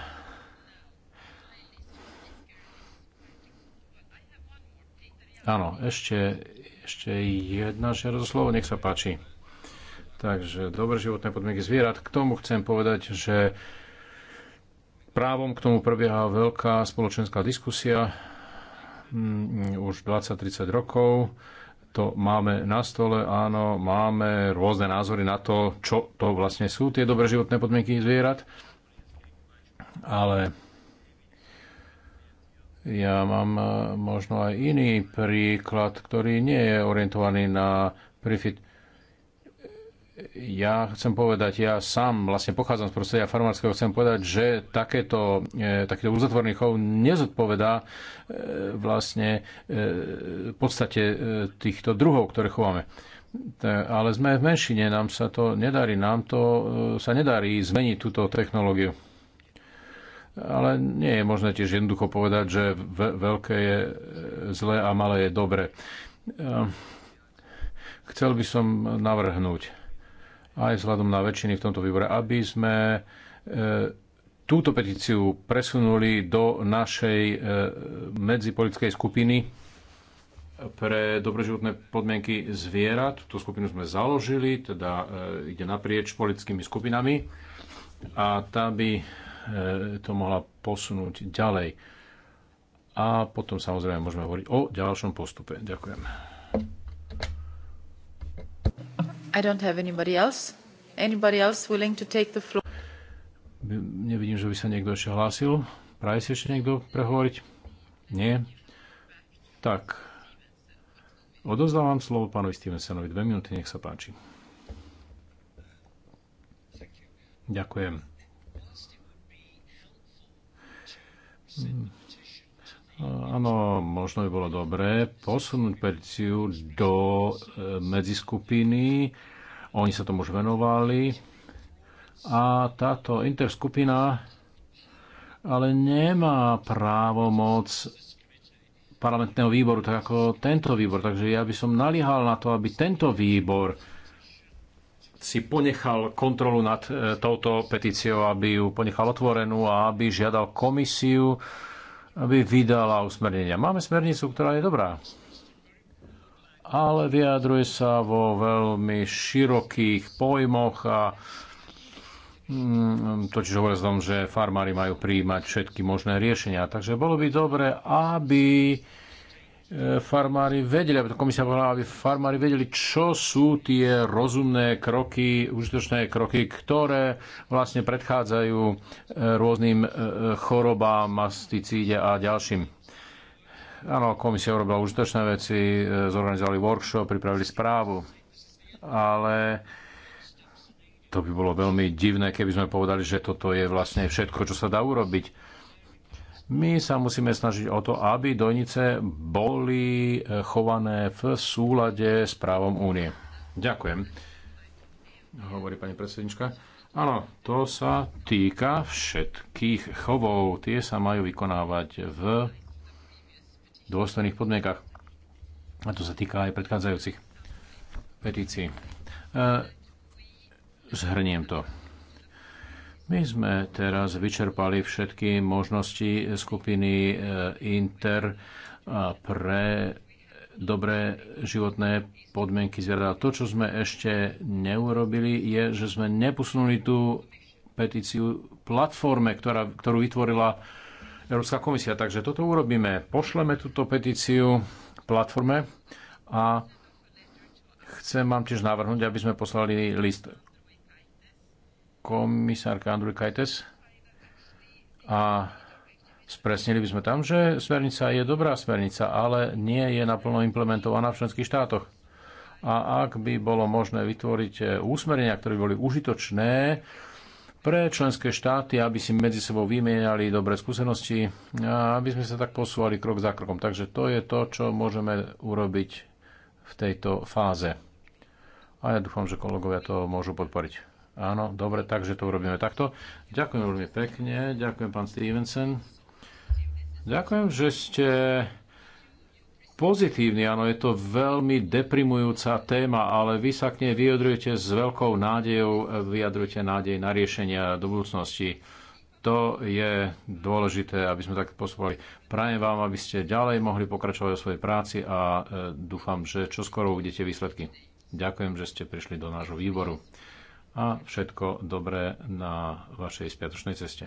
Áno, ešte, ešte jedna žiadosť slovo, nech sa páči. Takže dobré životné podmienky zvierat. K tomu chcem povedať, že právom. K tomu prebieha veľká spoločenská diskusia mm, už 20-30 rokov. To máme na stole, áno, máme rôzne názory na to, čo to vlastne sú tie dobré životné podmienky zvierat. Ale ja mám e, možno aj iný príklad, ktorý nie je orientovaný na prifit ja chcem povedať, ja sám vlastne pochádzam z prostredia farmárskeho, chcem povedať, že takéto, e, takýto uzatvorný chov nezodpovedá e, vlastne v e, podstate týchto druhov, ktoré chováme. Ale sme v menšine, nám sa to nedarí, nám to sa nedarí zmeniť túto technológiu. Ale nie je možné tiež jednoducho povedať, že veľké je zlé a malé je dobre. Chcel by som navrhnúť aj vzhľadom na väčšiny v tomto výbore, aby sme e, túto petíciu presunuli do našej e, medzipolitickej skupiny pre dobroživotné podmienky zvierat. Tú skupinu sme založili, teda e, ide naprieč politickými skupinami a tá by to mohla posunúť ďalej. A potom samozrejme môžeme hovoriť o ďalšom postupe. Ďakujem. I don't have anybody else. Anybody else willing to take the floor? Nevidím, že by sa niekto ešte hlásil. Praje si ešte niekto prehovoriť? Nie. Tak. Odozdávam slovo pánovi Stevensonovi. Dve minúty, nech sa páči. Ďakujem. Eh, áno, možno by bolo dobré posunúť perciu do eh, medziskupiny. Oni sa tomu už venovali. A táto interskupina ale nemá právo moc parlamentného výboru, tak ako tento výbor. Takže ja by som nalihal na to, aby tento výbor si ponechal kontrolu nad eh, touto petíciou, aby ju ponechal otvorenú a aby žiadal komisiu, aby vydala usmernenia. Máme smernicu, ktorá je dobrá, ale vyjadruje sa vo veľmi širokých pojmoch a mm, totiž hovorí o tom, že farmári majú prijímať všetky možné riešenia. Takže bolo by dobre, aby E, farmári vedeli, aby komisia povedala, aby farmári vedeli, čo sú tie rozumné kroky, užitočné kroky, ktoré vlastne predchádzajú e, rôznym e, chorobám, masticíde a ďalším. Áno, komisia urobila užitočné veci, zorganizovali workshop, pripravili správu, ale to by bolo veľmi divné, keby sme povedali, že toto je vlastne všetko, čo sa dá urobiť my sa musíme snažiť o to, aby dojnice boli e, chované v súlade s právom únie. Ďakujem, hovorí pani predsednička. Áno, to sa týka všetkých chovov. Tie sa majú vykonávať v dôstojných podmienkach. A to sa týka aj predchádzajúcich petícií. E, zhrniem to. My sme teraz vyčerpali všetky možnosti skupiny eh, Inter eh, pre dobré životné podmienky zvierat. To, čo sme ešte neurobili, je, že sme neposunuli tú petíciu platforme, ktorá, ktorú vytvorila Európska komisia. Takže toto urobíme. Pošleme túto petíciu platforme a chcem vám tiež navrhnúť, aby sme poslali list komisárka Andrukaitis a spresnili by sme tam, že smernica je dobrá smernica, ale nie je naplno implementovaná v členských štátoch. A ak by bolo možné vytvoriť e, úsmerenia, ktoré by boli užitočné pre členské štáty, aby si medzi sebou vymieniali dobré skúsenosti a aby sme sa tak posúvali krok za krokom. Takže to je to, čo môžeme urobiť v tejto fáze. A ja dúfam, že kolegovia to môžu podporiť. Áno, dobre, takže to urobíme takto. Ďakujem veľmi pekne, ďakujem pán Stevenson. Ďakujem, že ste pozitívni. Áno, je to veľmi deprimujúca téma, ale vy sa k nej vyjadrujete s veľkou nádejou, vyjadrujete nádej na riešenia do budúcnosti. To je dôležité, aby sme tak posúvali. Prajem vám, aby ste ďalej mohli pokračovať o svojej práci a e, dúfam, že čoskoro uvidíte výsledky. Ďakujem, že ste prišli do nášho výboru a všetko dobré na vašej spiatočnej ceste.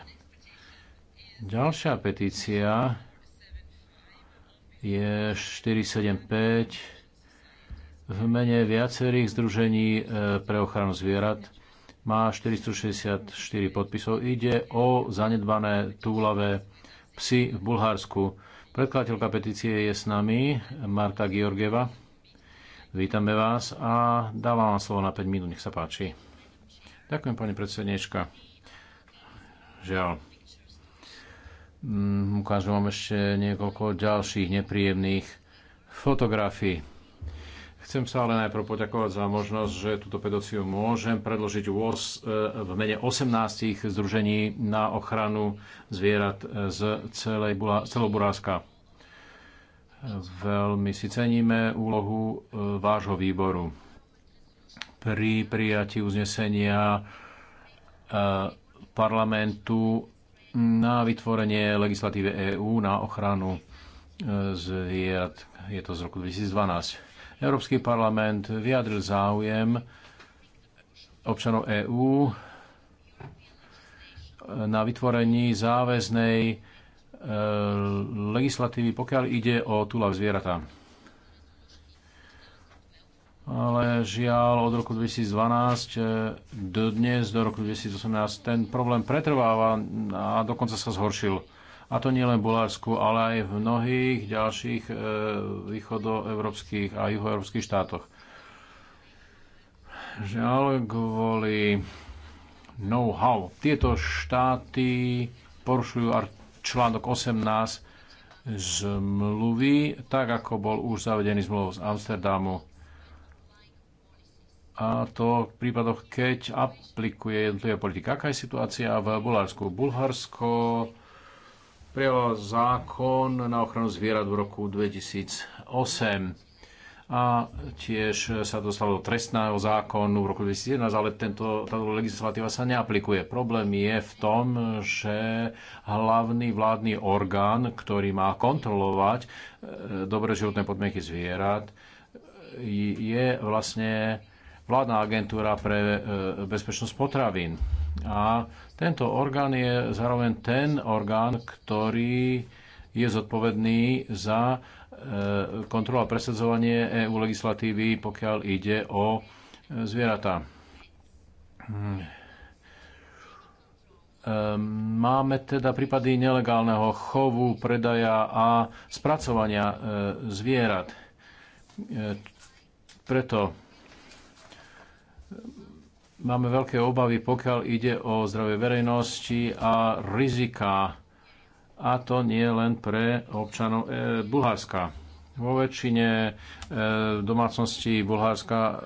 Ďalšia petícia je 475 v mene viacerých združení e, pre ochranu zvierat. Má 464 podpisov. Ide o zanedbané túlavé psy v Bulharsku. Predkladateľka petície je s nami, Marta Georgieva. Vítame vás a dávam vám slovo na 5 minút, nech sa páči. Ďakujem, pani predsednička. Žiaľ. Mm, ukážem vám ešte niekoľko ďalších nepríjemných fotografií. Chcem sa ale najprv poďakovať za možnosť, že túto pedociu môžem predložiť v mene 18 združení na ochranu zvierat z celej celoburáska. Veľmi si ceníme úlohu e, vášho výboru pri prijatí uznesenia e, parlamentu na vytvorenie legislatívy EÚ na ochranu e, zvierat. Je to z roku 2012. Európsky parlament vyjadril záujem občanov EÚ na vytvorení záväznej e, legislatívy, pokiaľ ide o túlav zvieratá ale žiaľ od roku 2012 e, do dnes, do roku 2018, ten problém pretrváva a dokonca sa zhoršil. A to nie len v Bulharsku, ale aj v mnohých ďalších e, východoevropských a juhoevropských štátoch. Žiaľ, kvôli know-how. Tieto štáty porušujú článok 18 zmluvy, tak ako bol už zavedený zmluvou z Amsterdamu a to v prípadoch, keď aplikuje jednotlivé politiky. Aká je situácia v Bulharsku? Bulharsko prijalo zákon na ochranu zvierat v roku 2008 a tiež sa dostalo do trestného zákonu v roku 2011, ale tento, táto legislatíva sa neaplikuje. Problém je v tom, že hlavný vládny orgán, ktorý má kontrolovať e, dobré životné podmienky zvierat, je vlastne vládna agentúra pre e, bezpečnosť potravín. A tento orgán je zároveň ten orgán, ktorý je zodpovedný za e, kontrolu a presadzovanie EU legislatívy, pokiaľ ide o e, zvieratá. Hm. Máme teda prípady nelegálneho chovu, predaja a spracovania zvierat. Preto máme veľké obavy, pokiaľ ide o zdravie verejnosti a rizika. A to nie len pre občanov e, Bulharska. Vo väčšine e, domácností Bulharska e,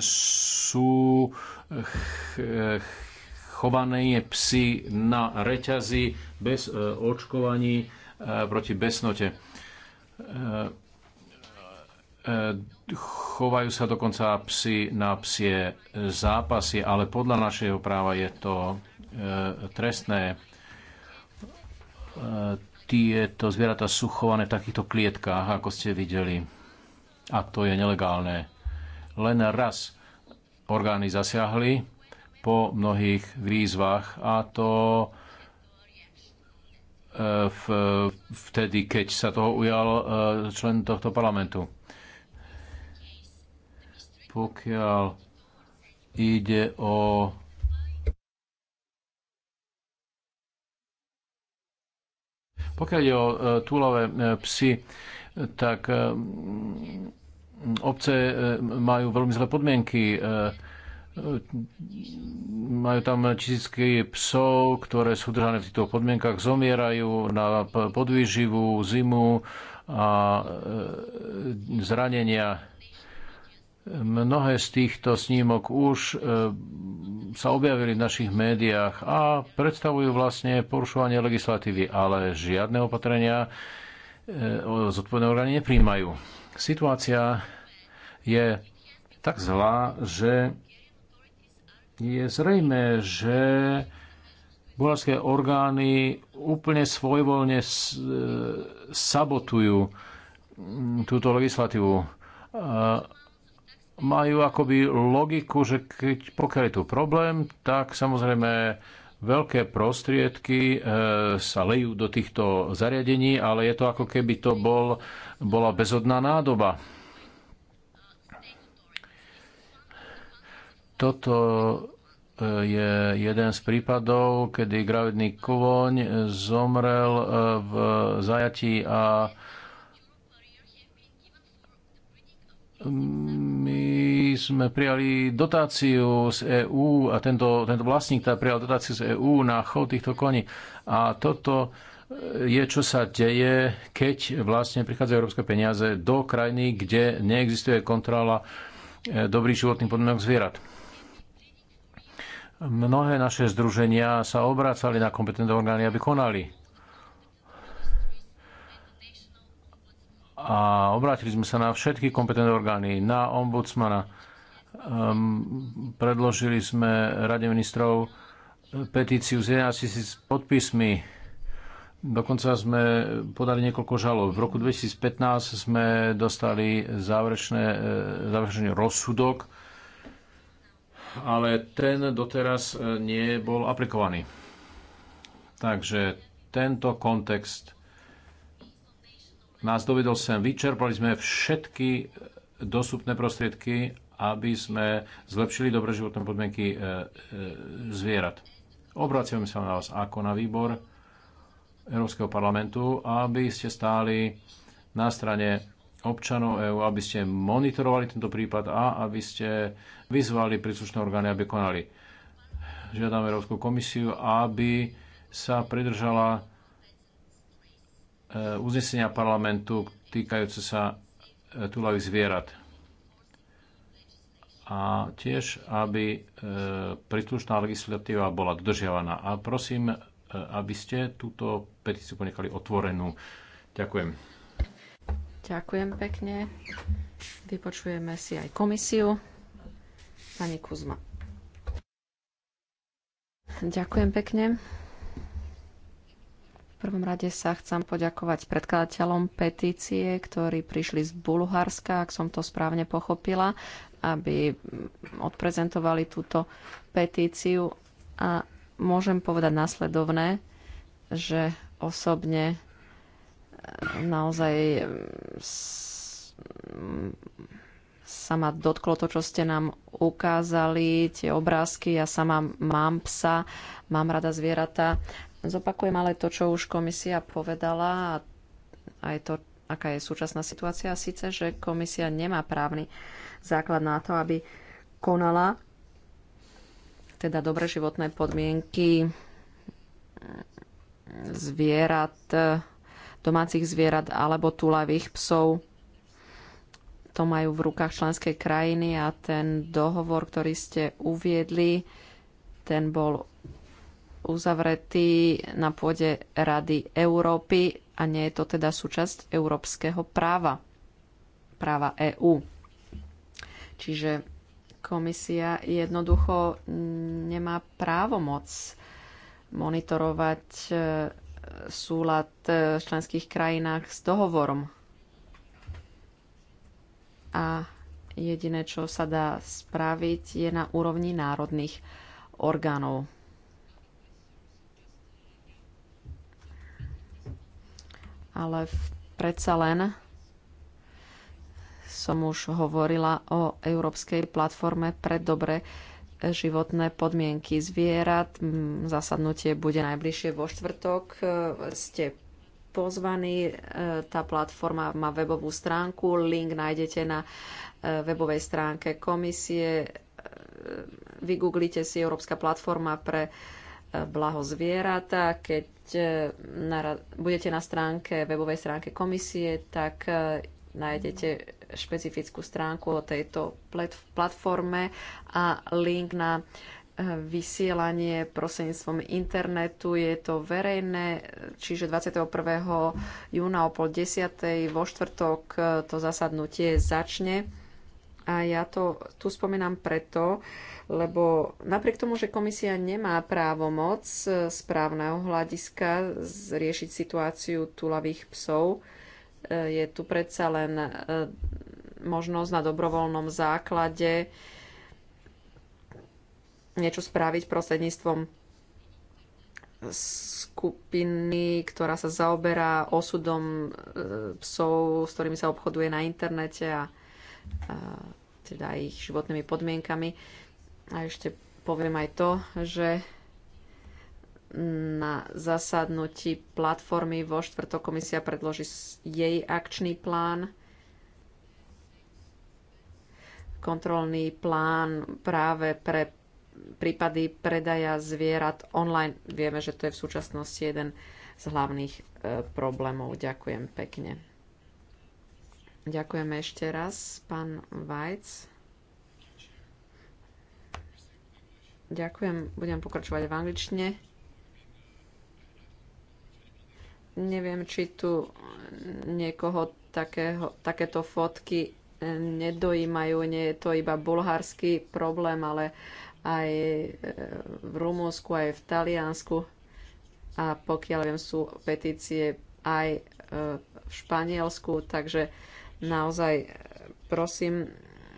sú ch, e, chované psy na reťazi bez e, očkovaní e, proti besnote. E, E, chovajú sa dokonca psi na psie zápasy, ale podľa našeho práva je to e, trestné. E, tieto zvieratá sú chované v takýchto klietkách, ako ste videli. A to je nelegálne. Len raz orgány zasiahli po mnohých výzvach a to vtedy, keď sa toho ujal člen tohto parlamentu pokiaľ ide o Pokiaľ ide o e, túlové e, psy, tak e, obce majú veľmi zlé podmienky. Majú tam tisícky psov, ktoré sú držané v týchto podmienkach, zomierajú na podvýživu, zimu a zranenia Mnohé z týchto snímok už e, sa objavili v našich médiách a predstavujú vlastne porušovanie legislatívy, ale žiadne opatrenia e, zodpovedné orgány nepríjmajú. Situácia je tak zlá, že je zrejme, že bulharské orgány úplne svojvoľne e, sabotujú túto legislatívu majú akoby logiku, že keď pokiaľ je tu problém, tak samozrejme veľké prostriedky e, sa lejú do týchto zariadení, ale je to ako keby to bol, bola bezodná nádoba. Toto e, je jeden z prípadov, kedy gravidný kovoň zomrel e, v zajatí a My sme prijali dotáciu z EÚ a tento, tento vlastník teda prijal dotáciu z EÚ na chov týchto koní. A toto je, čo sa deje, keď vlastne prichádzajú európske peniaze do krajiny, kde neexistuje kontrola e, dobrých životných podmienok zvierat. Mnohé naše združenia sa obracali na kompetentné orgány, aby konali a obrátili sme sa na všetky kompetentné orgány, na ombudsmana. Um, predložili sme Rade ministrov petíciu s 11 tisíc podpismi. Dokonca sme podali niekoľko žalob. V roku 2015 sme dostali záverečné, e, záverečný rozsudok, ale ten doteraz e, nie bol aplikovaný. Takže tento kontext nás dovedol sem. Vyčerpali sme všetky e, dostupné prostriedky, aby sme zlepšili dobre životné podmienky e, e, zvierat. Obraciam sa na vás ako na výbor Európskeho parlamentu, aby ste stáli na strane občanov EÚ, aby ste monitorovali tento prípad a aby ste vyzvali príslušné orgány, aby konali. Žiadam Európsku komisiu, aby sa pridržala Eh, uznesenia parlamentu týkajúce sa eh, túlavých zvierat. A tiež, aby eh, príslušná legislatíva bola dodržiavaná. A prosím, aby ste túto petíciu ponechali otvorenú. Ďakujem. Ďakujem pekne. Vypočujeme si aj komisiu. Pani Kuzma. Ďakujem pekne prvom rade sa chcem poďakovať predkladateľom petície, ktorí prišli z Bulharska, ak som to správne pochopila, aby odprezentovali túto petíciu. A môžem povedať následovné, že osobne e, naozaj e, sa ma dotklo to, čo ste nám ukázali, tie obrázky. Ja sama mám psa, mám rada zvieratá Zopakujem ale to, čo už komisia povedala a aj to, aká je súčasná situácia, sice, že komisia nemá právny základ na to, aby konala teda dobré životné podmienky zvierat, domácich zvierat alebo tulavých psov. To majú v rukách členskej krajiny a ten dohovor, ktorý ste uviedli, ten bol uzavretý na pôde Rady Európy a nie je to teda súčasť európskeho práva, práva EÚ. Čiže komisia jednoducho nemá právomoc monitorovať e, súlad e, v členských krajinách s dohovorom. A jediné, čo sa dá spraviť, je na úrovni národných orgánov. ale predsa len som už hovorila o Európskej platforme pre dobre životné podmienky zvierat. Zasadnutie bude najbližšie vo štvrtok. E, ste pozvaní. E, tá platforma má webovú stránku. Link nájdete na e, webovej stránke komisie. Vygooglite si Európska platforma pre blaho zvieratá. Keď e, na, budete na stránke, webovej stránke komisie, tak e, nájdete špecifickú stránku o tejto platforme a link na e, vysielanie prosenstvom internetu. Je to verejné, čiže 21. júna o pol desiatej vo štvrtok to zasadnutie začne a ja to tu spomínam preto, lebo napriek tomu, že komisia nemá právomoc správneho hľadiska riešiť situáciu tulavých psov, e, je tu predsa len e, možnosť na dobrovoľnom základe niečo spraviť prostredníctvom skupiny, ktorá sa zaoberá osudom e, psov, s ktorými sa obchoduje na internete a teda ich životnými podmienkami. A ešte poviem aj to, že na zasadnutí platformy vo štvrtok komisia predloží jej akčný plán, kontrolný plán práve pre prípady predaja zvierat online. Vieme, že to je v súčasnosti jeden z hlavných e, problémov. Ďakujem pekne. Ďakujem ešte raz, pán Vajc. Ďakujem, budem pokračovať v angličtine. Neviem, či tu niekoho takého, takéto fotky eh, nedojímajú. Nie je to iba bulharský problém, ale aj eh, v Rumúnsku, aj v Taliansku. A pokiaľ viem, sú petície aj eh, v Španielsku, takže Naozaj e, prosím,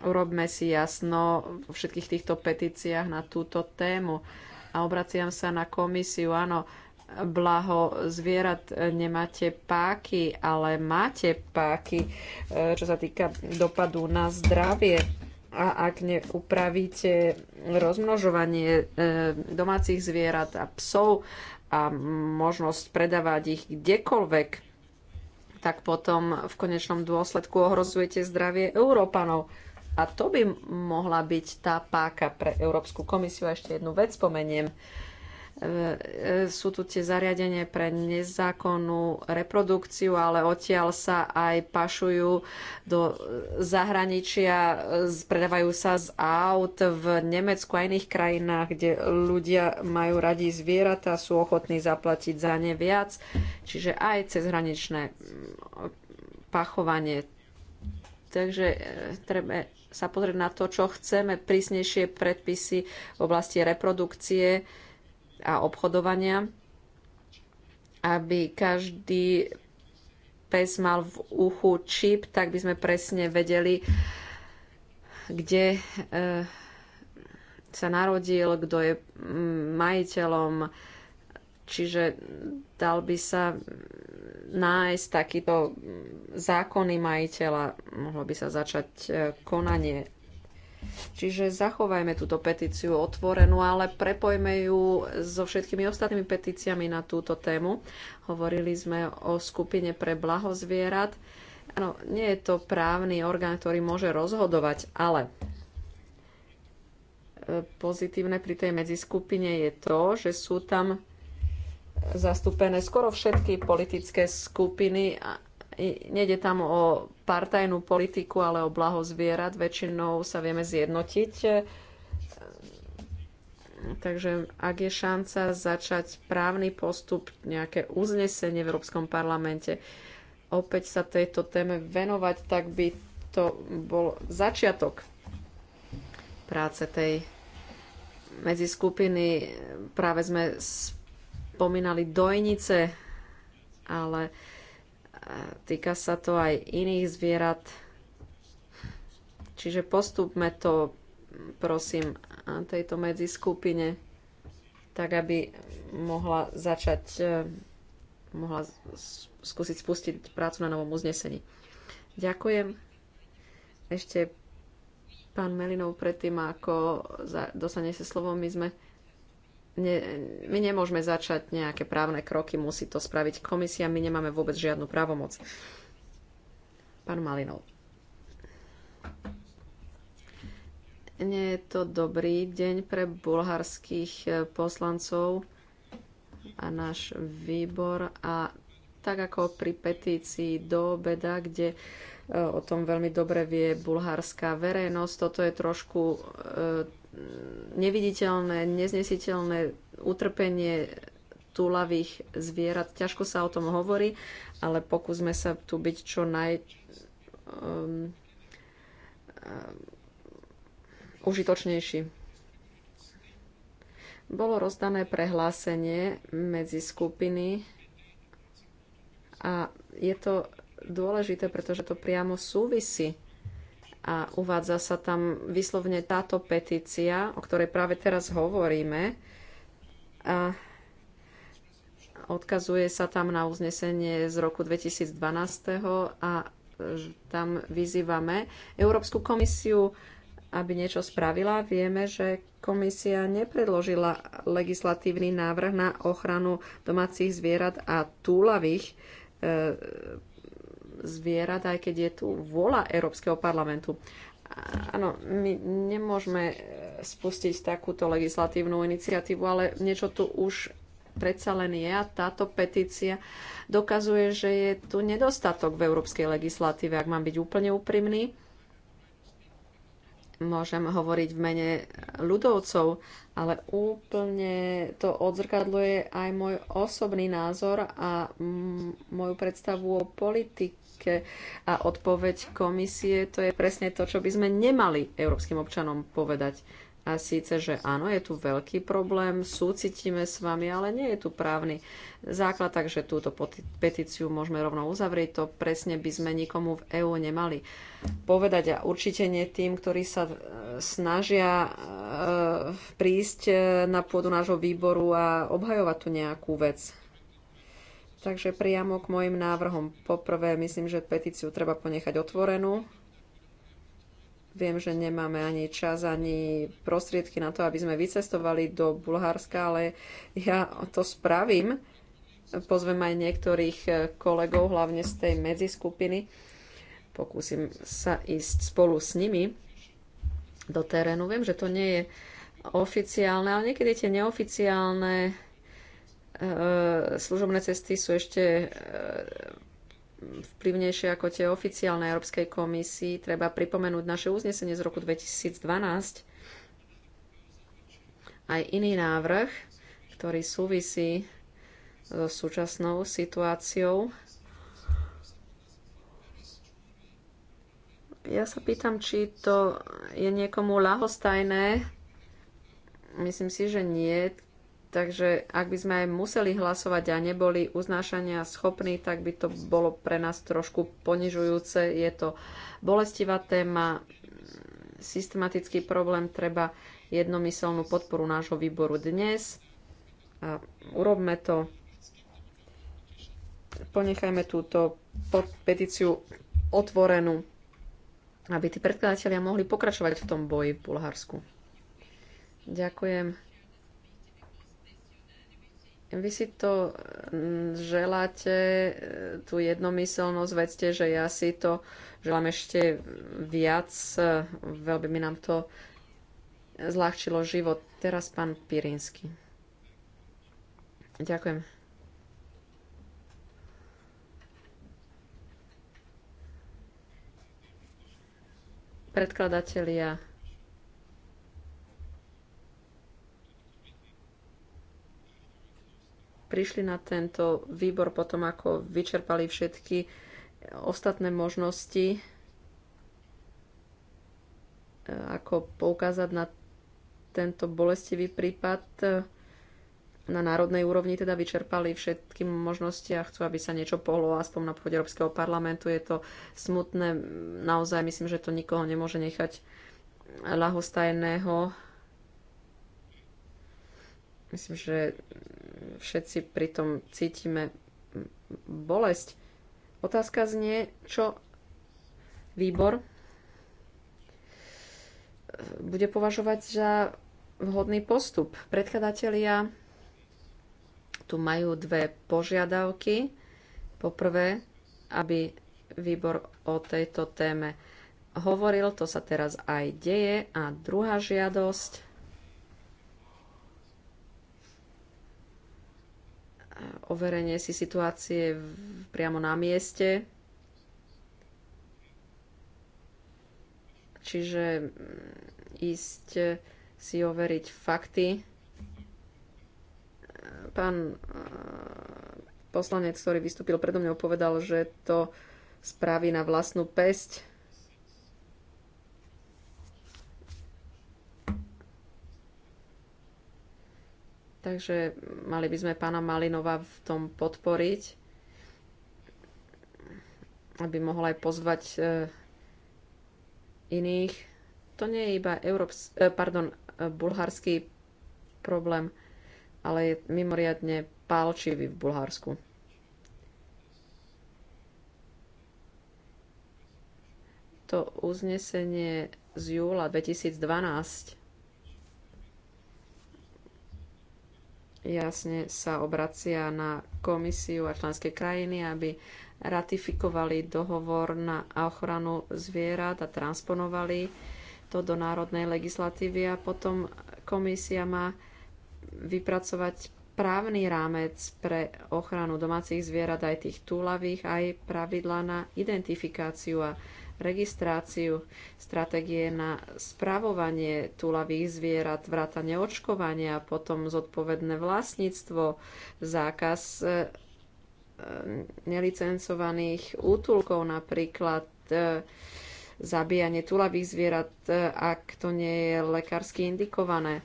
urobme si jasno vo všetkých týchto petíciách na túto tému. A obraciam sa na komisiu. Áno, blaho zvierat e, nemáte páky, ale máte páky, e, čo sa týka dopadu na zdravie. A ak neupravíte rozmnožovanie domácich zvierat a psov a možnosť predávať ich kdekoľvek, tak potom v konečnom dôsledku ohrozujete zdravie Európanov. A to by mohla byť tá páka pre Európsku komisiu. A ešte jednu vec spomeniem sú tu tie zariadenie pre nezákonnú reprodukciu, ale odtiaľ sa aj pašujú do zahraničia, predávajú sa z aut v Nemecku a iných krajinách, kde ľudia majú radi zvieratá, sú ochotní zaplatiť za ne viac. Čiže aj cezhraničné mm, pachovanie. Takže e, treba sa pozrieť na to, čo chceme, prísnejšie predpisy v oblasti reprodukcie, a obchodovania, aby každý pes mal v uchu čip, tak by sme presne vedeli, kde eh, sa narodil, kto je mm, majiteľom, čiže dal by sa nájsť takýto mm, zákony majiteľa, mohlo by sa začať eh, konanie Čiže zachovajme túto petíciu otvorenú, ale prepojme ju so všetkými ostatnými petíciami na túto tému. Hovorili sme o skupine pre blaho zvierat. Áno, nie je to právny orgán, ktorý môže rozhodovať, ale e, pozitívne pri tej medziskupine je to, že sú tam zastúpené skoro všetky politické skupiny nejde tam o partajnú politiku, ale o blaho zvierat. Väčšinou sa vieme zjednotiť. Takže ak je šanca začať právny postup, nejaké uznesenie v Európskom parlamente, opäť sa tejto téme venovať, tak by to bol začiatok práce tej medzi skupiny. Práve sme spomínali dojnice, ale Týka sa to aj iných zvierat. Čiže postupme to, prosím, tejto medziskupine, tak aby mohla začať, e, mohla skúsiť spustiť prácu na novom uznesení. Ďakujem. Ešte pán Melinov, predtým ako dostane sa slovo, my sme ne, my nemôžeme začať nejaké právne kroky, musí to spraviť komisia, my nemáme vôbec žiadnu právomoc. Pán Malinov. Nie je to dobrý deň pre bulharských e, poslancov a náš výbor a tak ako pri petícii do obeda, kde e, o tom veľmi dobre vie bulharská verejnosť. Toto je trošku e, neviditeľné, neznesiteľné utrpenie túlavých zvierat. Ťažko sa o tom hovorí, ale pokúsme sa tu byť čo naj... Um, um, užitočnejší. Bolo rozdané prehlásenie medzi skupiny a je to dôležité, pretože to priamo súvisí a uvádza sa tam vyslovne táto petícia, o ktorej práve teraz hovoríme. A odkazuje sa tam na uznesenie z roku 2012 a tam vyzývame Európsku komisiu, aby niečo spravila. Vieme, že komisia nepredložila legislatívny návrh na ochranu domácich zvierat a túlavých e, zvierat, aj keď je tu vola Európskeho parlamentu. Áno, my nemôžeme e, spustiť takúto legislatívnu iniciatívu, ale niečo tu už predsa len je a táto petícia dokazuje, že je tu nedostatok v európskej legislatíve, ak mám byť úplne úprimný. Môžem hovoriť v mene ľudovcov, ale úplne to odzrkadluje aj môj osobný názor a moju predstavu o politike otázke a odpoveď komisie, to je presne to, čo by sme nemali európskym občanom povedať. A síce, že áno, je tu veľký problém, súcitíme s vami, ale nie je tu právny základ, takže túto petíciu môžeme rovno uzavrieť. To presne by sme nikomu v EÚ nemali povedať a určite nie tým, ktorí sa e, snažia e, prísť e, na pôdu nášho výboru a obhajovať tu nejakú vec. Takže priamo k mojim návrhom. Poprvé, myslím, že petíciu treba ponechať otvorenú. Viem, že nemáme ani čas, ani prostriedky na to, aby sme vycestovali do Bulharska, ale ja to spravím. Pozvem aj niektorých kolegov, hlavne z tej medziskupiny. Pokúsim sa ísť spolu s nimi do terénu. Viem, že to nie je oficiálne, ale niekedy tie neoficiálne E, služobné cesty sú ešte e, vplyvnejšie ako tie oficiálne Európskej komisii. Treba pripomenúť naše uznesenie z roku 2012, aj iný návrh, ktorý súvisí so súčasnou situáciou. Ja sa pýtam, či to je niekomu lahostajné. Myslím si, že nie. Takže ak by sme aj museli hlasovať a neboli uznášania schopní, tak by to bolo pre nás trošku ponižujúce. Je to bolestivá téma, systematický problém, treba jednomyselnú podporu nášho výboru dnes. A urobme to. Ponechajme túto petíciu otvorenú, aby tí predkladatelia mohli pokračovať v tom boji v Bulharsku. Ďakujem. Vy si to mm, želáte, e, tú jednomyselnosť, vedzte, že ja si to želám ešte viac, e, veľmi by nám to zľahčilo život. Teraz pán Pirinsky. Ďakujem. Predkladatelia prišli na tento výbor potom, ako vyčerpali všetky ostatné možnosti, e, ako poukázať na tento bolestivý prípad. E, na národnej úrovni teda vyčerpali všetky možnosti a chcú, aby sa niečo pohlo aspoň na pôde Európskeho parlamentu. Je to smutné, naozaj myslím, že to nikoho nemôže nechať ľahostajného Myslím, že všetci pri tom cítime bolesť. Otázka znie, čo výbor bude považovať za vhodný postup. Predkladatelia tu majú dve požiadavky. Poprvé, aby výbor o tejto téme hovoril, to sa teraz aj deje. A druhá žiadosť, overenie si situácie priamo na mieste. Čiže mm, ísť e, si overiť fakty. Pán e, poslanec, ktorý vystúpil predo mňou, povedal, že to spraví na vlastnú pesť. Takže mali by sme pána Malinova v tom podporiť, aby mohol aj pozvať e, iných. To nie je iba Európs- e, pardon, e, bulharský problém, ale je mimoriadne pálčivý v Bulharsku. To uznesenie z júla 2012 jasne sa obracia na komisiu a členské krajiny, aby ratifikovali dohovor na ochranu zvierat a transponovali to do národnej legislatívy a potom komisia má vypracovať právny rámec pre ochranu domácich zvierat aj tých túlavých, aj pravidla na identifikáciu a registráciu, stratégie na spravovanie túlavých zvierat, vrátanie očkovania, potom zodpovedné vlastníctvo, zákaz e, e, nelicencovaných útulkov napríklad, e, zabíjanie tulavých zvierat, ak to nie je lekársky indikované.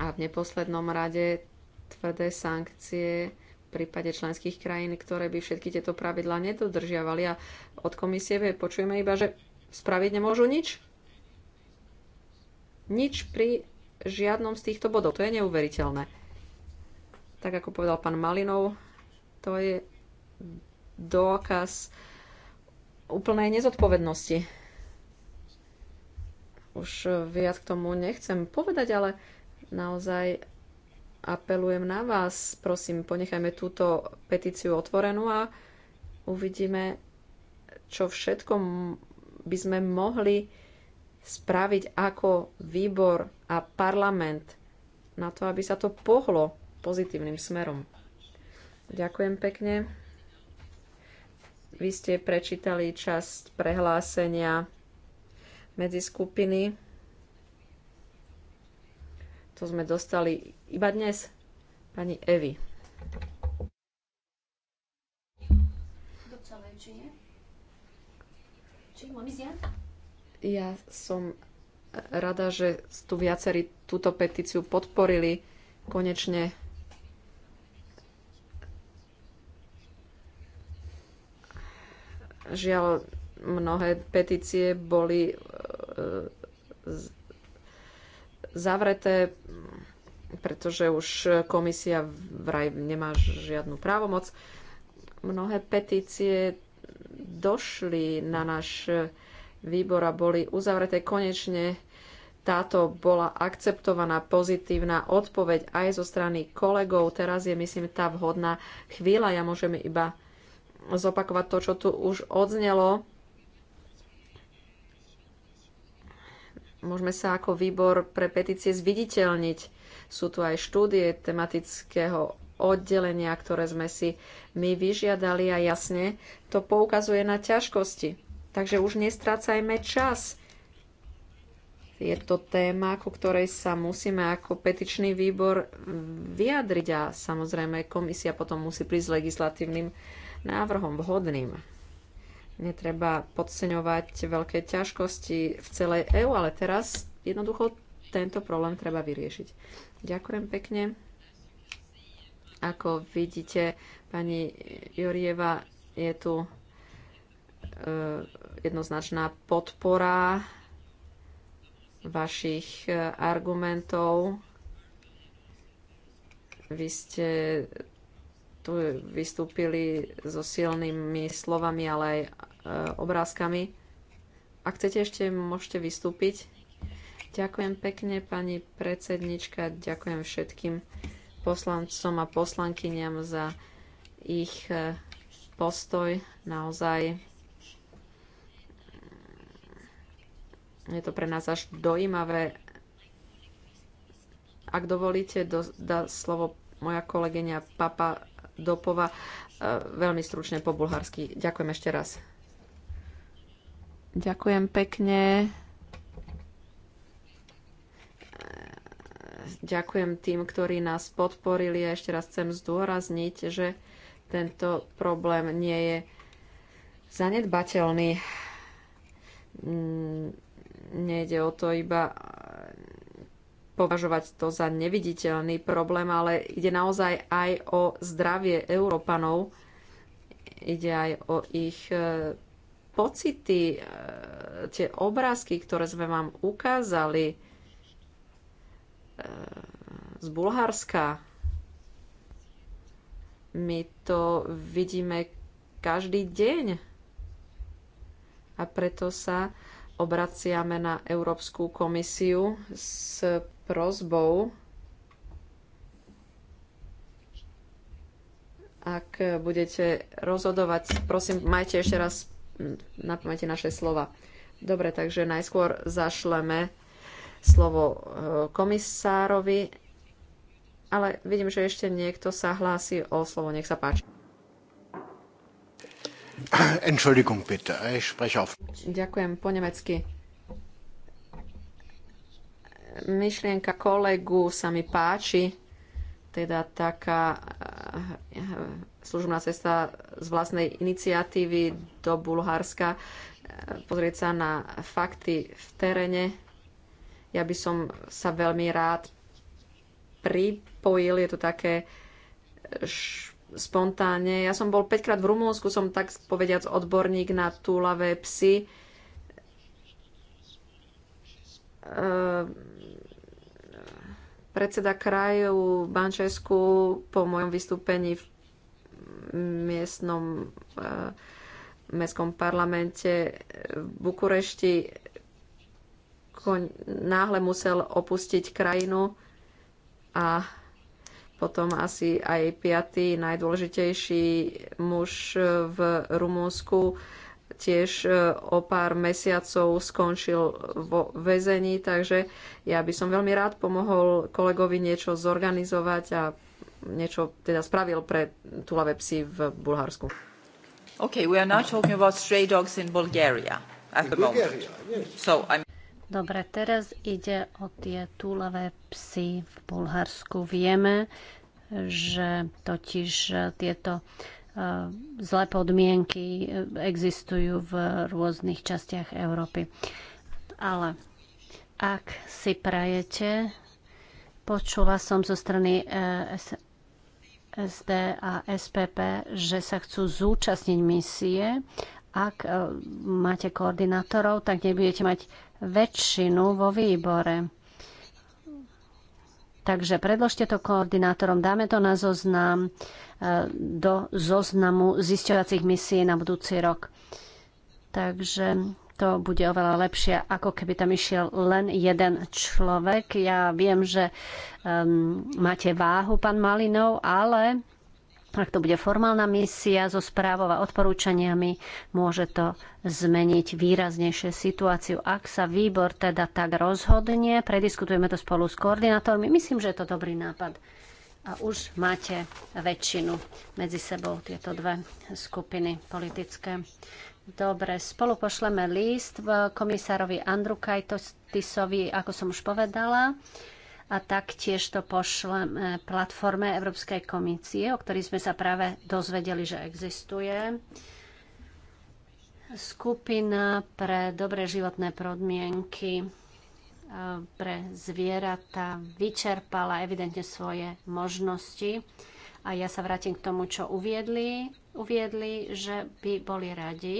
A v neposlednom rade tvrdé sankcie prípade členských krajín, ktoré by všetky tieto pravidlá nedodržiavali a od komisie počujeme iba, že spraviť nemôžu nič. Nič pri žiadnom z týchto bodov. To je neuveriteľné. Tak ako povedal pán Malinov, to je dôkaz úplnej nezodpovednosti. Už viac k tomu nechcem povedať, ale naozaj apelujem na vás, prosím, ponechajme túto petíciu otvorenú a uvidíme, čo všetko by sme mohli spraviť ako výbor a parlament na to, aby sa to pohlo pozitívnym smerom. Ďakujem pekne. Vy ste prečítali časť prehlásenia medzi skupiny. To sme dostali iba dnes. Pani Evi. Ja som rada, že tu viacerí túto petíciu podporili. Konečne žiaľ mnohé petície boli e, zavreté, pretože už komisia vraj nemá žiadnu právomoc. Mnohé petície došli na náš výbor a boli uzavreté konečne táto bola akceptovaná pozitívna odpoveď aj zo strany kolegov. Teraz je, myslím, tá vhodná chvíľa. Ja môžem iba zopakovať to, čo tu už odznelo. môžeme sa ako výbor pre petície zviditeľniť. Sú tu aj štúdie tematického oddelenia, ktoré sme si my vyžiadali a jasne to poukazuje na ťažkosti. Takže už nestrácajme čas. Je to téma, ku ktorej sa musíme ako petičný výbor vyjadriť a samozrejme komisia potom musí prísť s legislatívnym návrhom vhodným. Netreba podceňovať veľké ťažkosti v celej EÚ, ale teraz jednoducho tento problém treba vyriešiť. Ďakujem pekne. Ako vidíte, pani Jorieva, je tu e, jednoznačná podpora vašich e, argumentov. Vy ste tu vystúpili so silnými slovami, ale aj Eh, obrázkami. Ak chcete ešte, môžete vystúpiť. Ďakujem pekne, pani predsednička. Ďakujem všetkým poslancom a poslankyňam za ich eh, postoj. Naozaj mm, je to pre nás až dojímavé. Ak dovolíte, do, dá slovo moja kolegyňa Papa Dopova eh, veľmi stručne po bulharsky. Ďakujem ešte raz. Ďakujem pekne. Ďakujem tým, ktorí nás podporili a ešte raz chcem zdôrazniť, že tento problém nie je zanedbateľný. Mm, nejde o to iba považovať to za neviditeľný problém, ale ide naozaj aj o zdravie Európanov, ide aj o ich e, pocity, e, tie obrázky, ktoré sme vám ukázali e, z Bulharska, my to vidíme každý deň. A preto sa obraciame na Európsku komisiu s prozbou, ak budete rozhodovať, prosím, majte ešte raz na pamäti naše slova. Dobre, takže najskôr zašleme slovo e, komisárovi, ale vidím, že ešte niekto sa hlási o slovo. Nech sa páči. Entschuldigung bitte, ich spreche auf. Ďakujem po nemecky. Myšlienka kolegu sa mi páči, teda taká e, e, služobná cesta z vlastnej iniciatívy do Bulharska, e, pozrieť sa na fakty v teréne. Ja by som sa veľmi rád pripojil, je to také e, spontánne. Ja som bol 5 krát v Rumúnsku, som tak povediac odborník na túlavé psy. E, predseda kraju Bančesku po mojom vystúpení v miestnom eh, mestskom parlamente v Bukurešti náhle musel opustiť krajinu a potom asi aj piatý najdôležitejší muž v Rumúnsku tiež eh, o pár mesiacov skončil vo väzení, takže ja by som veľmi rád pomohol kolegovi niečo zorganizovať a niečo teda spravil pre túlavé psy v Bulharsku. OK, we are now talking about stray dogs in Bulgaria at the moment. So I'm... Dobre, teraz ide o tie túlavé psy v Bulharsku. Vieme, že totiž eh, tieto eh, zlé podmienky eh, existujú v rôznych častiach Európy. Ale ak si prajete, počula som zo strany SD a SPP, že sa chcú zúčastniť misie. Ak e, máte koordinátorov, tak nebudete mať väčšinu vo výbore. Takže predložte to koordinátorom, dáme to na zoznam, e, do zoznamu zisťovacích misií na budúci rok. Takže to bude oveľa lepšie, ako keby tam išiel len jeden človek. Ja viem, že um, máte váhu, pán Malinov, ale ak to bude formálna misia so správou a odporúčaniami, môže to zmeniť výraznejšie situáciu. Ak sa výbor teda tak rozhodne, prediskutujeme to spolu s koordinátormi. Myslím, že je to dobrý nápad. A už máte väčšinu medzi sebou tieto dve skupiny politické. Dobre, spolu pošleme list komisárovi Andru Kajtotisovi, ako som už povedala, a taktiež to pošleme platforme Európskej komisie, o ktorej sme sa práve dozvedeli, že existuje. Skupina pre dobré životné podmienky e, pre zvieratá vyčerpala evidentne svoje možnosti. A ja sa vrátim k tomu, čo uviedli uviedli, že by boli radi,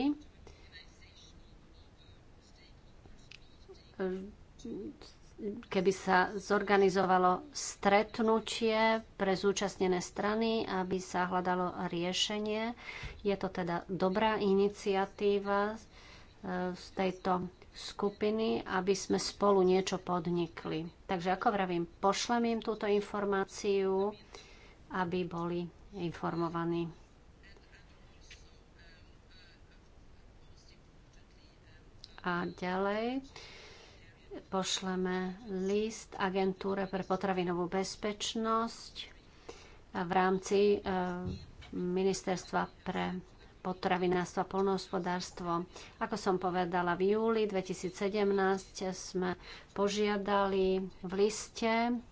keby sa zorganizovalo stretnutie pre zúčastnené strany, aby sa hľadalo riešenie. Je to teda dobrá iniciatíva eh, z tejto skupiny, aby sme spolu niečo podnikli. Takže ako vravím, pošlem im túto informáciu, aby boli informovaní. A ďalej pošleme list agentúre pre potravinovú bezpečnosť v rámci e, ministerstva pre potravinárstvo a polnohospodárstvo. Ako som povedala, v júli 2017 sme požiadali v liste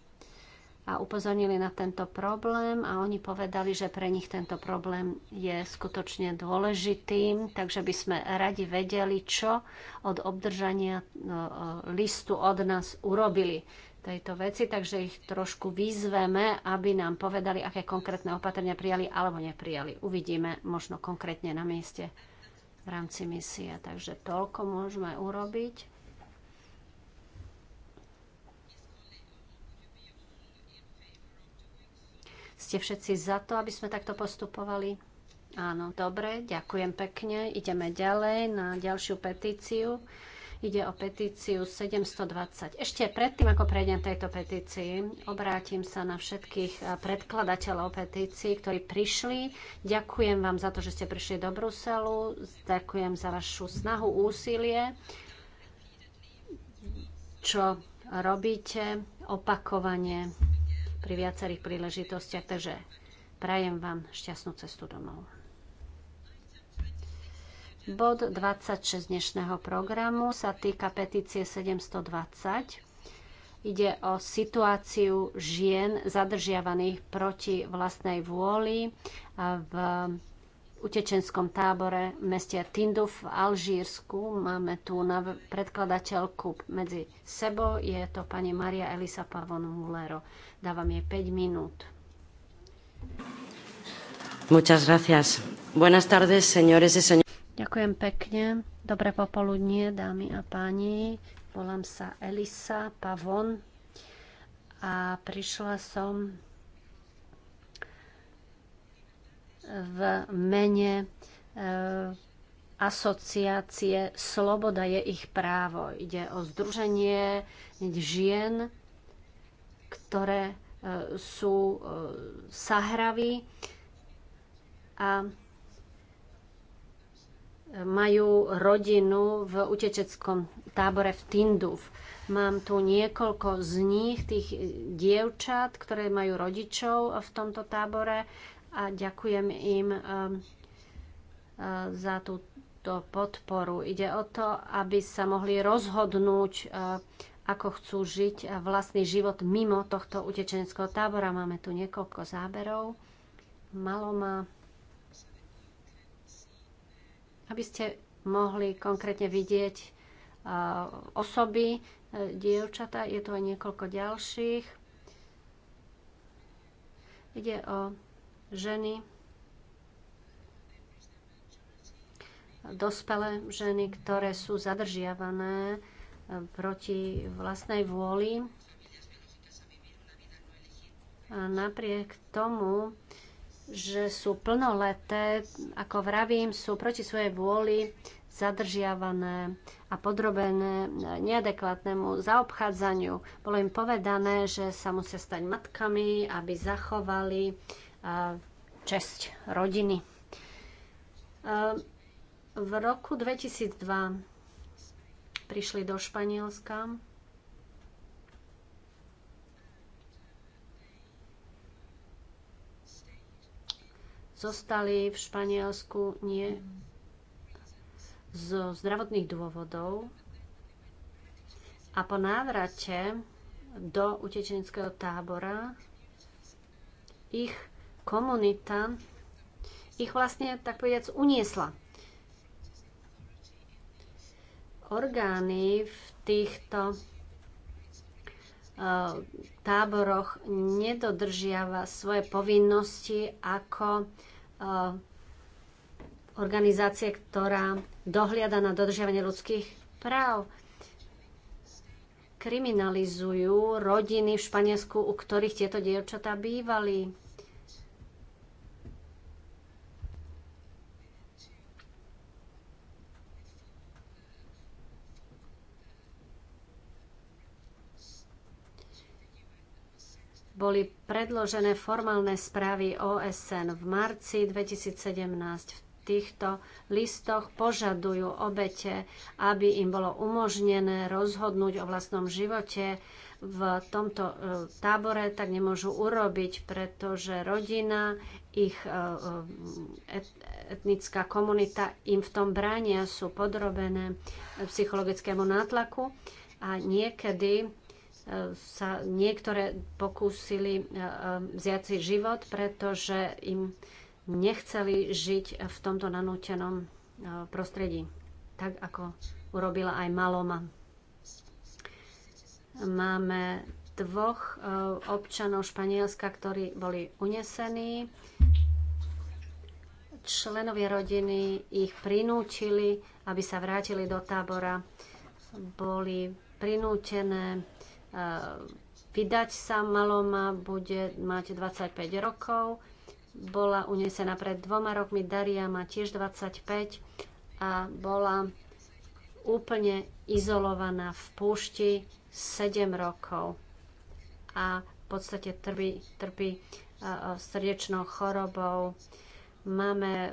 a upozornili na tento problém a oni povedali, že pre nich tento problém je skutočne dôležitým, takže by sme radi vedeli, čo od obdržania e, e, listu od nás urobili tejto veci, takže ich trošku vyzveme, aby nám povedali, aké konkrétne opatrenia prijali alebo neprijali. Uvidíme možno konkrétne na mieste v rámci misie. Takže toľko môžeme urobiť. Ste všetci za to, aby sme takto postupovali? Áno, dobre, ďakujem pekne. Ideme ďalej na ďalšiu petíciu. Ide o petíciu 720. Ešte predtým, ako prejdem tejto petícii, obrátim sa na všetkých eh, predkladateľov petícií, ktorí prišli. Ďakujem vám za to, že ste prišli do Bruselu. Ďakujem za vašu snahu, úsilie, čo robíte Opakovanie pri viacerých príležitostiach, takže prajem vám šťastnú cestu domov. Bod 26 dnešného programu sa týka petície 720. Ide o situáciu žien zadržiavaných proti vlastnej vôli v utečenskom tábore v meste Tinduf v Alžírsku. Máme tu na predkladateľku medzi sebou. Je to pani Maria Elisa Pavon Mulero. Dávam jej 5 minút. Muchas gracias. Buenas tardes, señores y señores. Ďakujem pekne. Dobré popoludnie, dámy a páni. Volám sa Elisa Pavon a prišla som v mene eh, asociácie Sloboda je ich právo. Ide o združenie žien, ktoré eh, sú eh, sahraví a majú rodinu v utečeckom tábore v Tinduf. Mám tu niekoľko z nich, tých dievčat, ktoré majú rodičov v tomto tábore a ďakujem im um, uh, za túto podporu. Ide o to, aby sa mohli rozhodnúť, uh, ako chcú žiť vlastný život mimo tohto utečenského tábora. Máme tu niekoľko záberov. Malo aby ste mohli konkrétne vidieť uh, osoby, dievčata, je tu aj niekoľko ďalších. Ide o ženy, dospelé ženy, ktoré sú zadržiavané eh, proti vlastnej vôli. A napriek tomu, že sú plnoleté, ako vravím, sú proti svojej vôli zadržiavané a podrobené neadekvátnemu zaobchádzaniu. Bolo im povedané, že sa musia stať matkami, aby zachovali česť rodiny. V roku 2002 prišli do Španielska zostali v Španielsku nie zo zdravotných dôvodov a po návrate do utečenského tábora ich komunita ich vlastne, tak povediac, uniesla. Orgány v týchto e, táboroch nedodržiava svoje povinnosti ako e, organizácie, ktorá dohliada na dodržiavanie ľudských práv. Kriminalizujú rodiny v Španielsku, u ktorých tieto dievčatá bývali boli predložené formálne správy OSN v marci 2017. V týchto listoch požadujú obete, aby im bolo umožnené rozhodnúť o vlastnom živote v tomto e, tábore, tak nemôžu urobiť, pretože rodina, ich e, e, etnická komunita im v tom bránia, sú podrobené psychologickému nátlaku a niekedy sa niektoré pokúsili e, e, vziať si život, pretože im nechceli žiť v tomto nanútenom e, prostredí, tak ako urobila aj Maloma. Máme dvoch občanov Španielska, ktorí boli unesení. Členovia rodiny ich prinútili, aby sa vrátili do tábora. Boli prinútené Eh, vydať sa Maloma bude mať 25 rokov. Bola unesená pred dvoma rokmi. Daria má tiež 25 a bola úplne izolovaná v púšti 7 rokov. A v podstate trpí, trpí eh, srdečnou chorobou. Máme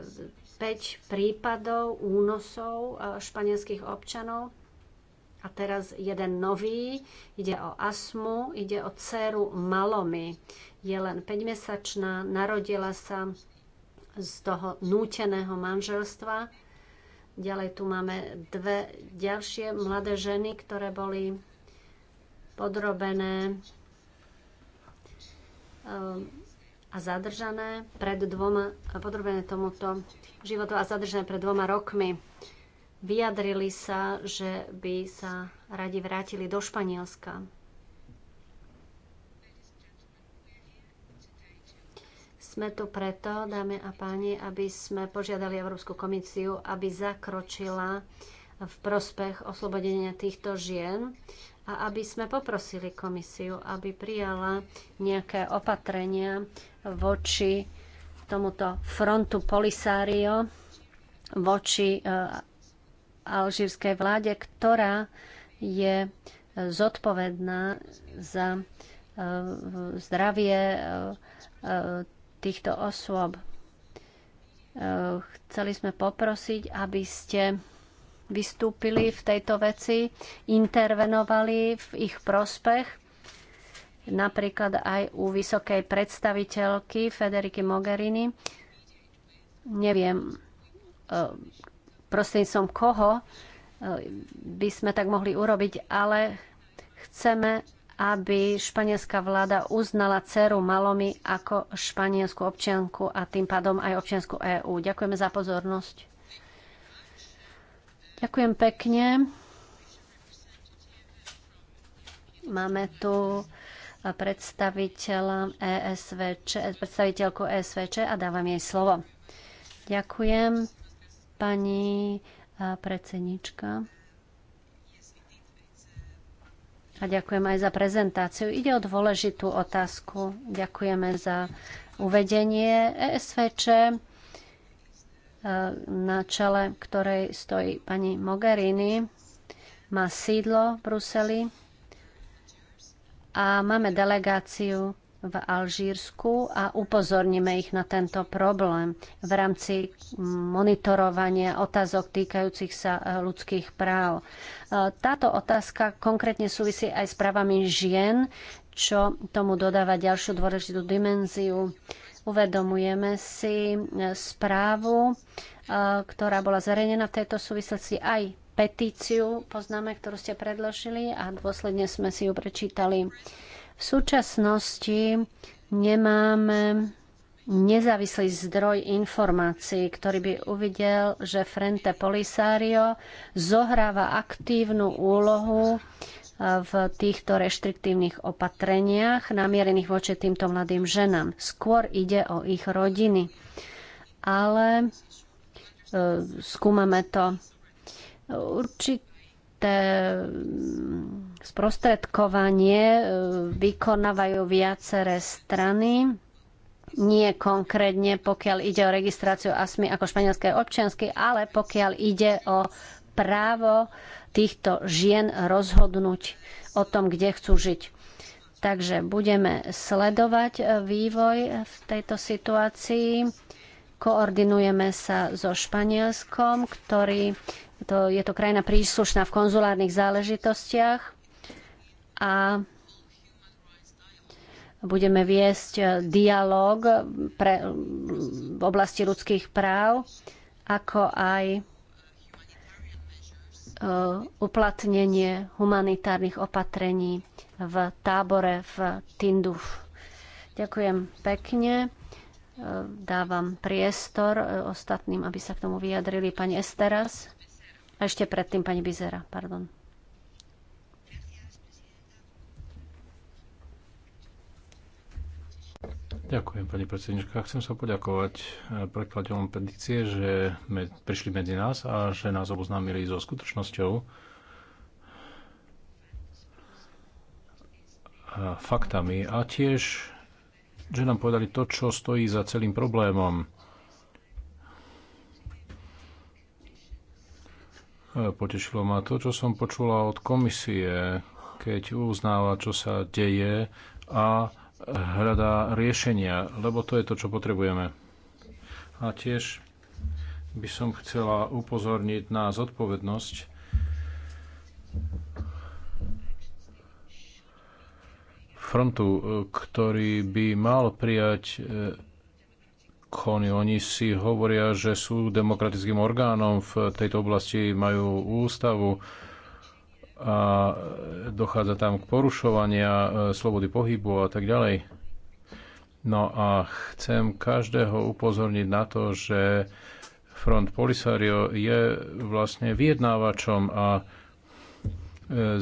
5 prípadov únosov eh, španielských občanov a teraz jeden nový, ide o Asmu, ide o dceru Malomy. Je len 5-mesačná, narodila sa z toho núteného manželstva. Ďalej tu máme dve ďalšie mladé ženy, ktoré boli podrobené ehm, a zadržané pred dvoma, podrobené tomuto životu a zadržané pred dvoma rokmi vyjadrili sa, že by sa radi vrátili do Španielska. Sme tu preto, dámy a páni, aby sme požiadali Európsku komisiu, aby zakročila v prospech oslobodenia týchto žien a aby sme poprosili komisiu, aby prijala nejaké opatrenia voči tomuto frontu Polisario, voči alžírskej vláde, ktorá je e, zodpovedná za e, zdravie e, týchto osôb. Chceli sme poprosiť, aby ste vystúpili v tejto veci, intervenovali v ich prospech napríklad aj u vysokej predstaviteľky Federiky Mogherini. Neviem, prostredníctvom koho e, by sme tak mohli urobiť, ale chceme, aby španielská vláda uznala dceru Malomy ako španielskú občianku a tým pádom aj občiansku EÚ. Ďakujeme za pozornosť. Ďakujem pekne. Máme tu predstaviteľa ESVČ, predstaviteľku ESVČ a dávam jej slovo. Ďakujem pani predsednička. A ďakujem aj za prezentáciu. Ide o dôležitú otázku. Ďakujeme za uvedenie ESVČ e, na čele ktorej stojí pani Mogherini, má sídlo v Bruseli a máme delegáciu v Alžírsku a upozorníme ich na tento problém v rámci monitorovania otázok týkajúcich sa eh, ľudských práv. Eh, táto otázka konkrétne súvisí aj s právami žien, čo tomu dodáva ďalšiu dôležitú dimenziu. Uvedomujeme si eh, správu, ktorá bola zverejnená v tejto súvislosti aj petíciu poznáme, ktorú ste predložili a dôsledne sme si ju prečítali. V súčasnosti nemáme nezávislý zdroj informácií, ktorý by uvidel, že Frente Polisario zohráva aktívnu úlohu v týchto reštriktívnych opatreniach namierených voči týmto mladým ženám. Skôr ide o ich rodiny. Ale e, skúmame to. Určité sprostredkovanie e, vykonávajú viaceré strany nie konkrétne, pokiaľ ide o registráciu ASMI ako španielskej občiansky, ale pokiaľ ide o právo týchto žien rozhodnúť o tom, kde chcú žiť. Takže budeme sledovať e, vývoj v tejto situácii. Koordinujeme sa so Španielskom, ktorý to, je to krajina príslušná v konzulárnych záležitostiach a budeme viesť dialog pre, v oblasti ľudských práv, ako aj e, uplatnenie humanitárnych opatrení v tábore v Tinduf. Ďakujem pekne. E, dávam priestor e, ostatným, aby sa k tomu vyjadrili. Pani Esteras. A ešte predtým pani Bizera, pardon. Ďakujem, pani predsednička. Chcem sa poďakovať e, prekladateľom petície, že me, prišli medzi nás a že nás oboznámili so skutočnosťou. A faktami a tiež, že nám povedali to, čo stojí za celým problémom. E, potešilo ma to, čo som počula od komisie, keď uznáva, čo sa deje a hľadá riešenia, lebo to je to, čo potrebujeme. A tiež by som chcela upozorniť na zodpovednosť frontu, e, ktorý by mal prijať e, kony. Oni si hovoria, že sú demokratickým orgánom v tejto oblasti, majú ústavu, a dochádza tam k porušovania e, slobody pohybu a tak ďalej. No a chcem každého upozorniť na to, že Front Polisario je vlastne vyjednávačom a e,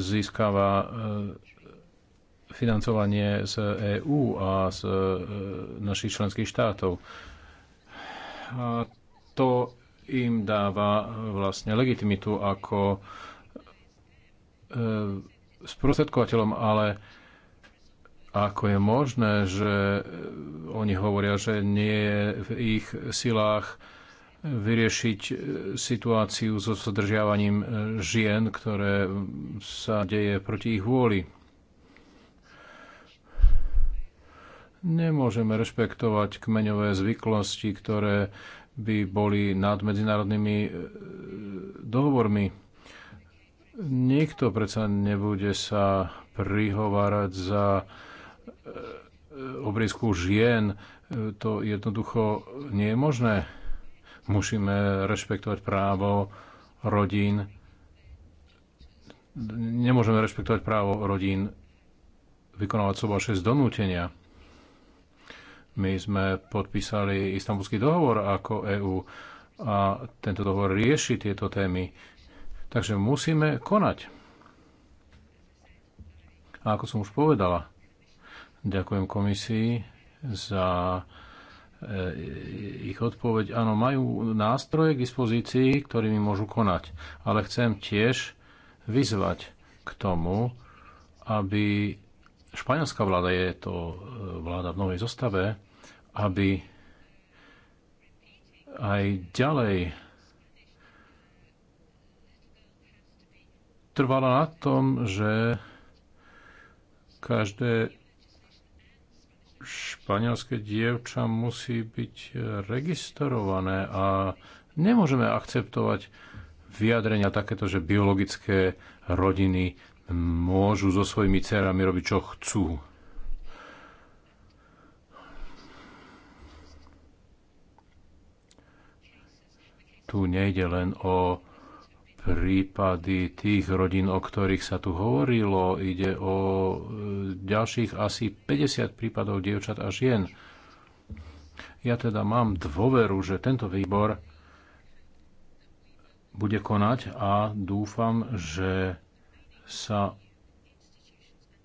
získava e, financovanie z EÚ a z našich členských štátov. A to im dáva vlastne legitimitu ako E, sprostredkovateľom, ale ako je možné, že e, oni hovoria, že nie je v ich silách vyriešiť e, situáciu so zadržiavaním žien, ktoré sa deje proti ich vôli. Nemôžeme rešpektovať kmeňové zvyklosti, ktoré by boli nad medzinárodnými dohovormi. Nikto predsa nebude sa prihovárať za e, obrízku žien. To jednoducho nie je možné. Musíme rešpektovať právo rodín. Nemôžeme rešpektovať právo rodín vykonávať sobaše z donútenia. My sme podpísali istambulský dohovor ako EÚ a tento dohovor rieši tieto témy. Takže musíme konať. A ako som už povedala, ďakujem komisii za e, ich odpoveď. Áno, majú nástroje k dispozícii, ktorými môžu konať. Ale chcem tiež vyzvať k tomu, aby španielská vláda, je to e, vláda v novej zostave, aby aj ďalej trvala na tom, že každé španielské dievča musí byť registrované a nemôžeme akceptovať vyjadrenia takéto, že biologické rodiny môžu so svojimi dcerami robiť, čo chcú. Tu nejde len o prípady tých rodín, o ktorých sa tu hovorilo. Ide o e, ďalších asi 50 prípadov dievčat a žien. Ja teda mám dôveru, že tento výbor bude konať a dúfam, že sa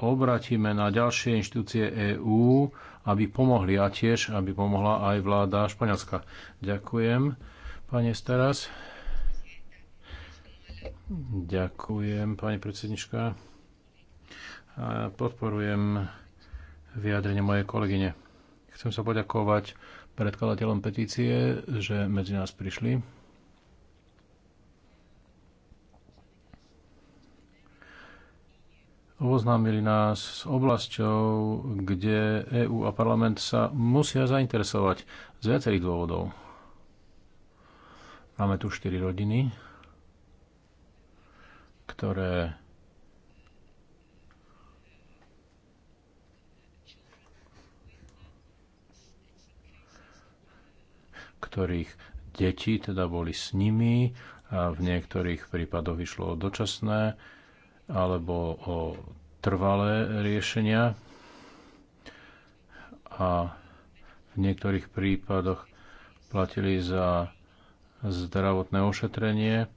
obratíme na ďalšie inštitúcie EÚ, aby pomohli a tiež, aby pomohla aj vláda Španielska. Ďakujem, pane Staras. Ďakujem, pani predsednička. Podporujem vyjadrenie mojej kolegyne. Chcem sa poďakovať predkladateľom petície, že medzi nás prišli. Oznámili nás s oblasťou, kde EÚ a parlament sa musia zainteresovať z viacerých dôvodov. Máme tu 4 rodiny, ktoré ktorých deti teda boli s nimi a v niektorých prípadoch išlo o dočasné alebo o trvalé riešenia a v niektorých prípadoch platili za zdravotné ošetrenie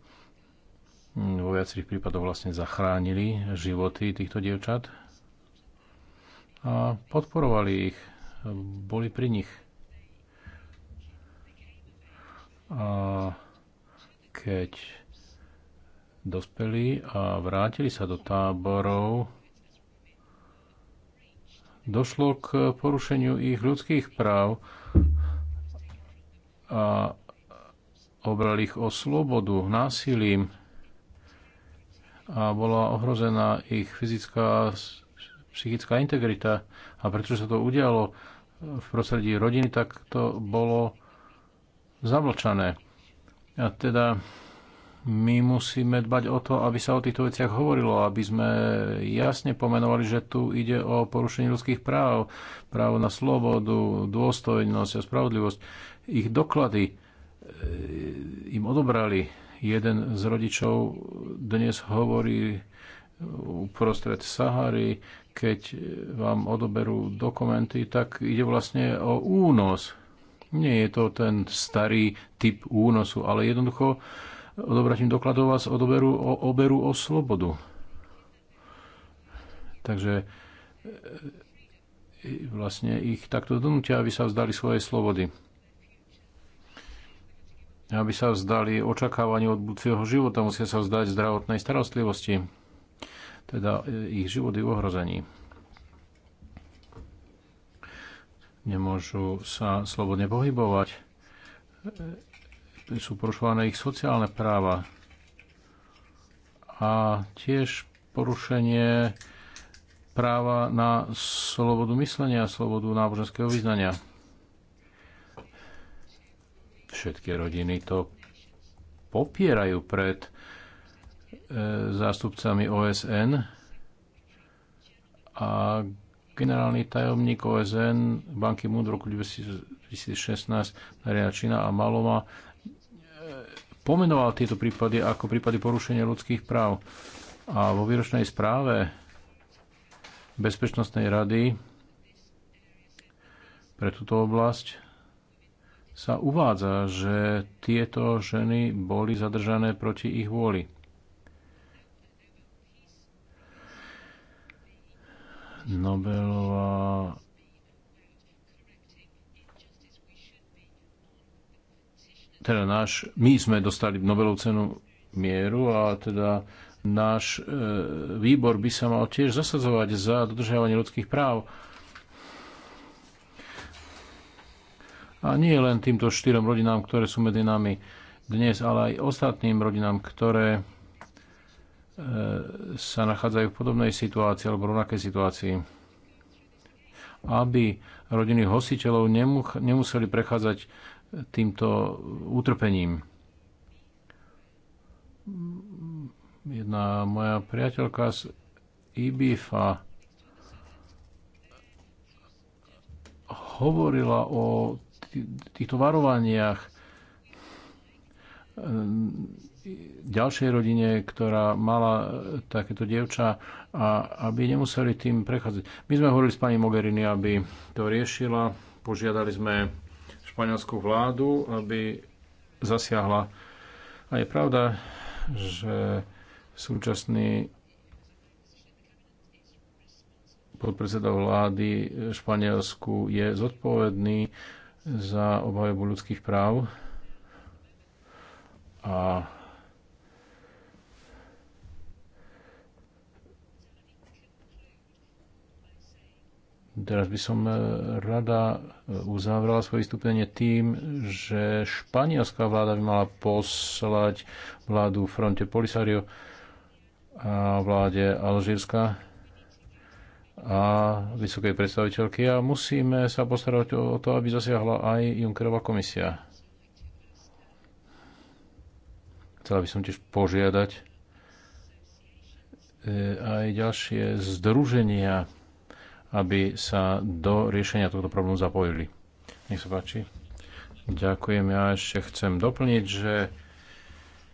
vo viacerých prípadoch vlastne zachránili životy týchto dievčat a podporovali ich, boli pri nich. A keď dospeli a vrátili sa do táborov, došlo k porušeniu ich ľudských práv a obrali ich o slobodu násilím a bola ohrozená ich fyzická psychická integrita. A pretože sa to udialo v prostredí rodiny, tak to bolo zavlčané. A teda my musíme dbať o to, aby sa o týchto veciach hovorilo, aby sme jasne pomenovali, že tu ide o porušenie ľudských práv, právo na slobodu, dôstojnosť a spravodlivosť. Ich doklady e, im odobrali. Jeden z rodičov dnes hovorí uprostred Sahary, keď vám odoberú dokumenty, tak ide vlastne o únos. Nie je to ten starý typ únosu, ale jednoducho odobratím dokladov vás odoberú, o, oberú o slobodu. Takže e, e, vlastne ich takto donútia, aby sa vzdali svojej slobody aby sa vzdali očakávaniu od budúceho života, musia sa vzdať zdravotnej starostlivosti. Teda e, ich život je v ohrození. Nemôžu sa slobodne pohybovať. E, sú porušované ich sociálne práva. A tiež porušenie práva na slobodu myslenia, slobodu náboženského vyznania všetky rodiny to popierajú pred e, zástupcami OSN a generálny tajomník OSN Banky Moon v roku 2016 Maria Čína a Maloma e, pomenoval tieto prípady ako prípady porušenia ľudských práv. A vo výročnej správe Bezpečnostnej rady pre túto oblasť sa uvádza, že tieto ženy boli zadržané proti ich vôli. Nobelová teda náš, my sme dostali Nobelovú cenu mieru a teda náš e, výbor by sa mal tiež zasadzovať za dodržiavanie ľudských práv. E, A nie len týmto štyrom rodinám, ktoré sú medzi nami dnes, ale aj ostatným rodinám, ktoré e, sa nachádzajú v podobnej situácii alebo rovnakej situácii. Aby rodiny hostiteľov nemuseli prechádzať týmto utrpením. Jedna moja priateľka z IBIFA hovorila o týchto varovaniach ehm, ďalšej rodine, ktorá mala takéto dievča a aby nemuseli tým prechádzať. My sme hovorili s pani Mogherini, aby to riešila. Požiadali sme španielskú vládu, aby zasiahla. A je pravda, že súčasný podpredseda vlády Španielsku je zodpovedný za obhajobu ľudských práv a Teraz by som e, rada e, uzavrela svoje vystúpenie tým, že španielská vláda by mala poslať vládu Fronte Polisario a vláde Alžírska a vysokej predstaviteľky a musíme sa postarať o to, aby zasiahla aj Junckerová komisia. Chcela by som tiež požiadať e, aj ďalšie združenia, aby sa do riešenia tohto problému zapojili. Nech sa páči. Ďakujem. Ja ešte chcem doplniť, že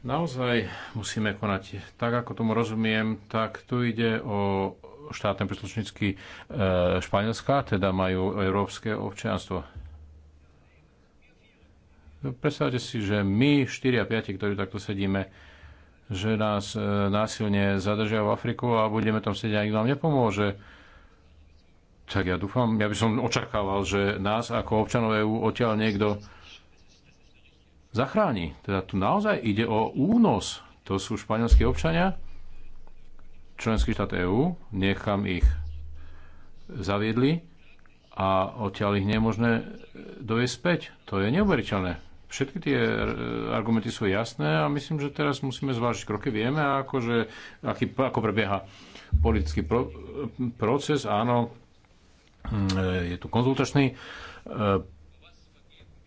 naozaj musíme konať tak, ako tomu rozumiem, tak tu ide o štátne príslušnícky e, Španielska, teda majú európske občianstvo. Predstavte si, že my, 4 a 5, ktorí takto sedíme, že nás e, násilne zadržia v Afriku a budeme tam sedieť a nikto nám nepomôže. Tak ja dúfam, ja by som očakával, že nás ako občanov EU odtiaľ niekto zachráni. Teda tu naozaj ide o únos. To sú španielskí občania, členský štát EÚ, niekam ich zaviedli a odtiaľ ich nemôžne dojesť späť. To je neuveriteľné. Všetky tie e, argumenty sú jasné a myslím, že teraz musíme zvážiť kroky. Vieme, akože, aký, ako prebieha politický pro, e, proces. Áno, mm, e, je tu konzultačný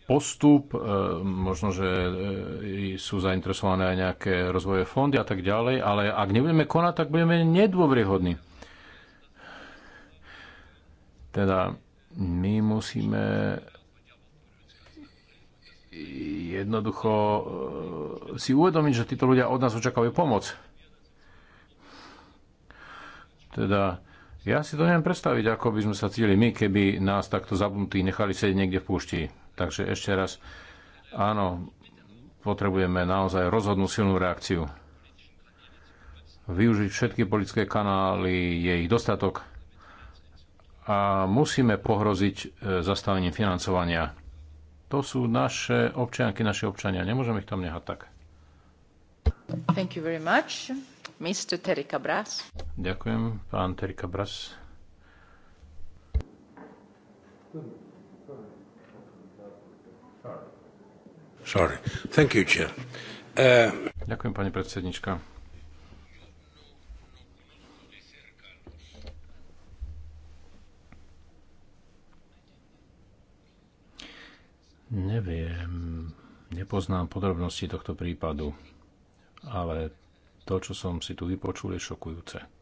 postup, e, možno, že e, sú zainteresované aj nejaké rozvojové fondy a tak ďalej, ale ak nebudeme konať, tak budeme nedôveryhodní. Teda my musíme jednoducho e, si uvedomiť, že títo ľudia od nás očakávajú pomoc. Teda ja si to neviem predstaviť, ako by sme sa cítili my, keby nás takto zabudnutí nechali sedieť niekde v púšti. Takže ešte raz, áno, potrebujeme naozaj rozhodnú silnú reakciu. Využiť všetky politické kanály, je ich dostatok a musíme pohroziť e, zastavením financovania. To sú naše občianky, naše občania. Nemôžeme ich tam nehať tak. Thank you very much. Mr. Terika Ďakujem, pán Terika Bras. Thank you. Sorry. Thank you, Chair. Uh... Ďakujem, pani predsednička. Neviem, nepoznám podrobnosti tohto prípadu, ale to, čo som si tu vypočul, je šokujúce.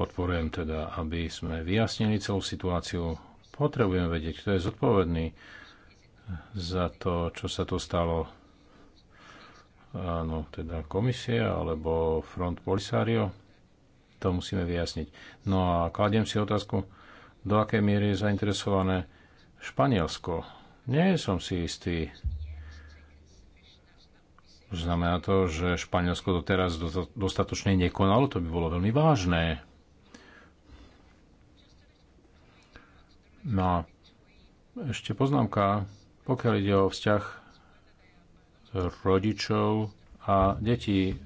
Podporujem teda, aby sme vyjasnili celú situáciu. Potrebujem vedieť, kto je zodpovedný za to, čo sa to stalo. Áno, teda komisia alebo Front Polisario. To musíme vyjasniť. No a kladiem si otázku, do akej miery je zainteresované Španielsko. Nie som si istý. Znamená to, že Španielsko doteraz dostatočne nekonalo, to by bolo veľmi vážne. No a ešte poznámka, pokiaľ ide o vzťah rodičov a detí,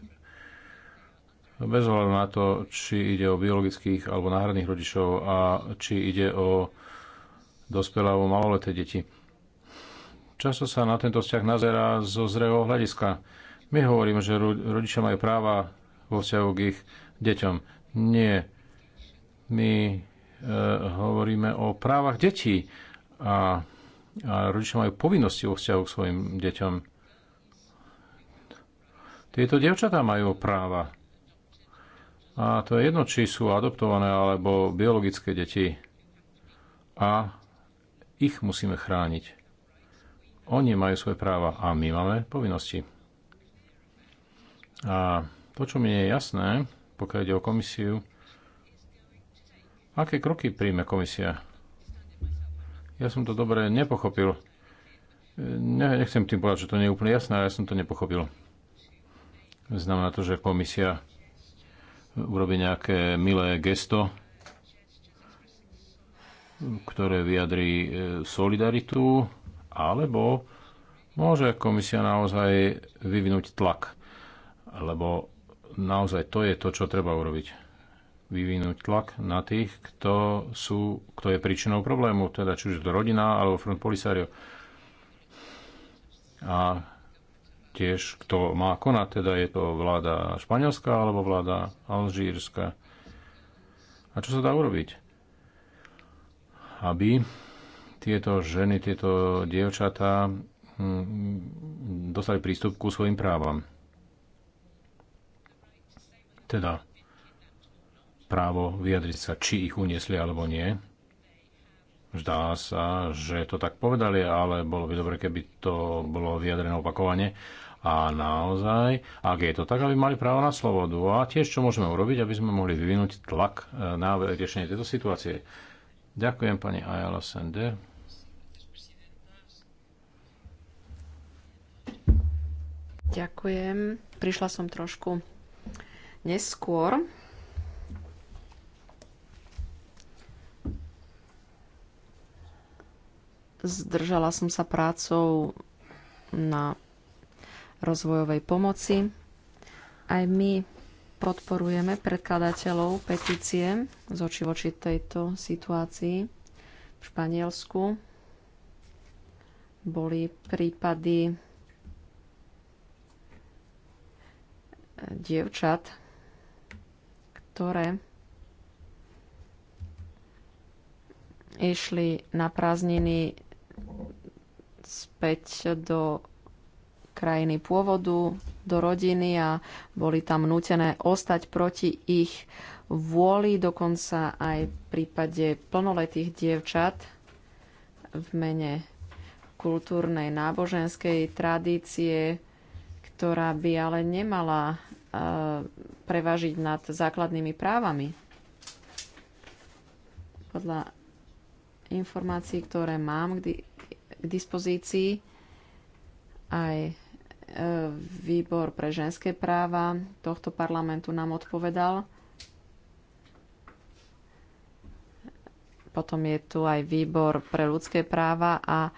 bez ohľadu na to, či ide o biologických alebo náhradných rodičov a či ide o dospelé alebo maloleté deti. Často sa na tento vzťah nazerá zo zreho hľadiska. My hovoríme, že rodičia majú práva vo vzťahu k ich deťom. Nie. My hovoríme o právach detí a, a rodičia majú povinnosti vo vzťahu k svojim deťom. Tieto devčatá majú práva. A to je jedno, či sú adoptované alebo biologické deti. A ich musíme chrániť. Oni majú svoje práva a my máme povinnosti. A to, čo mi je jasné, pokiaľ ide o komisiu, Aké kroky príjme komisia? Ja som to dobre nepochopil. Ne, nechcem tým povedať, že to nie je úplne jasné, ale ja som to nepochopil. Znamená to, že komisia urobí nejaké milé gesto, ktoré vyjadrí e, solidaritu, alebo môže komisia naozaj vyvinúť tlak, lebo naozaj to je to, čo treba urobiť vyvinúť tlak na tých, kto, sú, kto je príčinou problému, teda či už to rodina alebo front polisario. A tiež kto má konať, teda je to vláda španielská alebo vláda alžírska. A čo sa dá urobiť? Aby tieto ženy, tieto dievčatá hm, dostali prístup ku svojim právam. Teda právo vyjadriť sa, či ich uniesli alebo nie. Zdá sa, že to tak povedali, ale bolo by dobre, keby to bolo vyjadrené opakovane. A naozaj, ak je to tak, aby mali právo na slobodu. A tiež, čo môžeme urobiť, aby sme mohli vyvinúť tlak e, na riešenie tejto situácie. Ďakujem pani Ayala Sender. Ďakujem. Prišla som trošku neskôr. Zdržala som sa prácou na rozvojovej pomoci. Aj my podporujeme predkladateľov petície z oči voči tejto situácii v Španielsku. Boli prípady dievčat, ktoré išli na prázdniny späť do krajiny pôvodu, do rodiny a boli tam nútené ostať proti ich vôli, dokonca aj v prípade plnoletých dievčat v mene kultúrnej náboženskej tradície, ktorá by ale nemala e, prevažiť nad základnými právami. Podľa informácií, ktoré mám, kdy k dispozícii aj e, výbor pre ženské práva tohto parlamentu nám odpovedal. Potom je tu aj výbor pre ľudské práva a e,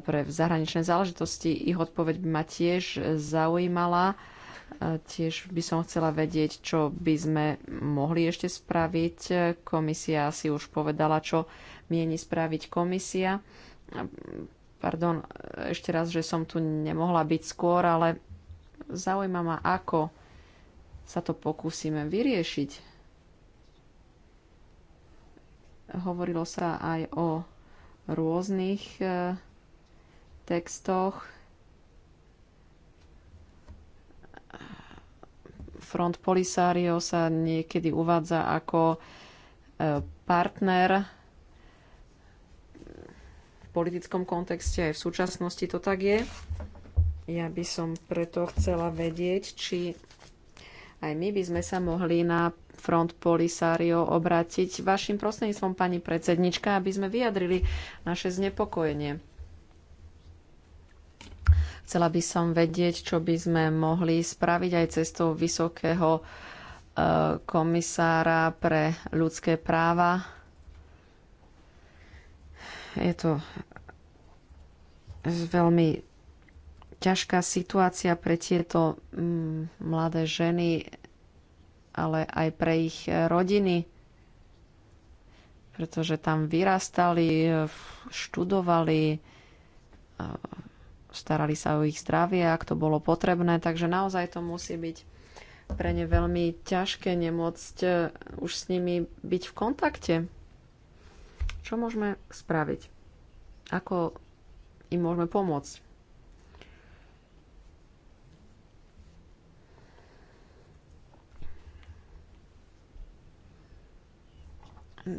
pre zahraničné záležitosti. Ich odpoveď by ma tiež zaujímala. E, tiež by som chcela vedieť, čo by sme mohli ešte spraviť. Komisia si už povedala, čo mieni spraviť komisia. Pardon, ešte raz, že som tu nemohla byť skôr, ale zaujíma ma, ako sa to pokúsime vyriešiť. Hovorilo sa aj o rôznych e, textoch. Front Polisario sa niekedy uvádza ako e, partner politickom kontexte aj v súčasnosti to tak je. Ja by som preto chcela vedieť, či aj my by sme sa mohli na front Polisario obrátiť vašim prostredníctvom, pani predsednička, aby sme vyjadrili naše znepokojenie. Chcela by som vedieť, čo by sme mohli spraviť aj cestou vysokého eh, komisára pre ľudské práva je to veľmi ťažká situácia pre tieto mm, mladé ženy, ale aj pre ich eh, rodiny, pretože tam vyrastali, eh, študovali, starali sa o ich zdravie, ak to bolo potrebné, takže naozaj to musí byť pre ne veľmi ťažké nemôcť eh, už s nimi byť v kontakte. Čo môžeme spraviť? Ako im môžeme pomôcť?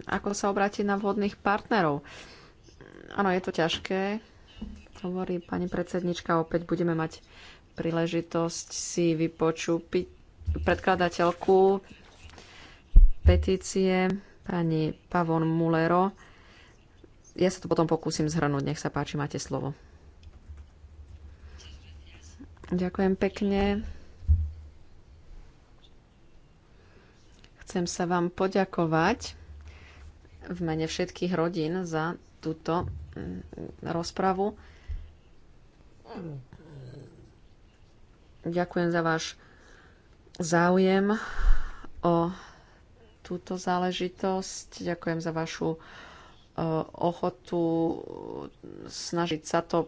Ako sa obrátiť na vhodných partnerov? Áno, je to ťažké, hovorí pani predsednička. Opäť budeme mať príležitosť si vypočuť predkladateľku petície pani Pavon Mulero. Ja sa to potom pokúsim zhrnúť. Nech sa páči, máte slovo. Ďakujem pekne. Chcem sa vám poďakovať v mene všetkých rodín za túto mm, rozpravu. Ďakujem za váš záujem o túto záležitosť. Ďakujem za vašu E, ochotu snažiť sa to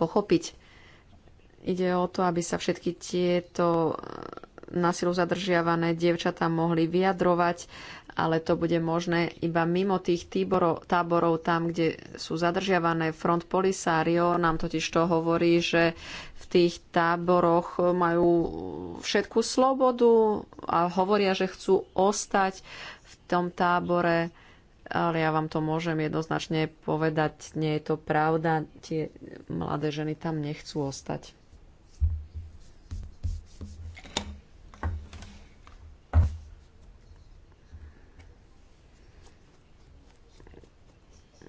pochopiť. Ide o to, aby sa všetky tieto nasilu zadržiavané dievčatá mohli vyjadrovať, ale to bude možné iba mimo tých táborov, táborov tam, kde sú zadržiavané. Front Polisario nám totiž to hovorí, že v tých táboroch majú všetku slobodu a hovoria, že chcú ostať v tom tábore ale ja vám to môžem jednoznačne povedať, nie je to pravda, tie mladé ženy tam nechcú ostať.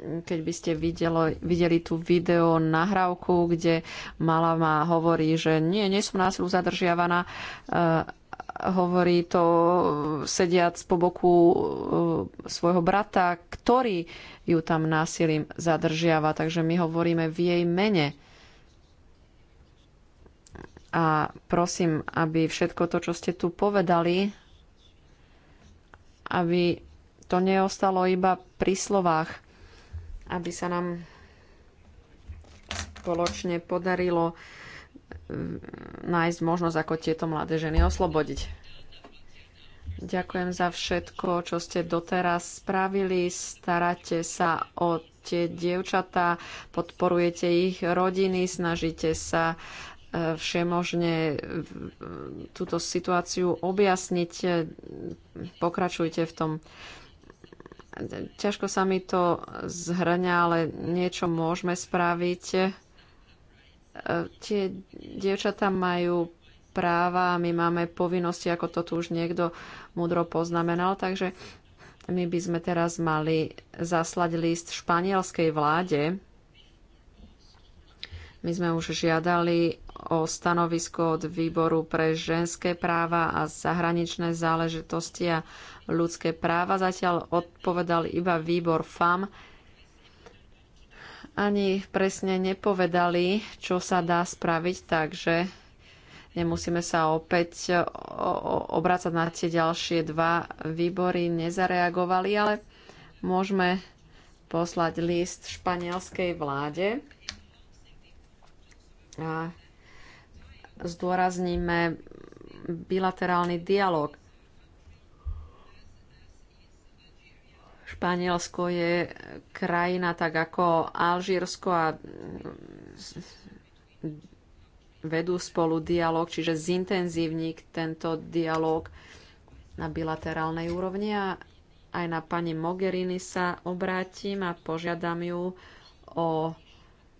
keď by ste videlo, videli tú video nahrávku, kde mala má hovorí, že nie, nie som násilu zadržiavaná, hovorí to sediac po boku e, svojho brata, ktorý ju tam násilím zadržiava. Takže my hovoríme v jej mene. A prosím, aby všetko to, čo ste tu povedali, aby to neostalo iba pri slovách, aby sa nám spoločne podarilo Mm, nájsť možnosť, ako tieto mladé ženy oslobodiť. Ďakujem za všetko, čo ste doteraz spravili. Staráte sa o tie dievčatá, podporujete ich rodiny, snažíte sa e, všemožne túto situáciu objasniť. Pokračujte v tom. Ťažko sa mi to zhrňa, ale niečo môžeme spraviť tie dievčatá majú práva, my máme povinnosti, ako to tu už niekto múdro poznamenal, takže my by sme teraz mali zaslať list španielskej vláde. My sme už žiadali o stanovisko od výboru pre ženské práva a zahraničné záležitosti a ľudské práva. Zatiaľ odpovedal iba výbor FAM ani presne nepovedali, čo sa dá spraviť, takže nemusíme sa opäť obrácať na tie ďalšie dva výbory. Nezareagovali, ale môžeme poslať list španielskej vláde a zdôrazníme bilaterálny dialog. Španielsko je krajina tak ako Alžírsko a vedú spolu dialog, čiže zintenzívni tento dialog na bilaterálnej úrovni a aj na pani Mogherini sa obrátim a požiadam ju o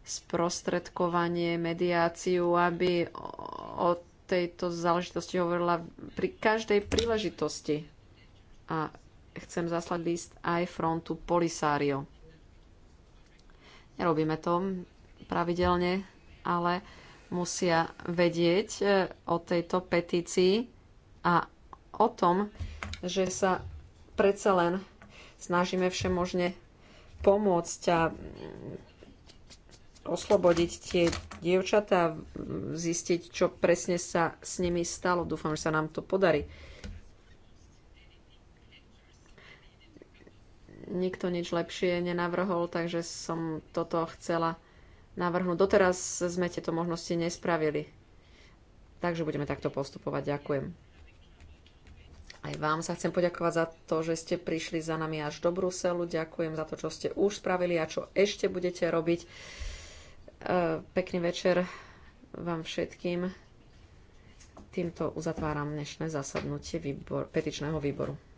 sprostredkovanie, mediáciu, aby o tejto záležitosti hovorila pri každej príležitosti. A chcem zaslať list aj frontu Polisario. Nerobíme to pravidelne, ale musia vedieť e, o tejto petícii a o tom, že sa predsa len snažíme všemožne pomôcť a mm, oslobodiť tie dievčatá, zistiť, čo presne sa s nimi stalo. Dúfam, že sa nám to podarí. nikto nič lepšie nenavrhol, takže som toto chcela navrhnúť. Doteraz sme tieto možnosti nespravili. Takže budeme takto postupovať. Ďakujem. Aj vám sa chcem poďakovať za to, že ste prišli za nami až do Bruselu. Ďakujem za to, čo ste už spravili a čo ešte budete robiť. E, pekný večer vám všetkým. Týmto uzatváram dnešné zasadnutie výbor, petičného výboru.